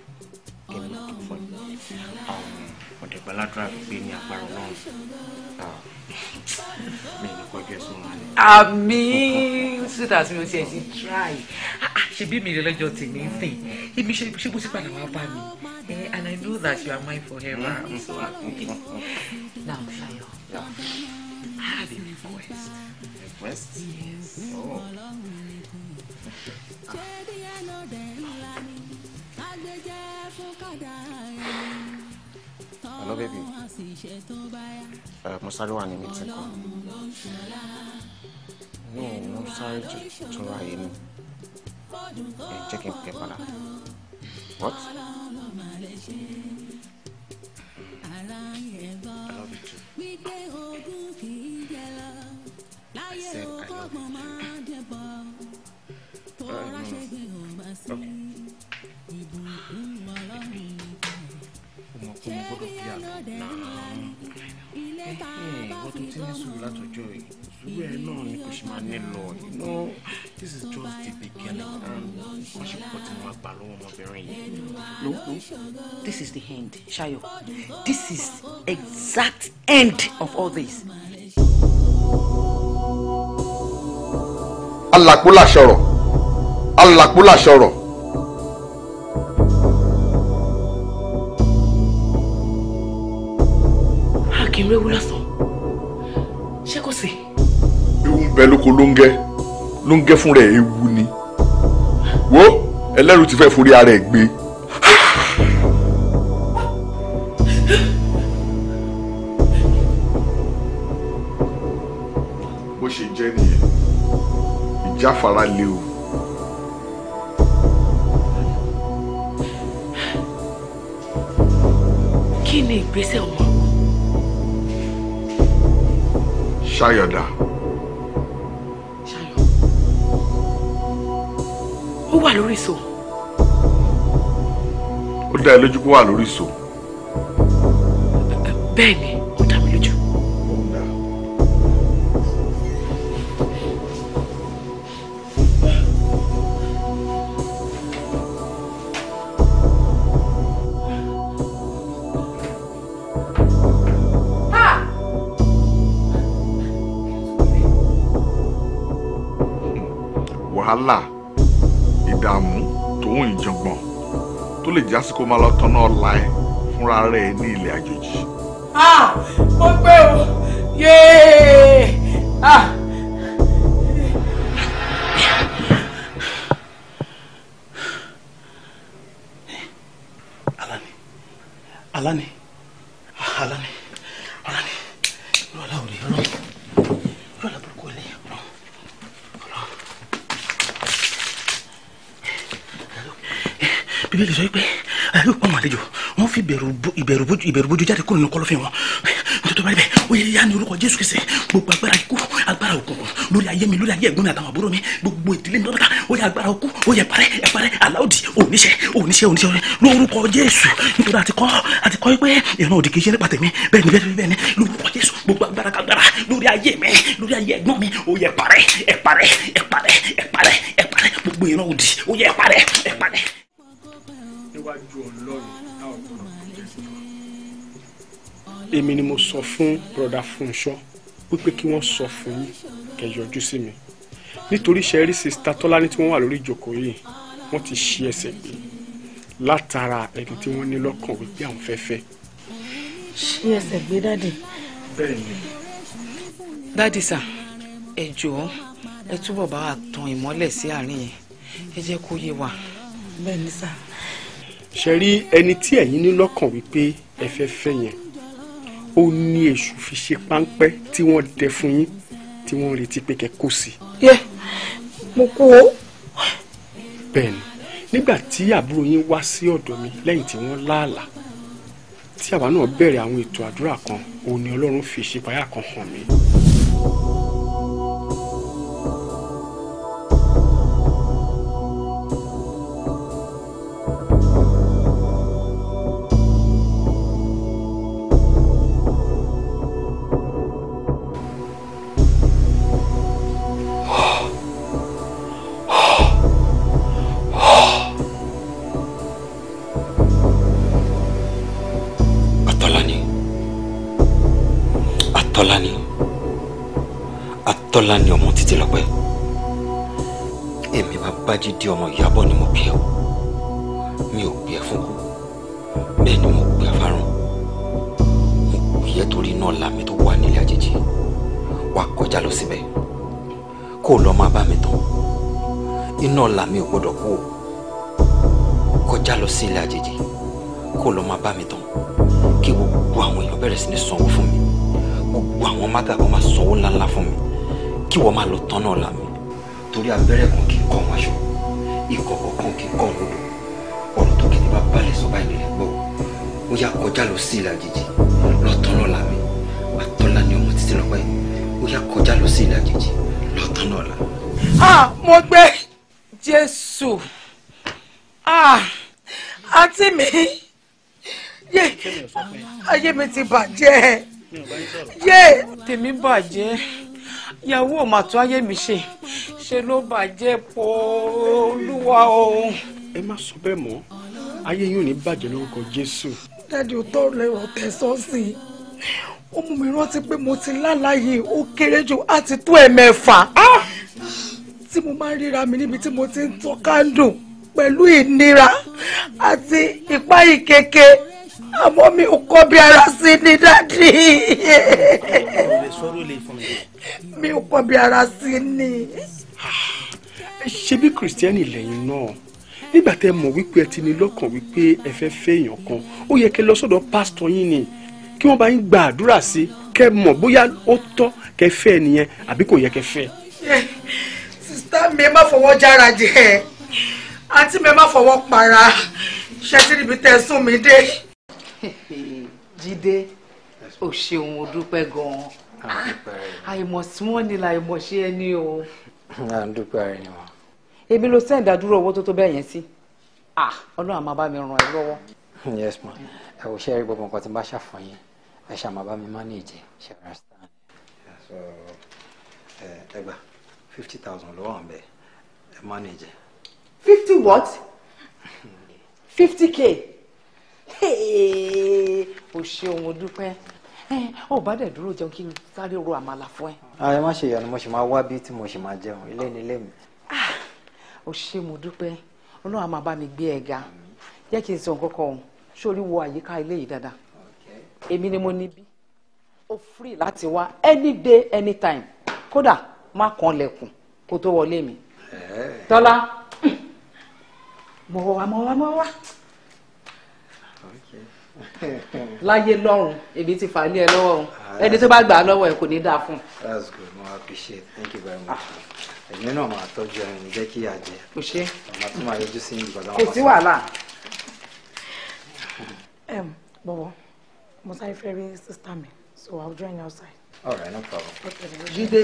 kí n máa tó fún ẹ àwọn ọ̀dẹ̀gbà ládùúrà gbé ní agbára ọlọ́run ah, mi ò ní kọjú ẹ̀sùn wọn lẹ. àmì síta tí mo ti ẹ̀ ti try ah, ah, ṣe bí mi rẹ lọ́jọ́ tèmi ń sìn ibi ṣe bó ti padà wá bá mi eh, and I know that you are mine forever. Mm so happy. now Ṣayọ̀. Yeah. Ah, the request. Request? Yes. Oh. Hello, baby. Uh, mo sáré wà ní meeting kan. No, mo sáré tuntun ayé mi. Ẹ jẹ́ kí n pè padà. What? ara yẹn bọ́ gbígbé ogún kì í jẹ lọ láyé ọgọ́gbọ̀n máa jẹ bọ́ tó ráṣẹ́ gbé ọba sí ìbùkún ọlọ́run ṣé ilé tá fi gbọ́mọ irú ẹ náà ni kò ṣe máa nílò you know this is just the beginning and wọ́n ṣe pọ̀ tí wọ́n gbà lọ́wọ́ ọmọbìnrin yìí. no this is the end Ṣayọ̀ this is exact end of all this. alàkúlà sọ̀rọ̀ alàkúlà sọ̀rọ̀. a kì í réwu lásán ṣé sí bẹ lóko lóńgẹ́ lóńgẹ́ fúnra ẹ̀ ewu ni wo ẹlẹ́rù ti fẹ́ forí ara ẹ̀ gbé. bó ṣe jẹ́ nìyẹn ìjáfara lé o. kí ni ìgbésẹ̀ ọmọ. ṣayọ̀dà. ó wà lórí ìṣó. ó dá ẹ lójú kó wà lórí ìṣó. bẹ́ẹ̀ ni ó dá mi lójú. wàhálà òun ìjàngbọ̀n tó lè jásí kó máa lọ tọ́nà ọ̀la ẹ fúnra rẹ̀ ní ilẹ̀ àjòjì. mo gbé o yéé. Alani, Alani. bíbélì sọ pé ayélujára pọ̀ màlejò wọ́n fi ìbẹ̀rù jáde kúrò nínú kọ̀lọ̀fín wọn nítorí báyìí bẹ́ẹ̀ ó yẹ yá ní jésù kìsì gbogbo agbára ikú agbára òkùnkùn lórí ayé mi lórí ayé ẹ̀gbọ́n mi àtàwọn àbúrò mi gbogbo ìdílé mi lọ́dọ̀ta ó yẹ agbára okú ó yẹ parẹ́ ẹ parẹ́ aláòdì oníṣẹ́ oníṣẹ́ oníṣẹ́ lórúkọ jésù nítorí àti kọ́ àti kọ́ pé ìran òdì kìí ṣe nípa tèmi bẹ́ẹ̀ ni bẹ́ẹ̀ bẹ́ẹ̀ ni lórúkọ jésù gbogbo agbára kagbára lórí ayé mi lórí ayé ẹ̀gbọ́n mi ó yẹ parẹ́ ẹ parẹ́ ẹ parẹ́ gbogbo ìran òdì ó yẹ parẹ́ ẹ níwájú ọlọ́run tá ò gbọdọ̀ kó jẹ sí wọn. èmi ni mo sọ fún broda Fúnṣọ́ wípé kí wọ́n sọ fún kẹyọjú sí mi nítorí ṣẹ́rí sista Tọ́lání tí wọ́n wà lórí ìjókòó yìí wọ́n ti ṣí ẹsẹ̀ gbé látara ẹni tí wọ́n ní lọ́kàn wípé àwọn fẹ́ fẹ́. ṣí ẹsẹ̀ gbé dáàdì. bẹ́ẹ̀ni. dáàdì sà ẹ jọ̀ọ́ ẹ túbọ̀ bá wa tan ìmọ́lẹ̀ sí àárín yẹn ẹ jẹ́ kó yé wa. bẹ́ẹ̀ni sà ṣe rí ẹni tí ẹ̀yin ní lọ́kàn wípé ẹ fẹ́ fẹ́ yẹn ó ní èṣù fi ṣe páńpẹ́ tí wọ́n dẹ fún yín tí wọ́n ń retí pé kẹ́ kó sí. yẹ mo kú o. bẹ́ẹ̀ni nígbà tí àbúrò yín wá sí ọ̀dọ̀ mi lẹ́yìn tí wọ́n láàlà tí àwa náà bẹ̀rẹ̀ àwọn ètò àdúrà kan òun ni Ọlọ́run fi ìṣípayá kan hàn mí. yo muy ti bàjẹ́ yé tèmi bàjẹ́ ìyàwó ò mà tún ayé mi ṣe ṣe ló bàjẹ́ pọ̀ olúwa o. ẹ má sọ bẹ́ẹ̀ mọ́ ayé yóò ní bàjẹ́ lórúkọ jésù. dájú tó lẹ́rọ tẹ̀sán sí i ó mi rántí pé mo ti lálàyé ó kéré jù á ti tó ẹ̀mẹ́fà ah! tí mo máa ń ríra mi níbi tí mo ti ń tọ́ kándùn pẹ̀lú ìnira àti ìpáyì kéke àmọ́ mi ò kọ́ bí ara sí ni dáàdì. mi ò kọ́ bí ara sí ni. ṣebí kìrìsìtẹ́nì lẹ́yìn náà nígbà tẹ́ mọ̀ wípé ẹ ti ní lọ́kàn wípé ẹ fẹ́ fẹ́ èèyàn kan ó yẹ kẹ́ lọ sọ́dọ̀ pásítọ̀ yín ni kí wọ́n bá yín gba àdúrà sí kẹ́ mọ̀ bóyá ó tọ́ kẹ́ fẹ́ nìyẹn àbí kò yẹ kẹ́ fẹ́. Eh, sista mi má fọwọ́ jára jẹ àǹtí mi má fọwọ́ para ṣẹ́tìrìbí tẹ̀ sún mi dé jíde o ṣeun o dúpẹ́ gan-an àìmọ̀síwọ́n ni làìmọ̀ṣe ẹni o. à ń dúpẹ́ ara ẹni wọn. èmi ló sẹ́ǹdà dúró owó tó tó bẹ́ẹ̀ yẹn sí ọlọ́run àmọ́ bá mi ràn ẹ́ lọ́wọ́. yes ma ẹ ò ṣe é rí gbogbo nǹkan tí n bá ṣàfọyín ẹ ṣàmà bá mi manage ṣe ara stand. ẹ gbà fifty thousand lọ́wọ́ àwọn bẹ́ẹ̀ ẹ manage. fifty what? fifty k o ṣeun mo dúpẹ́ ó bá dẹ̀ dúró jẹun kí n sáré ro àmàlà fún ẹ. ẹ má ṣe ìyanu mo ṣì máa wá bí tí mo ṣì máa jẹun ilé ni ilé mi. ó ah, ṣe mo dúpẹ́ ọlọ́run á bá mi gbé ẹ ga jẹ́ kí n sọ nǹkan kan o sórí wo àyíká ilé yìí dáadáa èmi ni mo ní bí ó free láti wá any day anytime kódà má kàn lẹ̀kùn kó tó wọlé mi eh. tọ́lá mọ̀ wá mọ̀ wá mọ̀ wá láyé lọ́run ebi ti fà lé ẹ lọ́wọ́ o ah, ẹni tó bá gbà á lọ́wọ́ ẹ kò ní dáa fún. that's good mo appreciate thank you very much. ẹ̀mí náà máa tọ́jú ẹ̀rín ní jẹ́ kí ìyá jẹ. kò ṣe é. màmá tún máa yọjú sí ìgbà táwọn. kò sí wàhálà. bọ̀wọ̀ mo sáré fẹ́ rí sister mi so i will join you outside. all right no problem. jíde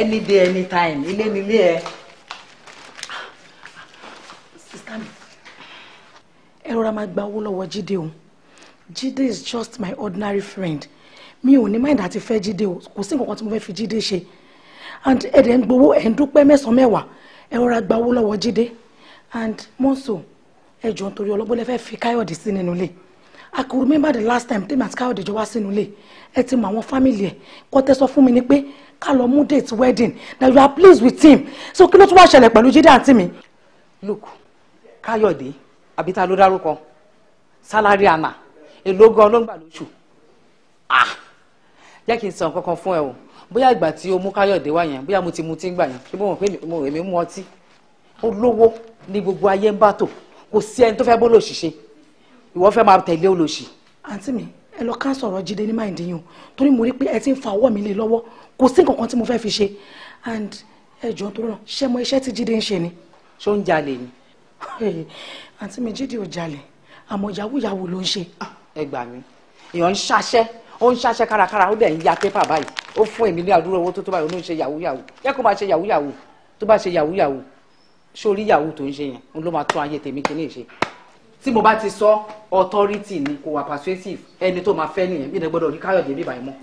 any day any time ilé nílé ẹ. sister mi ẹ rọra máa gba owó lọ́wọ́ jíde òun. Jídé is just my ordinary friend mi ò ní mind àti fẹ́ Jídé o kò sí nǹkan tí mo fẹ́ fi Jídé ṣe and ẹ̀dẹ̀ ń gbowó ẹ̀ ń dúpẹ́ mẹ́sàn-án mẹ́wàá ẹ rọra gba owó lọ́wọ́ Jídé and mọ́sọ̀ ẹ jọ nítorí ọlọ́gbọ́n lẹ fẹ́ fi Káyọ̀dé sí nínú ilé I could remember the last time tèmi àti Káyọ̀dé jọ wá sínú ilé ẹ ti mọ àwọn fámìlì ẹ kọ́ tẹ́ sọ fún mi ni pé ká lọ mú date wedding na you are pleased with him so kí ló tún wá ṣẹlẹ̀ pẹ̀lú Jídé àǹtí mi. look Káyọ̀dé àbí ta ló dárúkọ sálárì àná èló gan ló ń gbà lóṣù ah! jẹ́ kí n sọ kankan fún ẹ o bóyá ìgbà tí o mú káyọ̀dé wá yẹn bóyá mo ti mutí gbà yẹn ṣé mo mọ̀ pé èmi mú ọtí ó lówó ní gbogbo ayé ń bá tò kò sí ẹni tó fẹ́ bó lòṣì ìwọ fẹ́ máa tẹ̀lé olòṣì. àǹtí mi ẹ lọ ká sọ̀rọ̀ jíde ní máìndì yín o torí mo rí pé ẹ ti ń fa ọwọ́ mi lé lọ́wọ́ kò sí nǹkan kan tí mo fẹ́ fi ṣe and ẹ jọ tó rọ ṣé mo iṣẹ́ tí jíde ń ṣe ni. ṣó ń jalè ni. àǹtí mi jíde ò jalè àmọ́ yahoo ló ń ṣe. Ah! ẹ gbà mí èèyàn ń ṣaṣẹ́ ó ń ṣaṣẹ́ kárakára ó dẹ̀ ń ya pépà báyìí ó fún èmi ní àdúrà owó tó tó báyìí ó ló ń ṣe yahoo yahoo yẹ kó máa ṣe yahoo yahoo tó bá ṣe yahoo yahoo sórí yahoo tó ń ṣe yẹn ló máa tún ayé tèmi kí ní ìṣe tí mo bá ti sọ authority ni kò wà persuasive ẹni tó máa fẹ́ nìyẹn bí ẹ gbọ́dọ̀ rí káyọ̀dé bíbá ẹ mọ́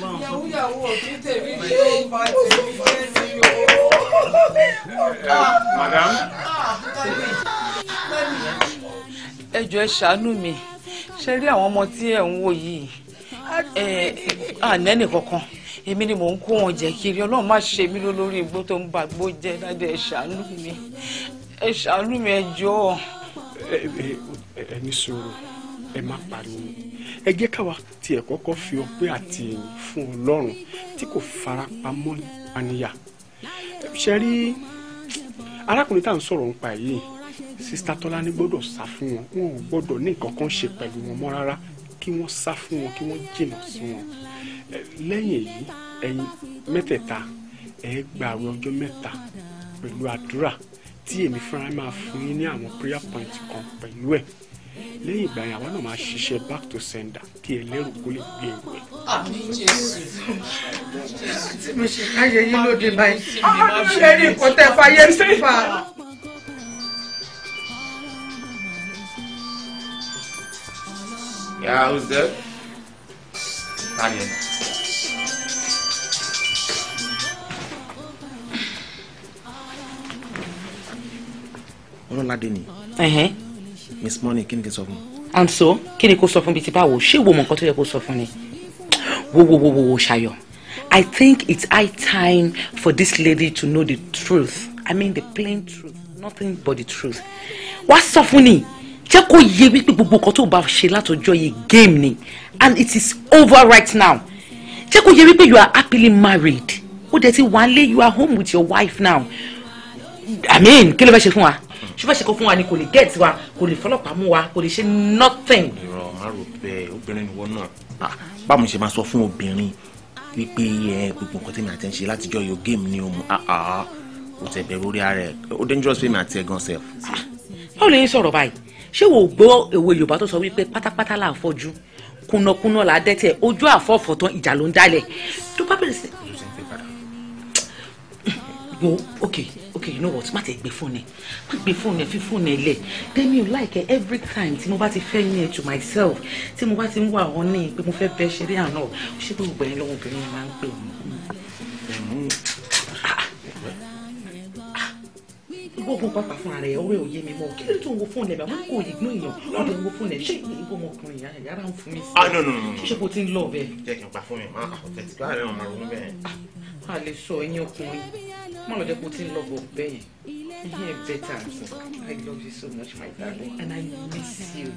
yàwó madam. ẹ ṣàánú mi ṣe rí àwọn ọmọ tí ẹ ń wò yìí ànẹ́nì kankan èmi ni mò ń kó wọn jẹ kiri ọlọ́run má ṣe mí lólórí igbó tó ń bàgbó jẹ dáadé ẹ ṣàánú mi ẹ ṣàánú mi ẹ jọ̀ọ́. ẹ ní sọ̀rọ̀ ẹ má pariwo ẹ jẹ́ káwa tiẹ̀ kọ́kọ́ fi ọpẹ́ àti ìyìn fún ọlọ́run tí kò fara pamọ́ àníyà ṣe rí arákùnrin tá à ń sọ̀rọ̀ nípa yìí sista tọ́lání gbọ́dọ̀ sá fún wọn wọn ò gbọ́dọ̀ ní nǹkan kan ṣe pẹ̀lú wọn mọ́ rárá kí wọ́n sá fún wọn kí wọ́n jìnnà sí wọn lẹ́yìn èyí ẹ̀yin mẹ́tẹ̀ẹ̀ta ẹ gba àwẹ̀ ọjọ́ mẹ́ta pẹ̀lú àdúrà tí èmi fúnra máa fún yín ní àwọn prayer point kan pẹ̀lú ẹ̀ lẹ́yìn ìgbà yẹn àwọn náà máa ṣiṣẹ́ back to sender kí ẹlẹ́rù kó lè gbé ewu ẹ̀. àmín jésù. àti mi ṣe káyé yín lóde báyìí. ọ̀hún ṣe ní nǹkan tẹ́ fàyè sífà. Yeah, who's there? Daniel. Ọlọ́ládé ni miss money kí ni kí n sọ fún. and so kí ni kó sọ fún bíi ti báwo ṣé wo mọ nǹkan tó yẹ kó sọ fún ni wo wo wo wo ṣayọ i think it's high time for this lady to know the truth i mean the plain truth nothing but the truth wá sọ fún ni jẹ́ kó yé wípé gbogbo nǹkan tó bá ṣe látọjọ́ yìí game ni and it is over right now jẹ́ kó yé wípé you are happily married ó dẹ̀ ti wà á lé you are home with your wife now i mean kí ló fẹ́ ṣe fún wa ṣùgbọ́n ṣe kó fún wa ni kò lè gẹ̀ẹ́tì wa kò lè fọlọ́pàá mú wa kò lè ṣe nothing. ìrọ̀ má rò bẹ́ẹ̀ obìnrin ìwọ náà ah, báwo ṣe máa sọ fún obìnrin wípé ẹ gbogbo nǹkan tèmi àti ń ṣe látijọ́ yóò géèmù ni òun kò ah, ah, tẹ̀ bẹ̀rù orí ara ẹ̀ ó dangerous fèmí àti ẹ̀gàn sef. báwo lè ń sọ̀rọ̀ báyìí ṣé wò ó gbọ́ èwe Yorùbá tó sọ wípé pátápátá là ń fọ́jú kùnàkùnà là á dẹ́tẹ̀ ojú àfọ́fọ́ tán ìjà ló ń dálẹ̀ tó bá bẹ̀rẹ̀ sí. ok okay you know what má ti gbé fóònù ẹ má gbé fóònù ẹ fi fóònù ẹ lẹ tẹmí o like every time tí mo bá ti fẹ́ yín ẹ to myself tí mo bá ti ń wà wọn ní pé mo fẹ́ bẹ ṣeré àná o ṣé pé gbogbo ẹ̀yin lọ́wọ́ obìnrin máa ń pè mí. gbogbo pápá fún ara ẹ ọ̀rẹ́ òye mi mọ kí ló tó ń wo fóònù ẹ bá kò yí gbọ́n èèyàn wọn ń wo fóònù ẹ ṣé ìwọ ọmọkùnrin yàrá yàrá ń fún mi sí. ah no no no ṣíṣe kò tí ń lọ bẹ́ẹ̀. jẹ́ kí n pa fóònù ẹ̀ máa kọ̀ láàrin ọ̀nà òun bẹ́ẹ̀. Ah, a lè sọ ẹ̀yin ọkùnrin Mom, I put in love of Ben. You're better. I love you so much, my darling, and I miss you.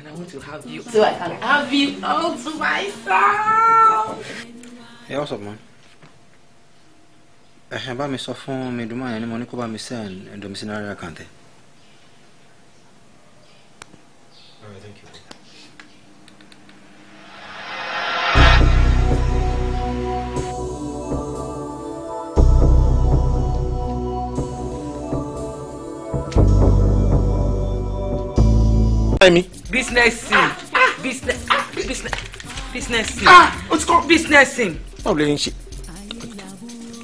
And I want to have you so I can have you all to myself. Hey, what's up, man? Ẹ bá mi sọ fún mi dùnmọ́ àyẹ̀ ni mo ní kó bá mi send domiciliary account ẹ̀. mi. business businessing. business business sim business ah, sim. báwo lè ń ṣe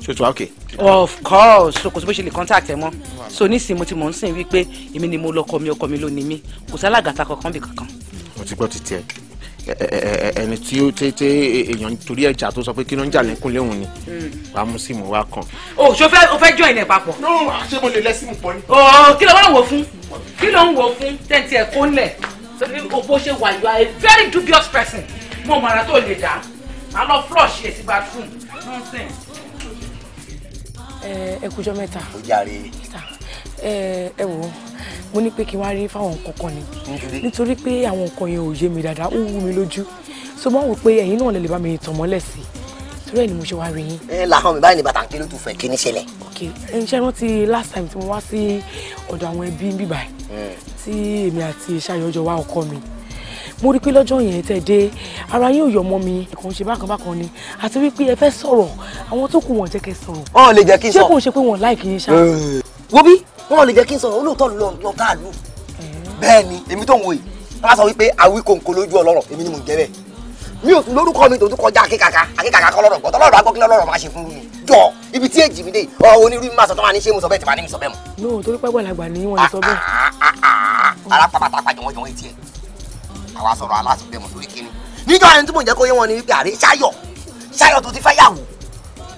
ṣe tó wá òkè. of course so kò sí bó ṣe lè contact ẹ mọ so nísìnyí mo ti mọ̀ ń sìn wípé èmi ni mo lọ́kọ mi ọkọ mi ló ni mí kò sí alágàtà kankan bí kankan. mo ti gbọ́ ti tiẹ̀ ẹni tí ó tètè èèyàn torí ẹja tó sọ pé kí ló ń jà lẹ́kùn léhùn ni hmm. wàá mú síìmù wá kan. o ṣo fẹ́ o fẹ́ jọ ilẹ̀ papọ̀. no ṣé mo lè lẹ́sìn pọ̀ ni. ọ̀ọ́ kí ló wá wò fún kí ló ń wò fún tẹ̀ǹtì ẹ̀ kó lẹ̀ òbó ṣe wà you are a very dubious person mo mọ̀ràn tó lè dá màá lọ flush èsì bathroom nonsense. ẹ ẹ kújọ mẹ́ta. ó jàre. ẹ ẹ wò ó mo ní pé kí n wá rí fáwọn nǹkan kan ni nítorí pé àwọn nǹkan yẹn ò yé mi dáadáa ó wú mi lójú so mo wò pé ẹ̀yin náà lè lè bá mi tàn mọ́lẹ̀ sí torí ẹ̀ ni mo ṣe wá rí yín. ẹ làwọn mi báyìí ní bàtà kí ló kí ní ṣẹlẹ̀. ok ẹ ṣe rántí last time tí mo wá sí ọ̀dọ̀ àwọn ẹbí ń bíbà hmm. tí èmi àti ṣayọjọ wá ọkọ mi mo rí pé lọ́jọ́ yẹn tẹ̀ dé ara yín ò yọ ọmọ mi kàn ṣe bákan bákan ni àti wípé ẹ fẹ́ sọ̀rọ̀ àwọn tó kù wọ́n jẹ́ kẹ́ sọ̀rọ̀. ọ̀ lè jẹ́ kí n sọ. ṣé kò ń ṣe pé wọ́n láì kì í ṣá. Eh. wo wọn lè jẹ́ kí n sọ̀rọ̀ olóòótọ́ ló lọ káàlù bẹ́ẹ̀ ni èmi tó ń wòye wọn bá sọ wípé àwí kòǹkò lójú ọlọ́rọ̀ èmi ni mò ń jẹ́ bẹ́ẹ̀ mi ò lórúkọ mi tòótọ́ kọjá akíkàkà akíkàkà kọ́ lọ́rọ̀ gbọ́dọ̀ lọ́rọ̀ agbọ́kílẹ̀ lọ́rọ̀ máa ṣe fún mi jọ ibi tí èjì mi dé ọ onírú mi máa sọ tó máa ní ṣé mo sọ bẹ́ẹ̀ tí máa ní mi sọ bẹ́ẹ̀ mọ́. no torí pé àgbàlagbà ni wọn lè sọ bẹ́ẹ̀. ara pàpàtà àpàjọ wọn jọ wọn etí ẹ àwa sọ̀rọ̀ aláṣẹ bẹ́ẹ̀ mọ́ torí kíni. níjọ ẹni tí mò ń jẹ́ kó yé wọn ni wípé àrẹ ṣáyọ̀ ṣáyọ̀ tó ti fẹ́ yàwó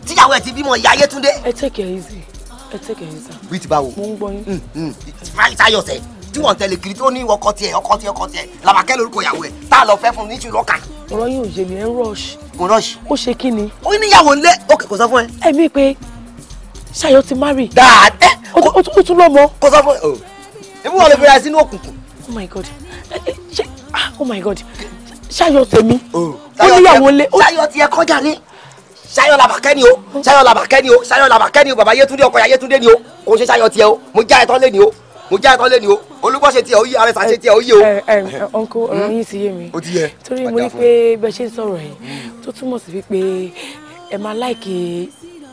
tíyàwó ẹ̀ ti bímọ ìyá ayétúndé. ẹ tẹ́kẹ̀ easy ẹ tẹ́kẹ̀ yín sá. bíi ti báwo. mo ń gbọ́ yín. Mm, mm. táyọ̀ sẹ̀ tí wọ́n tẹ̀lé kiri tó ní ọkọ tiẹ̀ ọkọ tiẹ̀ ọkọ tiẹ̀ làbàkẹ́ lórúkọ ìyàwó ẹ̀ tá a lọ fẹ́ fún ní ìṣúná ọkà. ọ̀rọ̀ yín ò yé mi ẹ̀ ń rush. mo rush. ó ṣe kí ni. ó níyàwó ńlẹ̀ ó kò sọ fún ẹ. ẹ̀mí pé ṣayọ ti marry. dáadẹ́. ó tún lọ́mọ. kò sọ fún ẹ o. Oh. ebi wọn lè fẹ́ra sínú òkùnkùn. oh my god ah, oh my god ṣayọ tèmi. Oh. ó níyàwó ńlẹ̀. ṣayọ tiẹ̀ kọjá ní sayọ labakẹ ni o sayọ labakẹ ni o sayọ labakẹ ni o baba yetunde ọkọ ya yetunde ni o kò ṣe sayọ tiẹ o mo já ẹtọ lé ni o mo já ẹtọ lé ni o olúbọ ṣe tiẹ o yí arẹsà ṣe tiẹ o yí o. ẹ ẹ ọkọ ọ̀rọ̀ hmm? yín ti yé mi torí mo ní pé bẹ ṣe ń sọ̀rọ̀ yìí tó túmọ̀ sí pé ẹ máa láìkè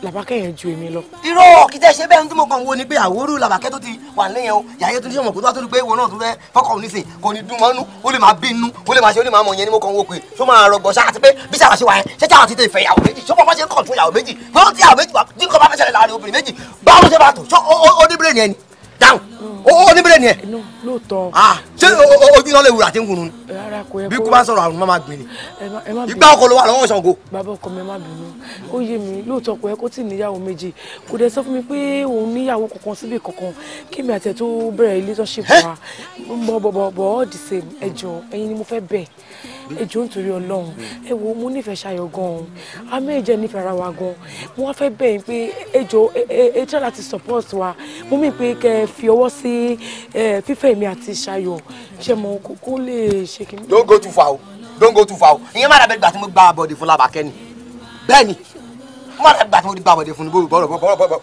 làbákẹ́ yẹn ju èmi lọ. irọ́ kìtẹ́ ṣe bẹ́ẹ̀ ní tí mo kàn wo ni pé àwòrú làbákẹ́ tó ti wà lẹ́yìn o yàyẹ́ tó ní sọ̀mọ̀ kó tó wá tó ní pé ìwọ náà tó fẹ́ fọkàn òní sè kò ní dùn mọ́nú ó lè máa bí inú ó lè máa ṣe ó lè máa mọ̀ yẹn ni mo kàn wo pé tó máa rọgbọ ṣáà àti pé bí ṣáà ṣe wà yẹn ṣé ṣáà ti tẹ ìfẹ́ ìyàwó méjì ṣọ́pọ̀ ó ní bẹ́ẹ̀ ni ẹ. lóòótọ́. ṣé ojú náà lè wúra àti nkùnú ni. rárá kò yẹ kó bí kú bá sọ̀rọ̀ àrùn máa gbìn ni. ìgbà ọkọ ló wà lọ́wọ́ Ṣàngó. bàbá ọkọ mi má bínú ó yé mi lóòótọ́ kò yẹ kó tì níyàwó méjì kò dẹ̀ sọ fún mi pé òun níyàwó kankan síbi kankan kí mi àtẹ̀ tó bẹ̀rẹ̀ relationship wa bọ̀ bọ̀ bọ̀ all the same ẹ jọ̀ọ́ ẹ̀yin ni mo fẹ́ bẹ̀ ẹ jọ̀ọ́ nítorí Ọlọ́run ẹ wo mo nífẹ̀ẹ́ Ṣayọ̀ gan-an amẹ́jẹ nífẹ̀ẹ́ ara wa gan-an mo wá fẹ́ bẹ̀ yín pé ẹ jọ̀ọ́ ẹ try láti support wa mo mì pé kẹ́ ẹ fi ọwọ́ sí fífẹ́ mi àti ṣayọ̀ ṣe mọ kó lè ṣe kí n. don't go too far o don't go too far o ìyẹn má dàbẹ́ gbà tí mo gba àbọ̀dé fún làbàkẹ́ ni bẹ́ẹ̀ ni má dàbẹ́ gbà tí mo gba àbọ̀dé fún bọ́ọ̀rọ̀ bọ́ọ̀rọ̀ bọ́ọ̀rọ̀.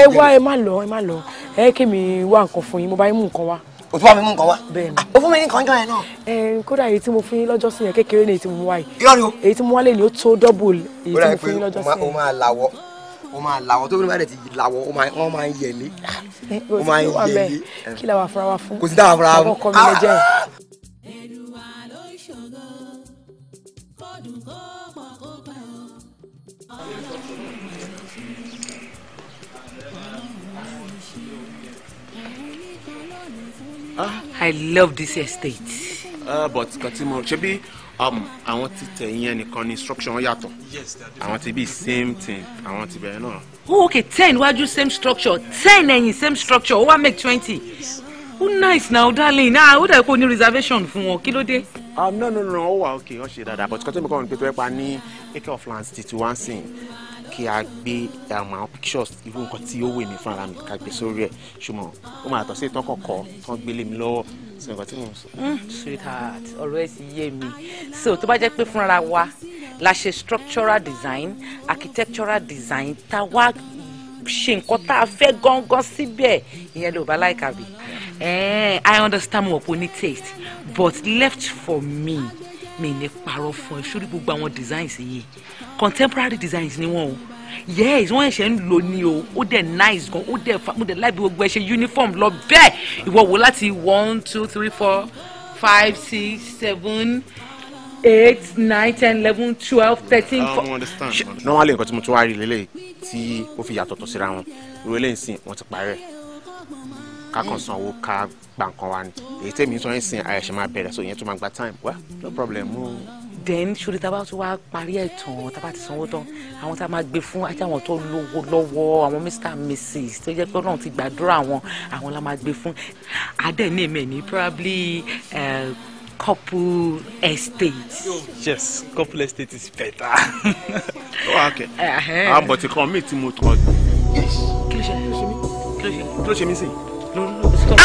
ẹ wá ẹ má lọ ẹ má lọ ẹ kí mi wá nǹkan fún yín mo bá yín mú nǹkan wá. o tún bá mi mú nǹkan wá. bẹ́ẹ̀ni ah, o fún mi ní nǹkan jọ yẹn náà. ẹ kódà èyí tí mo fún yín lọ́jọ́ sí yẹn kékeré ni èyí tí mo wá yìí. irọ́ ni o. èyí tí mo wá lè ní ó tó double èyí tí mo fún yín lọ́jọ́ sí yẹn. ó dà wọ́n máa làwọ̀ tó bí wọ́n bá dẹ̀ ti làwọ̀ máa yẹlé wọ́n máa yẹlé. kí làwọn afurá wa fún kò sí dáhà afurá fún ọkọ mi lè ah, ah. I love this estate. Uh, but kàn tí mo Um, àwọn ti tẹ̀ yẹn nìkan ni instruction yàtọ̀ àwọn ti bí same thing àwọn ti bẹ̀rẹ̀ náà. oh okay ten wájú same structure ten ẹ̀yìn same structure ó wá make twenty oh, ah, ó nice na ó darling náà ó dẹ̀ kó ní reservation fún wọn kí ló dé. Um, no no no ó wà okay ó ṣe dáadáa but kọ́tẹ́mi kọ́ mi pé tó ẹ pa ní acre of land ti ti wá sí i kí a gbé àwọn pictures irú nǹkan tí ó wè mí fúnra mi ká gbé sórí ẹ̀ ṣùgbọ́n ó máa tọ́ sí ìtàn kọ̀ọ̀kọ́ tán gbélé mi lọ́wọ́ sí nǹkan tí mò ń sọ. Mm, sweetheart ọ̀rọ̀ yé mi so tó bá jẹ́ pé fúnra wa la ṣe structural design architectural design tá a wá ṣe nǹkan tá a fẹ́ gángan síbẹ̀ ìyẹn ló bá láìka bì. Eh, I understand mo wọ̀ pé taste but left for me mi ní parọ́ fún ẹ sórí gbogbo àwọn designs yìí contemporary designs ni wọ́n o yes wọ́n ṣe ń lò ní o ó dẹ̀ nice gan ó dẹ̀ fa mo dẹ̀ láì bí gbogbo ẹ ṣe uniform lọ bẹ́ẹ̀ ìwọ wò láti one two three four five six seven eight nine ten eleven twelve thirteen ah, four. normally nǹkan tí mo tún wá rí lélẹ̀ tí ó fi yàtọ̀tọ̀ síra wọn irú eléyìí sìn ti parẹ́ ká kàn sanwó ká gba wa ni èyí tẹ́mi sọ yín sin àyẹ̀ṣẹ̀ máa bẹ̀rẹ̀ so ìyẹn tó máa gba time wa no problem o. then sori tá a bá tún wá parí ẹ̀ tán tá a bá ti sanwó tán àwọn tá a máa gbé fún ajá àwọn tó lówó lọ́wọ́ àwọn mr and mrs tó jẹ́ pé ọlọ́run ti gbàdúrà wọn àwọn la máa gbé fún adé ní èmi ní probably eh, couple estate. yes couple estate is better. oh, okay. àwọn bọ̀tí kan mi tí mo tọ́ ọ. kí ló ṣe kí ló ṣe mí sí i.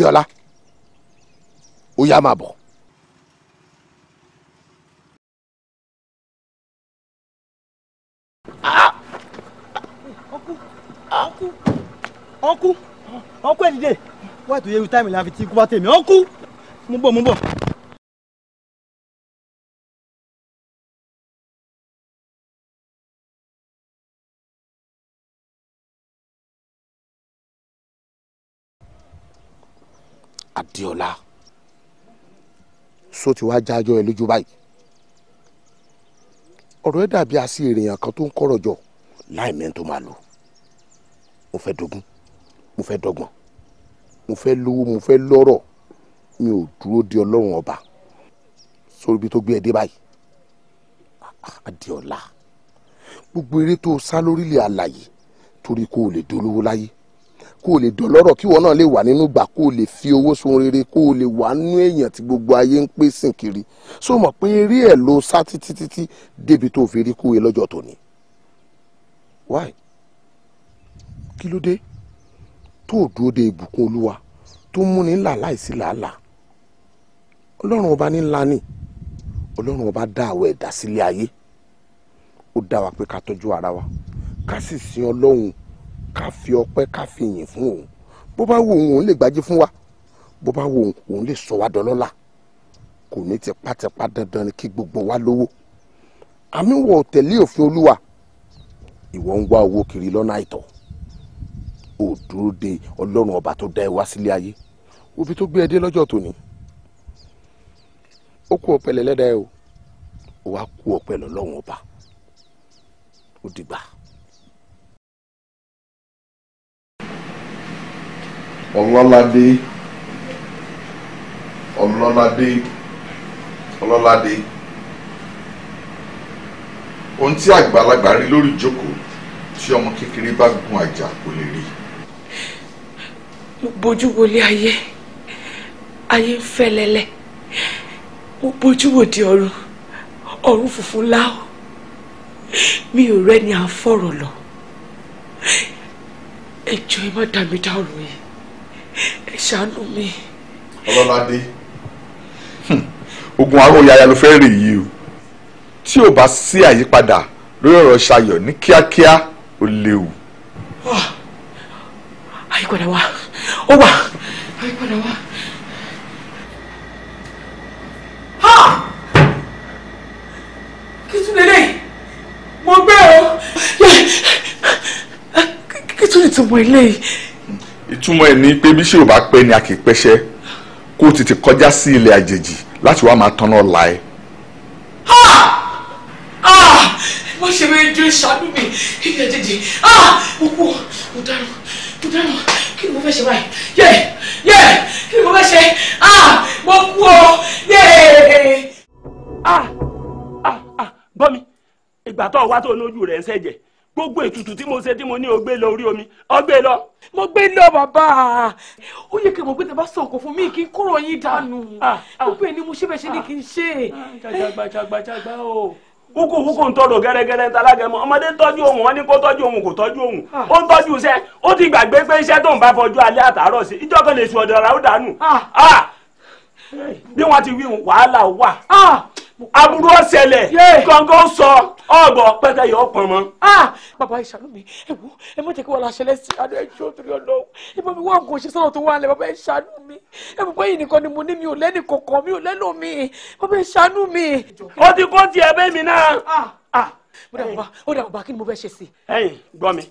Adéọlá ó yá máa bọ̀. ọkú ọkú ọkú ẹ̀ dìde wọ́n ètò yẹ́rù táìmì la fi ti kú bá tèmi ọkú mú bọ̀ mú bọ̀. di ọ̀la so ti wá jájọ ẹ lójú báyìí ọ̀rọ̀ ẹ dàbí àṣì èèyàn kan tó ń kọ́rọ̀ jọ láì mẹ́rin tó máa lò mo fẹ́ dogun mo fẹ́ dọ́gbọ́n mo fẹ́ lówó mo fẹ́ lọ́rọ̀ mi ò dúró de ọlọ́run ọba sórí ibi tó gbé ẹ dé báyìí adiola gbogbo eré tó sá lórílẹ̀ àlàyé torí kó o lè dolówó láyé kó o lè dọ̀lọ́rọ̀ kí wọ́n náà lè wà nínú ìgbà kó o lè fi owó sun rere kó o lè wà nínú èèyàn tí gbogbo ayé ń pè sìn kiri so mọ̀ pé eré ẹ̀ ló sá títí títí débi tó fi rí kúwe lọ́jọ́ tòní. why kí ló dé tó o dúró de ìbùkún olúwa tó múni ńlá láìsí làálàá ọlọ́run ọba ní ńlá ni ọlọ́run ọba dá àwọn ẹ̀dá sílé ayé ó dá wa pé ká tọ́jú ara wa ká sì sin ọlọ́run ká fi ọpẹ́ ká fi yìn fún òun bó bá wo òun òun lè gbájú fún wa bó bá wo òun òun lè sọ wá dọlọ́lá kò ní tipátipá dandan ni kí gbogbo wa lówó àmì wọ tẹ̀lé òfin olúwa ìwọ ń wá owó kiri lọ́nà àìtọ́ ò dúró de ọlọ́run ọba tó dá ẹ wá sílé ayé òbí tó gbé ẹ dé lọ́jọ́ tòní ó kú ọpẹ́ lẹ́lẹ́dàá ẹ o ó wá kú ọpẹ́ lọ́lọ́run ọba ó dìgbà. ọlọ́ládé ọlọ́ládé ọlọ́ládé ohun tí àgbàlagbà rí lórí ìjókòó tí ọmọ kékeré bá gun àjà kò lè rí. mo bójú wọlé ayé ayé ń fẹ́lẹ́lẹ́ mo bójú wòde ọ̀run ọ̀run funfun láò mi ò rẹ́ni à ń fọ̀rọ̀ lọ ẹjọ́ ẹ má dá mi yìí ẹ ṣàánú mi. ọlọ́ládé hmm. ogun aró yaya ló fẹ́ rè yìí o tí ò bá sí àyípadà lórí ọ̀rọ̀ ṣayọ̀ ní kíákíá ó léwu. Ah, àyípadà wa ó wà àyípadà wa. Ah! kí tún lè lè mo gbé o kí tún lè tún mọ eléyìí ìtumọ̀ ẹ̀ ní pé bí ṣé ò bá pẹ́ ni a kì í pẹ́ṣẹ́ kó o tètè kọjá sí ilẹ̀ àjèjì láti wá máa tanná ọ̀la ẹ̀. má ṣe wẹ́ẹ́ jó ìṣàánú mi ilẹ̀ àjèjì mo kú mo dáná mo dáná kí ni mo fẹ́ ṣe báyìí yẹ yẹ kí ni mo fẹ́ ṣe mo kú ọ yẹ. Ah! Ah! Ah! gbọ́ mi ìgbà tó o wá tó o lójú rẹ̀ ń ṣẹ̀jẹ̀ gbogbo ètùtù tí mo ṣe tí mo ní o lọ orí omi o lọ. mo gbé lọ bàbá ó yẹ kí mo gbé tẹ́bá sọ̀kò fún mi kí n kúrò yín dànù ah, ah. gbogbo ẹni mo ṣe bẹ́ẹ̀ ṣe ni kí n ṣe. Ah, jàgbàjàgbàjàgbà o wúkú wúkú ń tọrọ gẹ́rẹ́gẹ́rẹ́ ń talágẹ mọ ọmọdé tọ́jú ohun wọn ní kó tọ́jú ohun kò tọ́jú ohun ó ń tọ́jú iṣẹ́ ó ti gbàgbé pé iṣẹ́ tó ń bá fọjú alẹ́ àtàárọ̀ sí ìjọ kan lè sùn ọ̀dọ̀ aburú ọ̀sẹ̀lẹ̀ kọ̀ọ̀kan sọ ọgbọ pẹtẹ yọ pọn mọ. Ah, bàbá ìṣàánú mi ẹ wo ẹ mọ jẹ kí wọn la ṣẹlẹ̀ sí adé ẹjọ́ torí ọlọ ẹ bá mi wá nǹkan ṣe sọ̀rọ̀ tó wà lẹ bàbá ìṣàánú mi ẹ bọ báyìí nìkan ni mo ní mi ò lẹ́nì kankan mi ò lẹ́lò mi bàbá ìṣàánú mi. ó ti kó tiẹ̀ bẹ́ẹ̀ mi náà. Ah, ah, ó dà bàbá ó dà bàbá kí ni mo fẹ́ ṣe sí. ẹ̀yin gbọ́ mi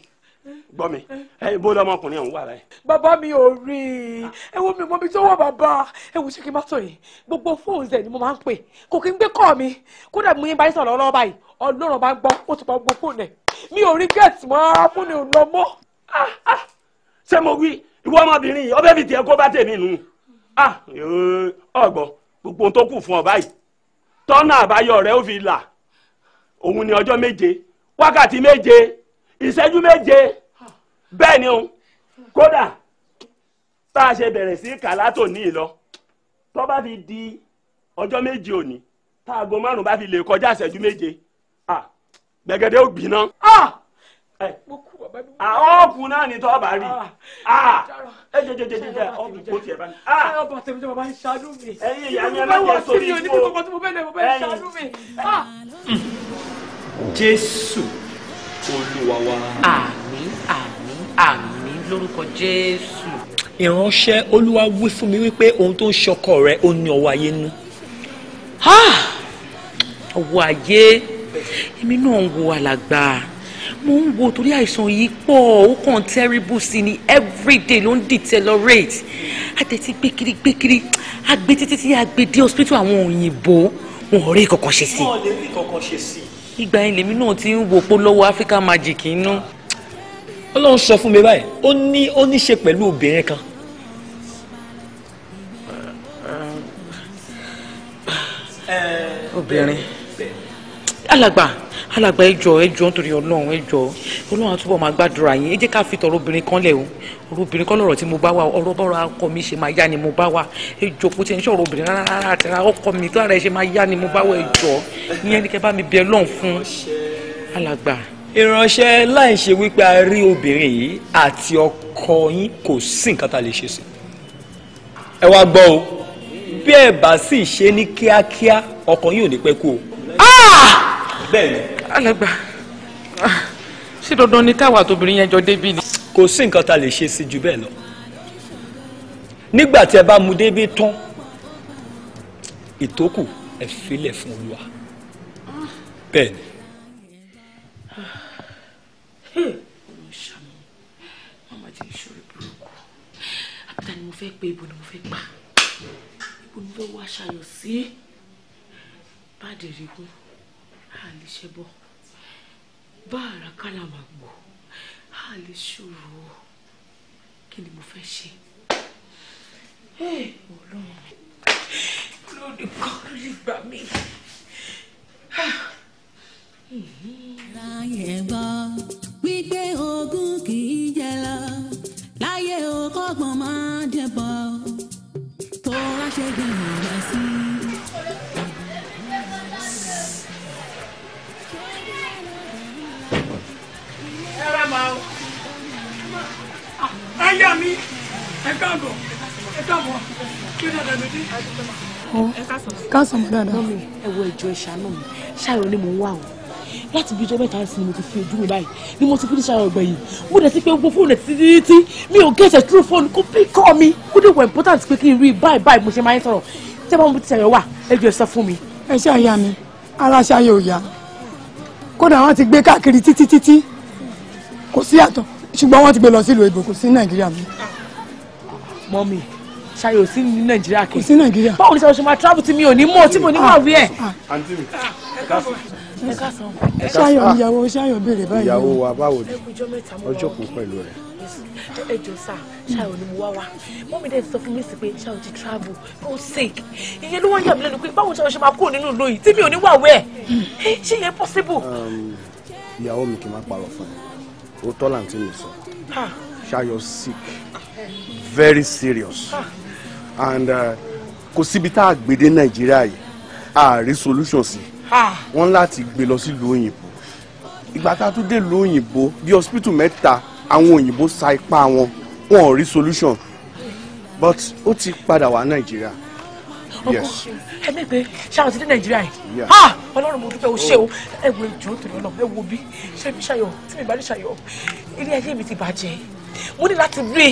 gbọ́ mi ẹyin bó lọ́mọkùnrin ọ̀hún wà láyé. bàbá mi ò rí i ẹ wo mi mọ ibi tó wà bàbá ẹ wò ṣé kí n má tọ̀ yìí gbogbo fóònù ẹ̀ ni mo máa ń pè kò kí n gbé kọ́ mi kódà mo yín bá yín sọ̀rọ̀ lọ́wọ́ báyìí ọlọ́run bá ń gbọ́ ó ti pa gbogbo fóònù ẹ̀ mi ò rí gẹ̀ẹ́tì mọ́ ara fóònù ò lọ mọ́. Ah, ah. ṣé mo wí ìwọ ọmọbìnrin yìí ọbẹ̀ mi tiẹ̀ kó bá tèmi nù ah, ọgbọ gbogbo ìṣẹ́jú méje bẹ́ẹ̀ ni o kódà tá a ṣe bẹ̀rẹ̀ sí kàlátò ní ìlọ tó bá fi di ọjọ́ méje òní tá aago márùn bá fi lè kọjá ìṣẹ́jú méje gbẹgẹdẹ ó gbiná. àwọn ọkùn náà ni tọ́ bá rí ẹ jẹ jẹ jẹ jẹ ọkùn kò tiẹ̀ bá ní. ọba tèmi tí mo bá ń ṣàánú mi. ẹyin ìyá mi ẹ má jẹ sórí ẹyin ìyá mi ẹ má jẹ sórí jésù olúwa wa àmì lórúkọ jésù. ìránṣẹ́ olúwa wí fún mi wípé ohun tó ń ṣọkọ rẹ ó ní ọwọ́ ayé nú. ọwọ́ ayé èmi náà ń wo alàgbà mo ń wo torí àìsàn yìí pọ̀ ó kàn terrible sí ni everyday ló ń deteriorate àtẹ̀tí gbékiri gbékiri àgbẹ̀ títí tí àgbẹ̀ dé hospital àwọn òyìnbó wọn ò rí kankan ṣe sí. ìgbà yẹn lèmi náà ti ń wo pé lọ́wọ́ Magic inú. No? ọlọ́run sọ fún mi báyìí ó ní ó ní ṣe pẹ̀lú obìnrin kan. obìnrin alàgbà alàgbà ẹjọ ẹjọ nítorí ọlọ́run ẹjọ ọlọ́run àtúbọ̀ máa gbàdúrà yín ẹ jẹ́ ká fi tọrọ obìnrin kan lẹ̀ o ọ̀rọ̀ obìnrin kan lọ̀rọ̀ tí mo bá wà ọ̀rọ̀ bọrọ akọ mi ṣe máa yá ni mo bá wà ẹjọ kò tí ẹ ń ṣọ̀rọ̀ obìnrin rárá rárá àti ọkọ mi tó ara ẹ ṣe máa yá ni mo bá wà ẹjọ ìyẹn ni bá mi bẹ̀ Ọlọ́run fún alàgbà ìránṣẹ́ láì ṣe wípé a rí obìnrin yìí àti ọkọ yín kò sí nǹkan tá a lè ṣe sí ẹ wá gbọ́ o bí ẹ bá sì ṣe ní kíákíá ọkọ yín ò ní pẹ́ kú o. Ah! bẹ́ẹ̀ ni. alàgbà ṣé dandan ni káwa tóbìnrin yẹn jọ débi ni. kò sí nǹkan tá a lè ṣe sí ju bẹ́ẹ̀ lọ nígbà tí ẹ bá mu débi tán ìtókù ẹ filẹ̀ fún olúwa bẹ́ẹ̀ Hmm. ọmọ ìṣàmù màmá ti ń ṣòro burúkú àbúta ni mo fẹ́ pé ibo ni mo fẹ́ pa ibo ni mo fẹ́ wá ṣayọ̀ sí báàdì rígun a lè ṣe kálàmà gbò a ṣòro kí ni mo fẹ́ ṣe ọlọ́run lónìí kan ló lè gbà mí láyé gbọ́ wípé ogún kì í jẹ lọ láyé o kọ́gbọ́n máa jẹ bọ́ tó wá ṣe gbìyànjú rẹ sí. ẹ rà máa o ayé ah, mi ẹ káàbọ̀ ẹ káàbọ̀ kí ni ọ̀dọ̀ mi dé ẹ káàsán dáadáa. ẹ wo ẹjọ́ ìṣàánú mi ṣáà ló ní mò ń wà o láti bí ijọ́ mẹ́ta sí ni mo ti fi ojú mi báyìí ni mo ti fi ṣàyọ̀ ọgbẹ́ yìí mo dẹ̀ ti pé gbogbo fóònù títí mi ò gẹ̀ẹ́sẹ̀ true phone kó bí kọ́ mi ó dẹ̀ wọ important pé kí n rí báyìí báyìí mo ṣe máa ń sọ̀rọ̀ tẹ́ bá mo ti ṣàyọ̀ wà ẹ jọ ẹ sọ fún mi. ẹ ṣe àyà mi ara ṣayọ ò yá kódà wọn ti gbé káàkiri títí títí kò sí àtọ ṣùgbọ́n wọ́n ti gbé lọ sílùú ìbò kò sí nàìjíríà mi. mọ́mì ṣayọ sí ní nàìjíríà kì í. kò sí nàìjíríà. báwo ni sọ ṣe máa travel tí mi ò ní mọ̀ tí mo ní wà wí ẹ̀. àǹtí mi ẹ ṣáyọ̀ ìyàwó ṣáyọ̀ béèrè báyìí. ìyàwó wa báwo ni ọjọ́ kò pẹ̀lú rẹ̀. ẹ jọ sá ṣáyọ̀ ni mo wá wá mọ́mí dẹ́ sọ fún mi sí pé ṣáyọ̀ ti travel ó sick ìyẹn ló wá ń yà mí lẹ́nu pé báwo ṣáyọ̀ ṣe máa kúrò nínú ìlú yìí tí mi ò ní wà wẹ̀ ṣé ìyẹn possible. Um, ìyàwó mi kì í má parọ́ fún mi ó tọ́ làǹtí mi sọ ṣáyọ̀ sick very serious and uh, kò síbi tá a gbèdé nàìjíríà yìí a solution sí i Ah. wọ́n láti gbé lọ sílùú òyìnbó ìgbà tá a tún dé ìlú òyìnbó bí hospital mẹ́ta àwọn òyìnbó sa ipá wọn wọn ò rí solution but ó ti padà wá nàìjíríà ọkọ ẹmí pé ṣáà ti dé nàìjíríà yìí ha ọlọ́run mo dúpẹ́ o ṣé o ẹ wo ìjọ tó lọ́nà ẹ wo bí ṣé mi ṣayọ tí mi bá ní ṣayọ ilé ayé mi ti bàjẹ́ mo ní láti rí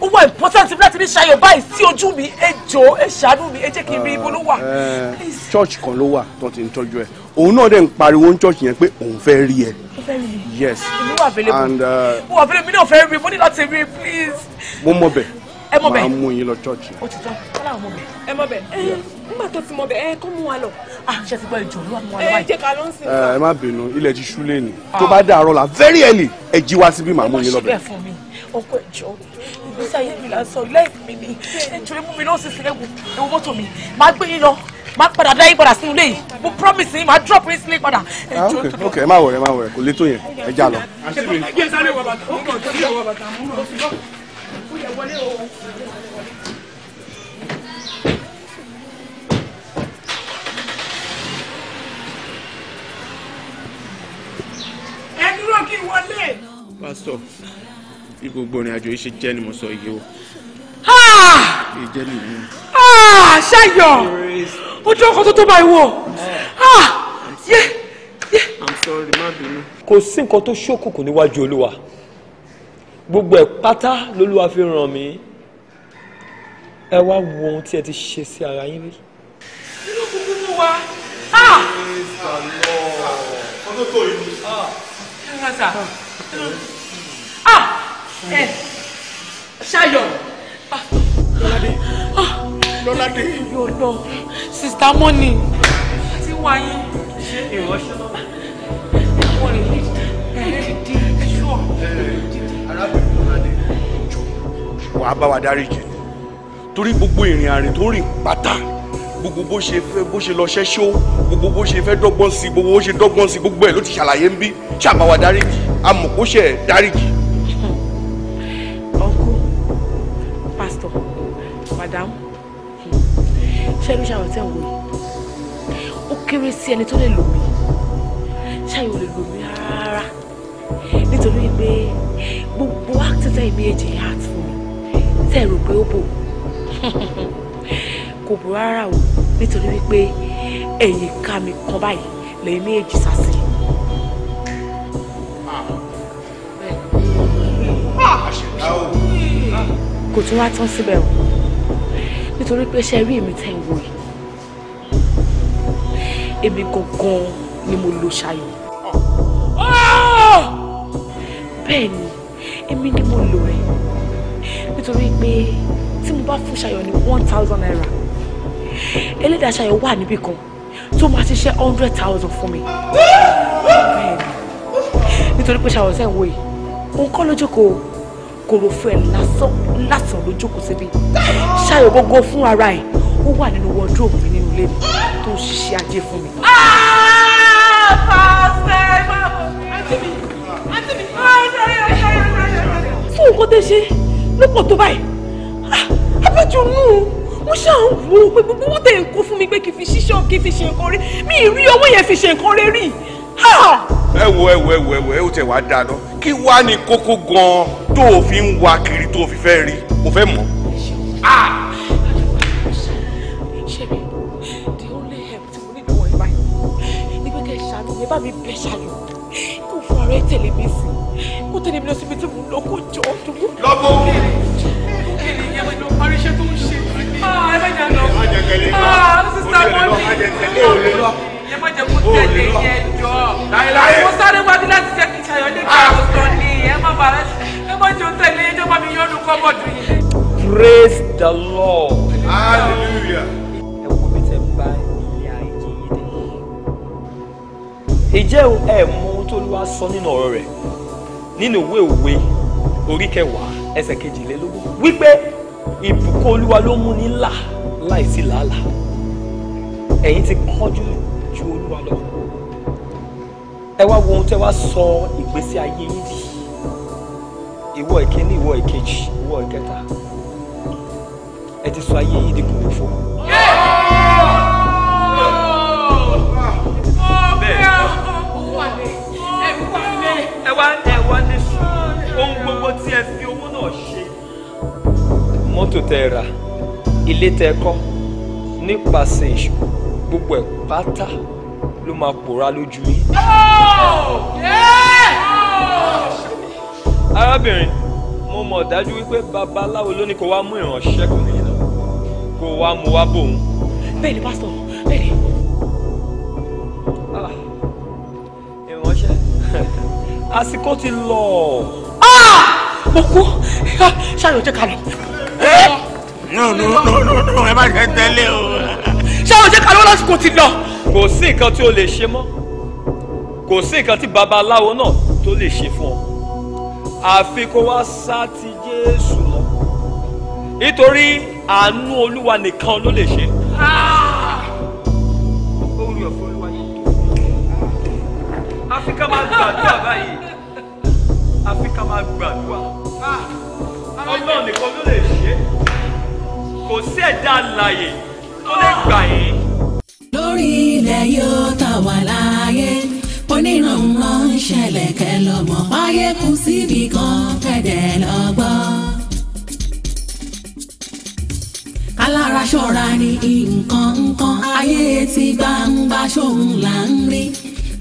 ó wà important láti rí ṣayọ báyìí sí ojú mi ẹ jọ̀ọ́ ẹ ṣàánú mi ẹ jẹ́ kí n rí ibo ló wà. Eh, church kan ló wà tó ti ń tọ́jú ẹ òun náà dẹ̀ ń pariwo ní church yẹn pé òun fẹ́ rí ẹ. yes and. Uh, mo wà fẹ́lẹ́ mi náà fẹ́ rí i mo ní láti rí please. mo mọ bẹ́ẹ̀ ẹ mọ bẹ́ẹ̀. máa mú yín lọ chọ́ọ̀chì. ó ti tán kọ́lá ọmọ bẹ̀ ẹ mọ bẹ̀ ẹ nígbà tó ti mọ bẹ̀ ẹ kó mú wa lọ. à ah, ṣe ti gbọ́ ìjọ ló wà mú wa lọ báyìí. ẹ jẹ́ ká ló ń sìn. ẹ má bínú ilẹ̀ ti ṣú lẹ́nu ah. tó bá dà àárọ̀ very early ẹ jí wa síbí máa mú yín lọ bẹ̀. ọkọ ìjọ ìgbésí ayé mi lásán lẹ́yìn mi ni nítorí mú mi náà sì sílẹ̀ wò mọ́tò mi máa gbé yín lọ máa padà dá yín padà sínú ilé yìí mo promise yín máa drop yín sílé padà. Ah, ok ok ẹ má wọrẹ ẹ má wọrẹ já lọ ó yẹ wọlé o. ẹ dúró kí n wọlé. pásítọ̀ bí gbogbo ìrìn àjò yìí ṣe jẹ́ ni mo sọ yìí o. èyí jẹ́ nìyí. ṣayọ̀ ojú ọkọ̀ tó tó bá ìwọ. kò sí nǹkan tó ṣókùnkùn níwájú Olúwa gbogbo ẹ̀ pátá lolúwa fi ràn mí ẹ wá wo ohun tí ẹ ti ṣe sí ara yín rí. inú kúkú mú wa. ọdún tó yìí. ṣayọ. lọ́ládé yóò lọ sista mọ́nì àti wáyé. ṣé ìránṣẹ́ náà. wọ́n lè dìde wàá bá wa dáríjì torí gbogbo ìrìn àrìn tó rìn pátá gbogbo bó ṣe fẹ́ bó ṣe lọ ṣẹ́ṣó gbogbo bó ṣe fẹ́ dọ́gbọ́n sí gbogbo bó ṣe dọ́gbọ́n sí gbogbo ẹ̀ ló ti ṣàlàyé ń bí ṣàmà wa dáríjì amọ̀kóṣe dáríjì. ọkọ pásítọ̀ madam ṣẹ́ni ṣàwọn tẹ̀ wọ̀ yìí ó kéré sí ẹni tó lè lò mí ṣáà yóò lè lò mí rárá nítorí pé gbogbo ákítẹ́tẹ́ ìméjì heart fún mi tẹ́ rò pé ó bò kò bò rárá o nítorí wípé ẹ̀yìn ká mi kan báyìí lẹ́yìn méjì sásì. kò tún wá tán síbẹ̀ o nítorí pé ṣe rí èmi tẹ́ ń èmi gangan ni mo lo ṣayọ̀. bẹ́ẹ̀ ni èmi ni mo lò ẹ́ nítorí pé tí mo bá fún ṣayọ̀ ní one thousand naira ẹlẹ́dàá ṣayọ̀ wà níbì kan tó máa ṣiṣẹ́ hundred thousand fún mi bẹ́ẹ̀ ni nítorí pé ṣayọ̀ sẹ́ ń wò yìí òun kọ́ lójókòó kòròfò ẹ lásán lásán ló jókòó síbi ṣayọ gbogbo fún ara ẹ ó wà nínú wọdúròpù mi nínú ilé mi tó ń ṣiṣẹ́ ajé fún mi. Ah, nǹkan tẹ́ ṣe lọ́pọ̀ tó báyìí ah, abájọ nù mo ṣáà ń wo pé gbogbo owó tẹ̀ ń kó fún mi pé kì í fi ṣíṣọ́ kì í fi ṣe nǹkan rí mi ì rí owó yẹn fi ṣe nǹkan rí rí. ẹ wo ẹ wo ẹ wo ẹ wo ẹ ó tẹ wá dáná kí wá ní kókó gan-an tó o fi ń wa kiri tó o fi fẹ́ rí o fẹ́ mọ̀. Ah! ṣebí the only help tí mo ní ìdánwò yìí báyìí ni pé kẹ́ ẹ ṣàánú mi bá mi bẹ̀ ṣàyọ̀ kó fún ara ẹ tẹ̀lé mi sí i kó tẹ̀lé mi lọ síbi tí mo lọ kó jọ ọdún. lọ́bọ̀ òkèèrè òkèèrè yẹn mo parí iṣẹ́ tó ń ṣe. ẹ má jà lọ sísá mọ́mí yẹn má jẹ́ kó tẹ̀lé yẹn jọ. mo sáré wá láti jẹ́ kí ṣayọ̀ lè ká ni ẹ má bà ẹ má jọ tẹ̀lé ẹjọ́ bá mi yọ kọ́bọ̀dù yìí. Praise the Lord. Hallelujah. ìjẹ́ ẹ mọ ohun tó lọ́wọ́ sọ nínú ọ̀rọ̀ rẹ̀ nínú òwe òwe orí kẹwàá ẹsẹ̀ kejìlélógún wípé ìbùkún olúwa ló mú ní là láìsí làálàá ẹ̀yin ti kánjú ju olúwa lọ ẹ wá wo ohun tẹ wá sọ ìgbésí ayé yín di ìwọ ìkíní ìwọ ìkejì ìwọ ìkẹta ẹ ti sọ ayé yín di kòkòfò. ẹ wá ní. mọ́tò tẹ rà ilé tẹ kọ́ nípasẹ̀ èṣù gbogbo ẹ̀ pátá ló máa pòórá lójú yín. arábìnrin mo mọ̀ dájú wípé babaláwo ló ní kó wá mú ìránṣẹ́ kan nìyẹn lọ kó wá mú wá bòun. bẹ́ẹ̀ ni pásítọ̀ bẹ́ẹ̀ ni. Ah, ìránṣẹ́ àsìkò ti lọ. Ah! mo kú ah, ṣáà yóò jẹ́ ká lọ no no no no no ẹ má ṣe tẹ́lẹ̀ o. ṣé o jẹ́ ká lọ́wọ́ lásìkò ti lọ. kò sí nǹkan tí o lè ṣe mọ́ kò sí nǹkan tí babaláwo náà tó lè ṣe fún ọ àfi kó wá sá ti Jésù lọ nítorí àánú Olúwa nìkan ló lè ṣe. Ah! àfi ká máa gbàdúrà báyìí àfi ká máa gbàdúrà. Ah! ọlọ́run nìkan ló lè ṣe kò sí ẹ̀dá alààyè tó lè gbà yín. lórí ilẹ̀ yóò tà wá láàyè onírànràn ń ṣẹlẹ̀ kẹlọ́mọ ayé kù síbi kan kẹ̀dẹ̀ lọ́gbọ́n. alára ṣọ́ra ni nǹkan nǹkan ayé ti gbangba ṣóun là ń rí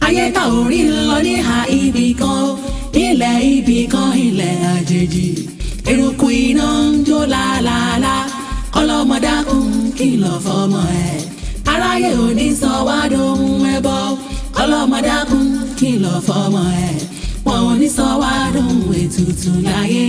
ayé ta ò rí lọ níhà ibì kan ilẹ̀ ibì kan ilẹ̀ àjèjì eruku iná ń jó làálàálá ọlọ́mọdákùn kìlọ̀ fọmọ ẹ̀ aráyé ò ní sọ wá dohun ẹbọ ọlọ́mọdákùn kìlọ̀ fọmọ ẹ̀ wọn ò ní sọ wá dohun ètùtù láyé.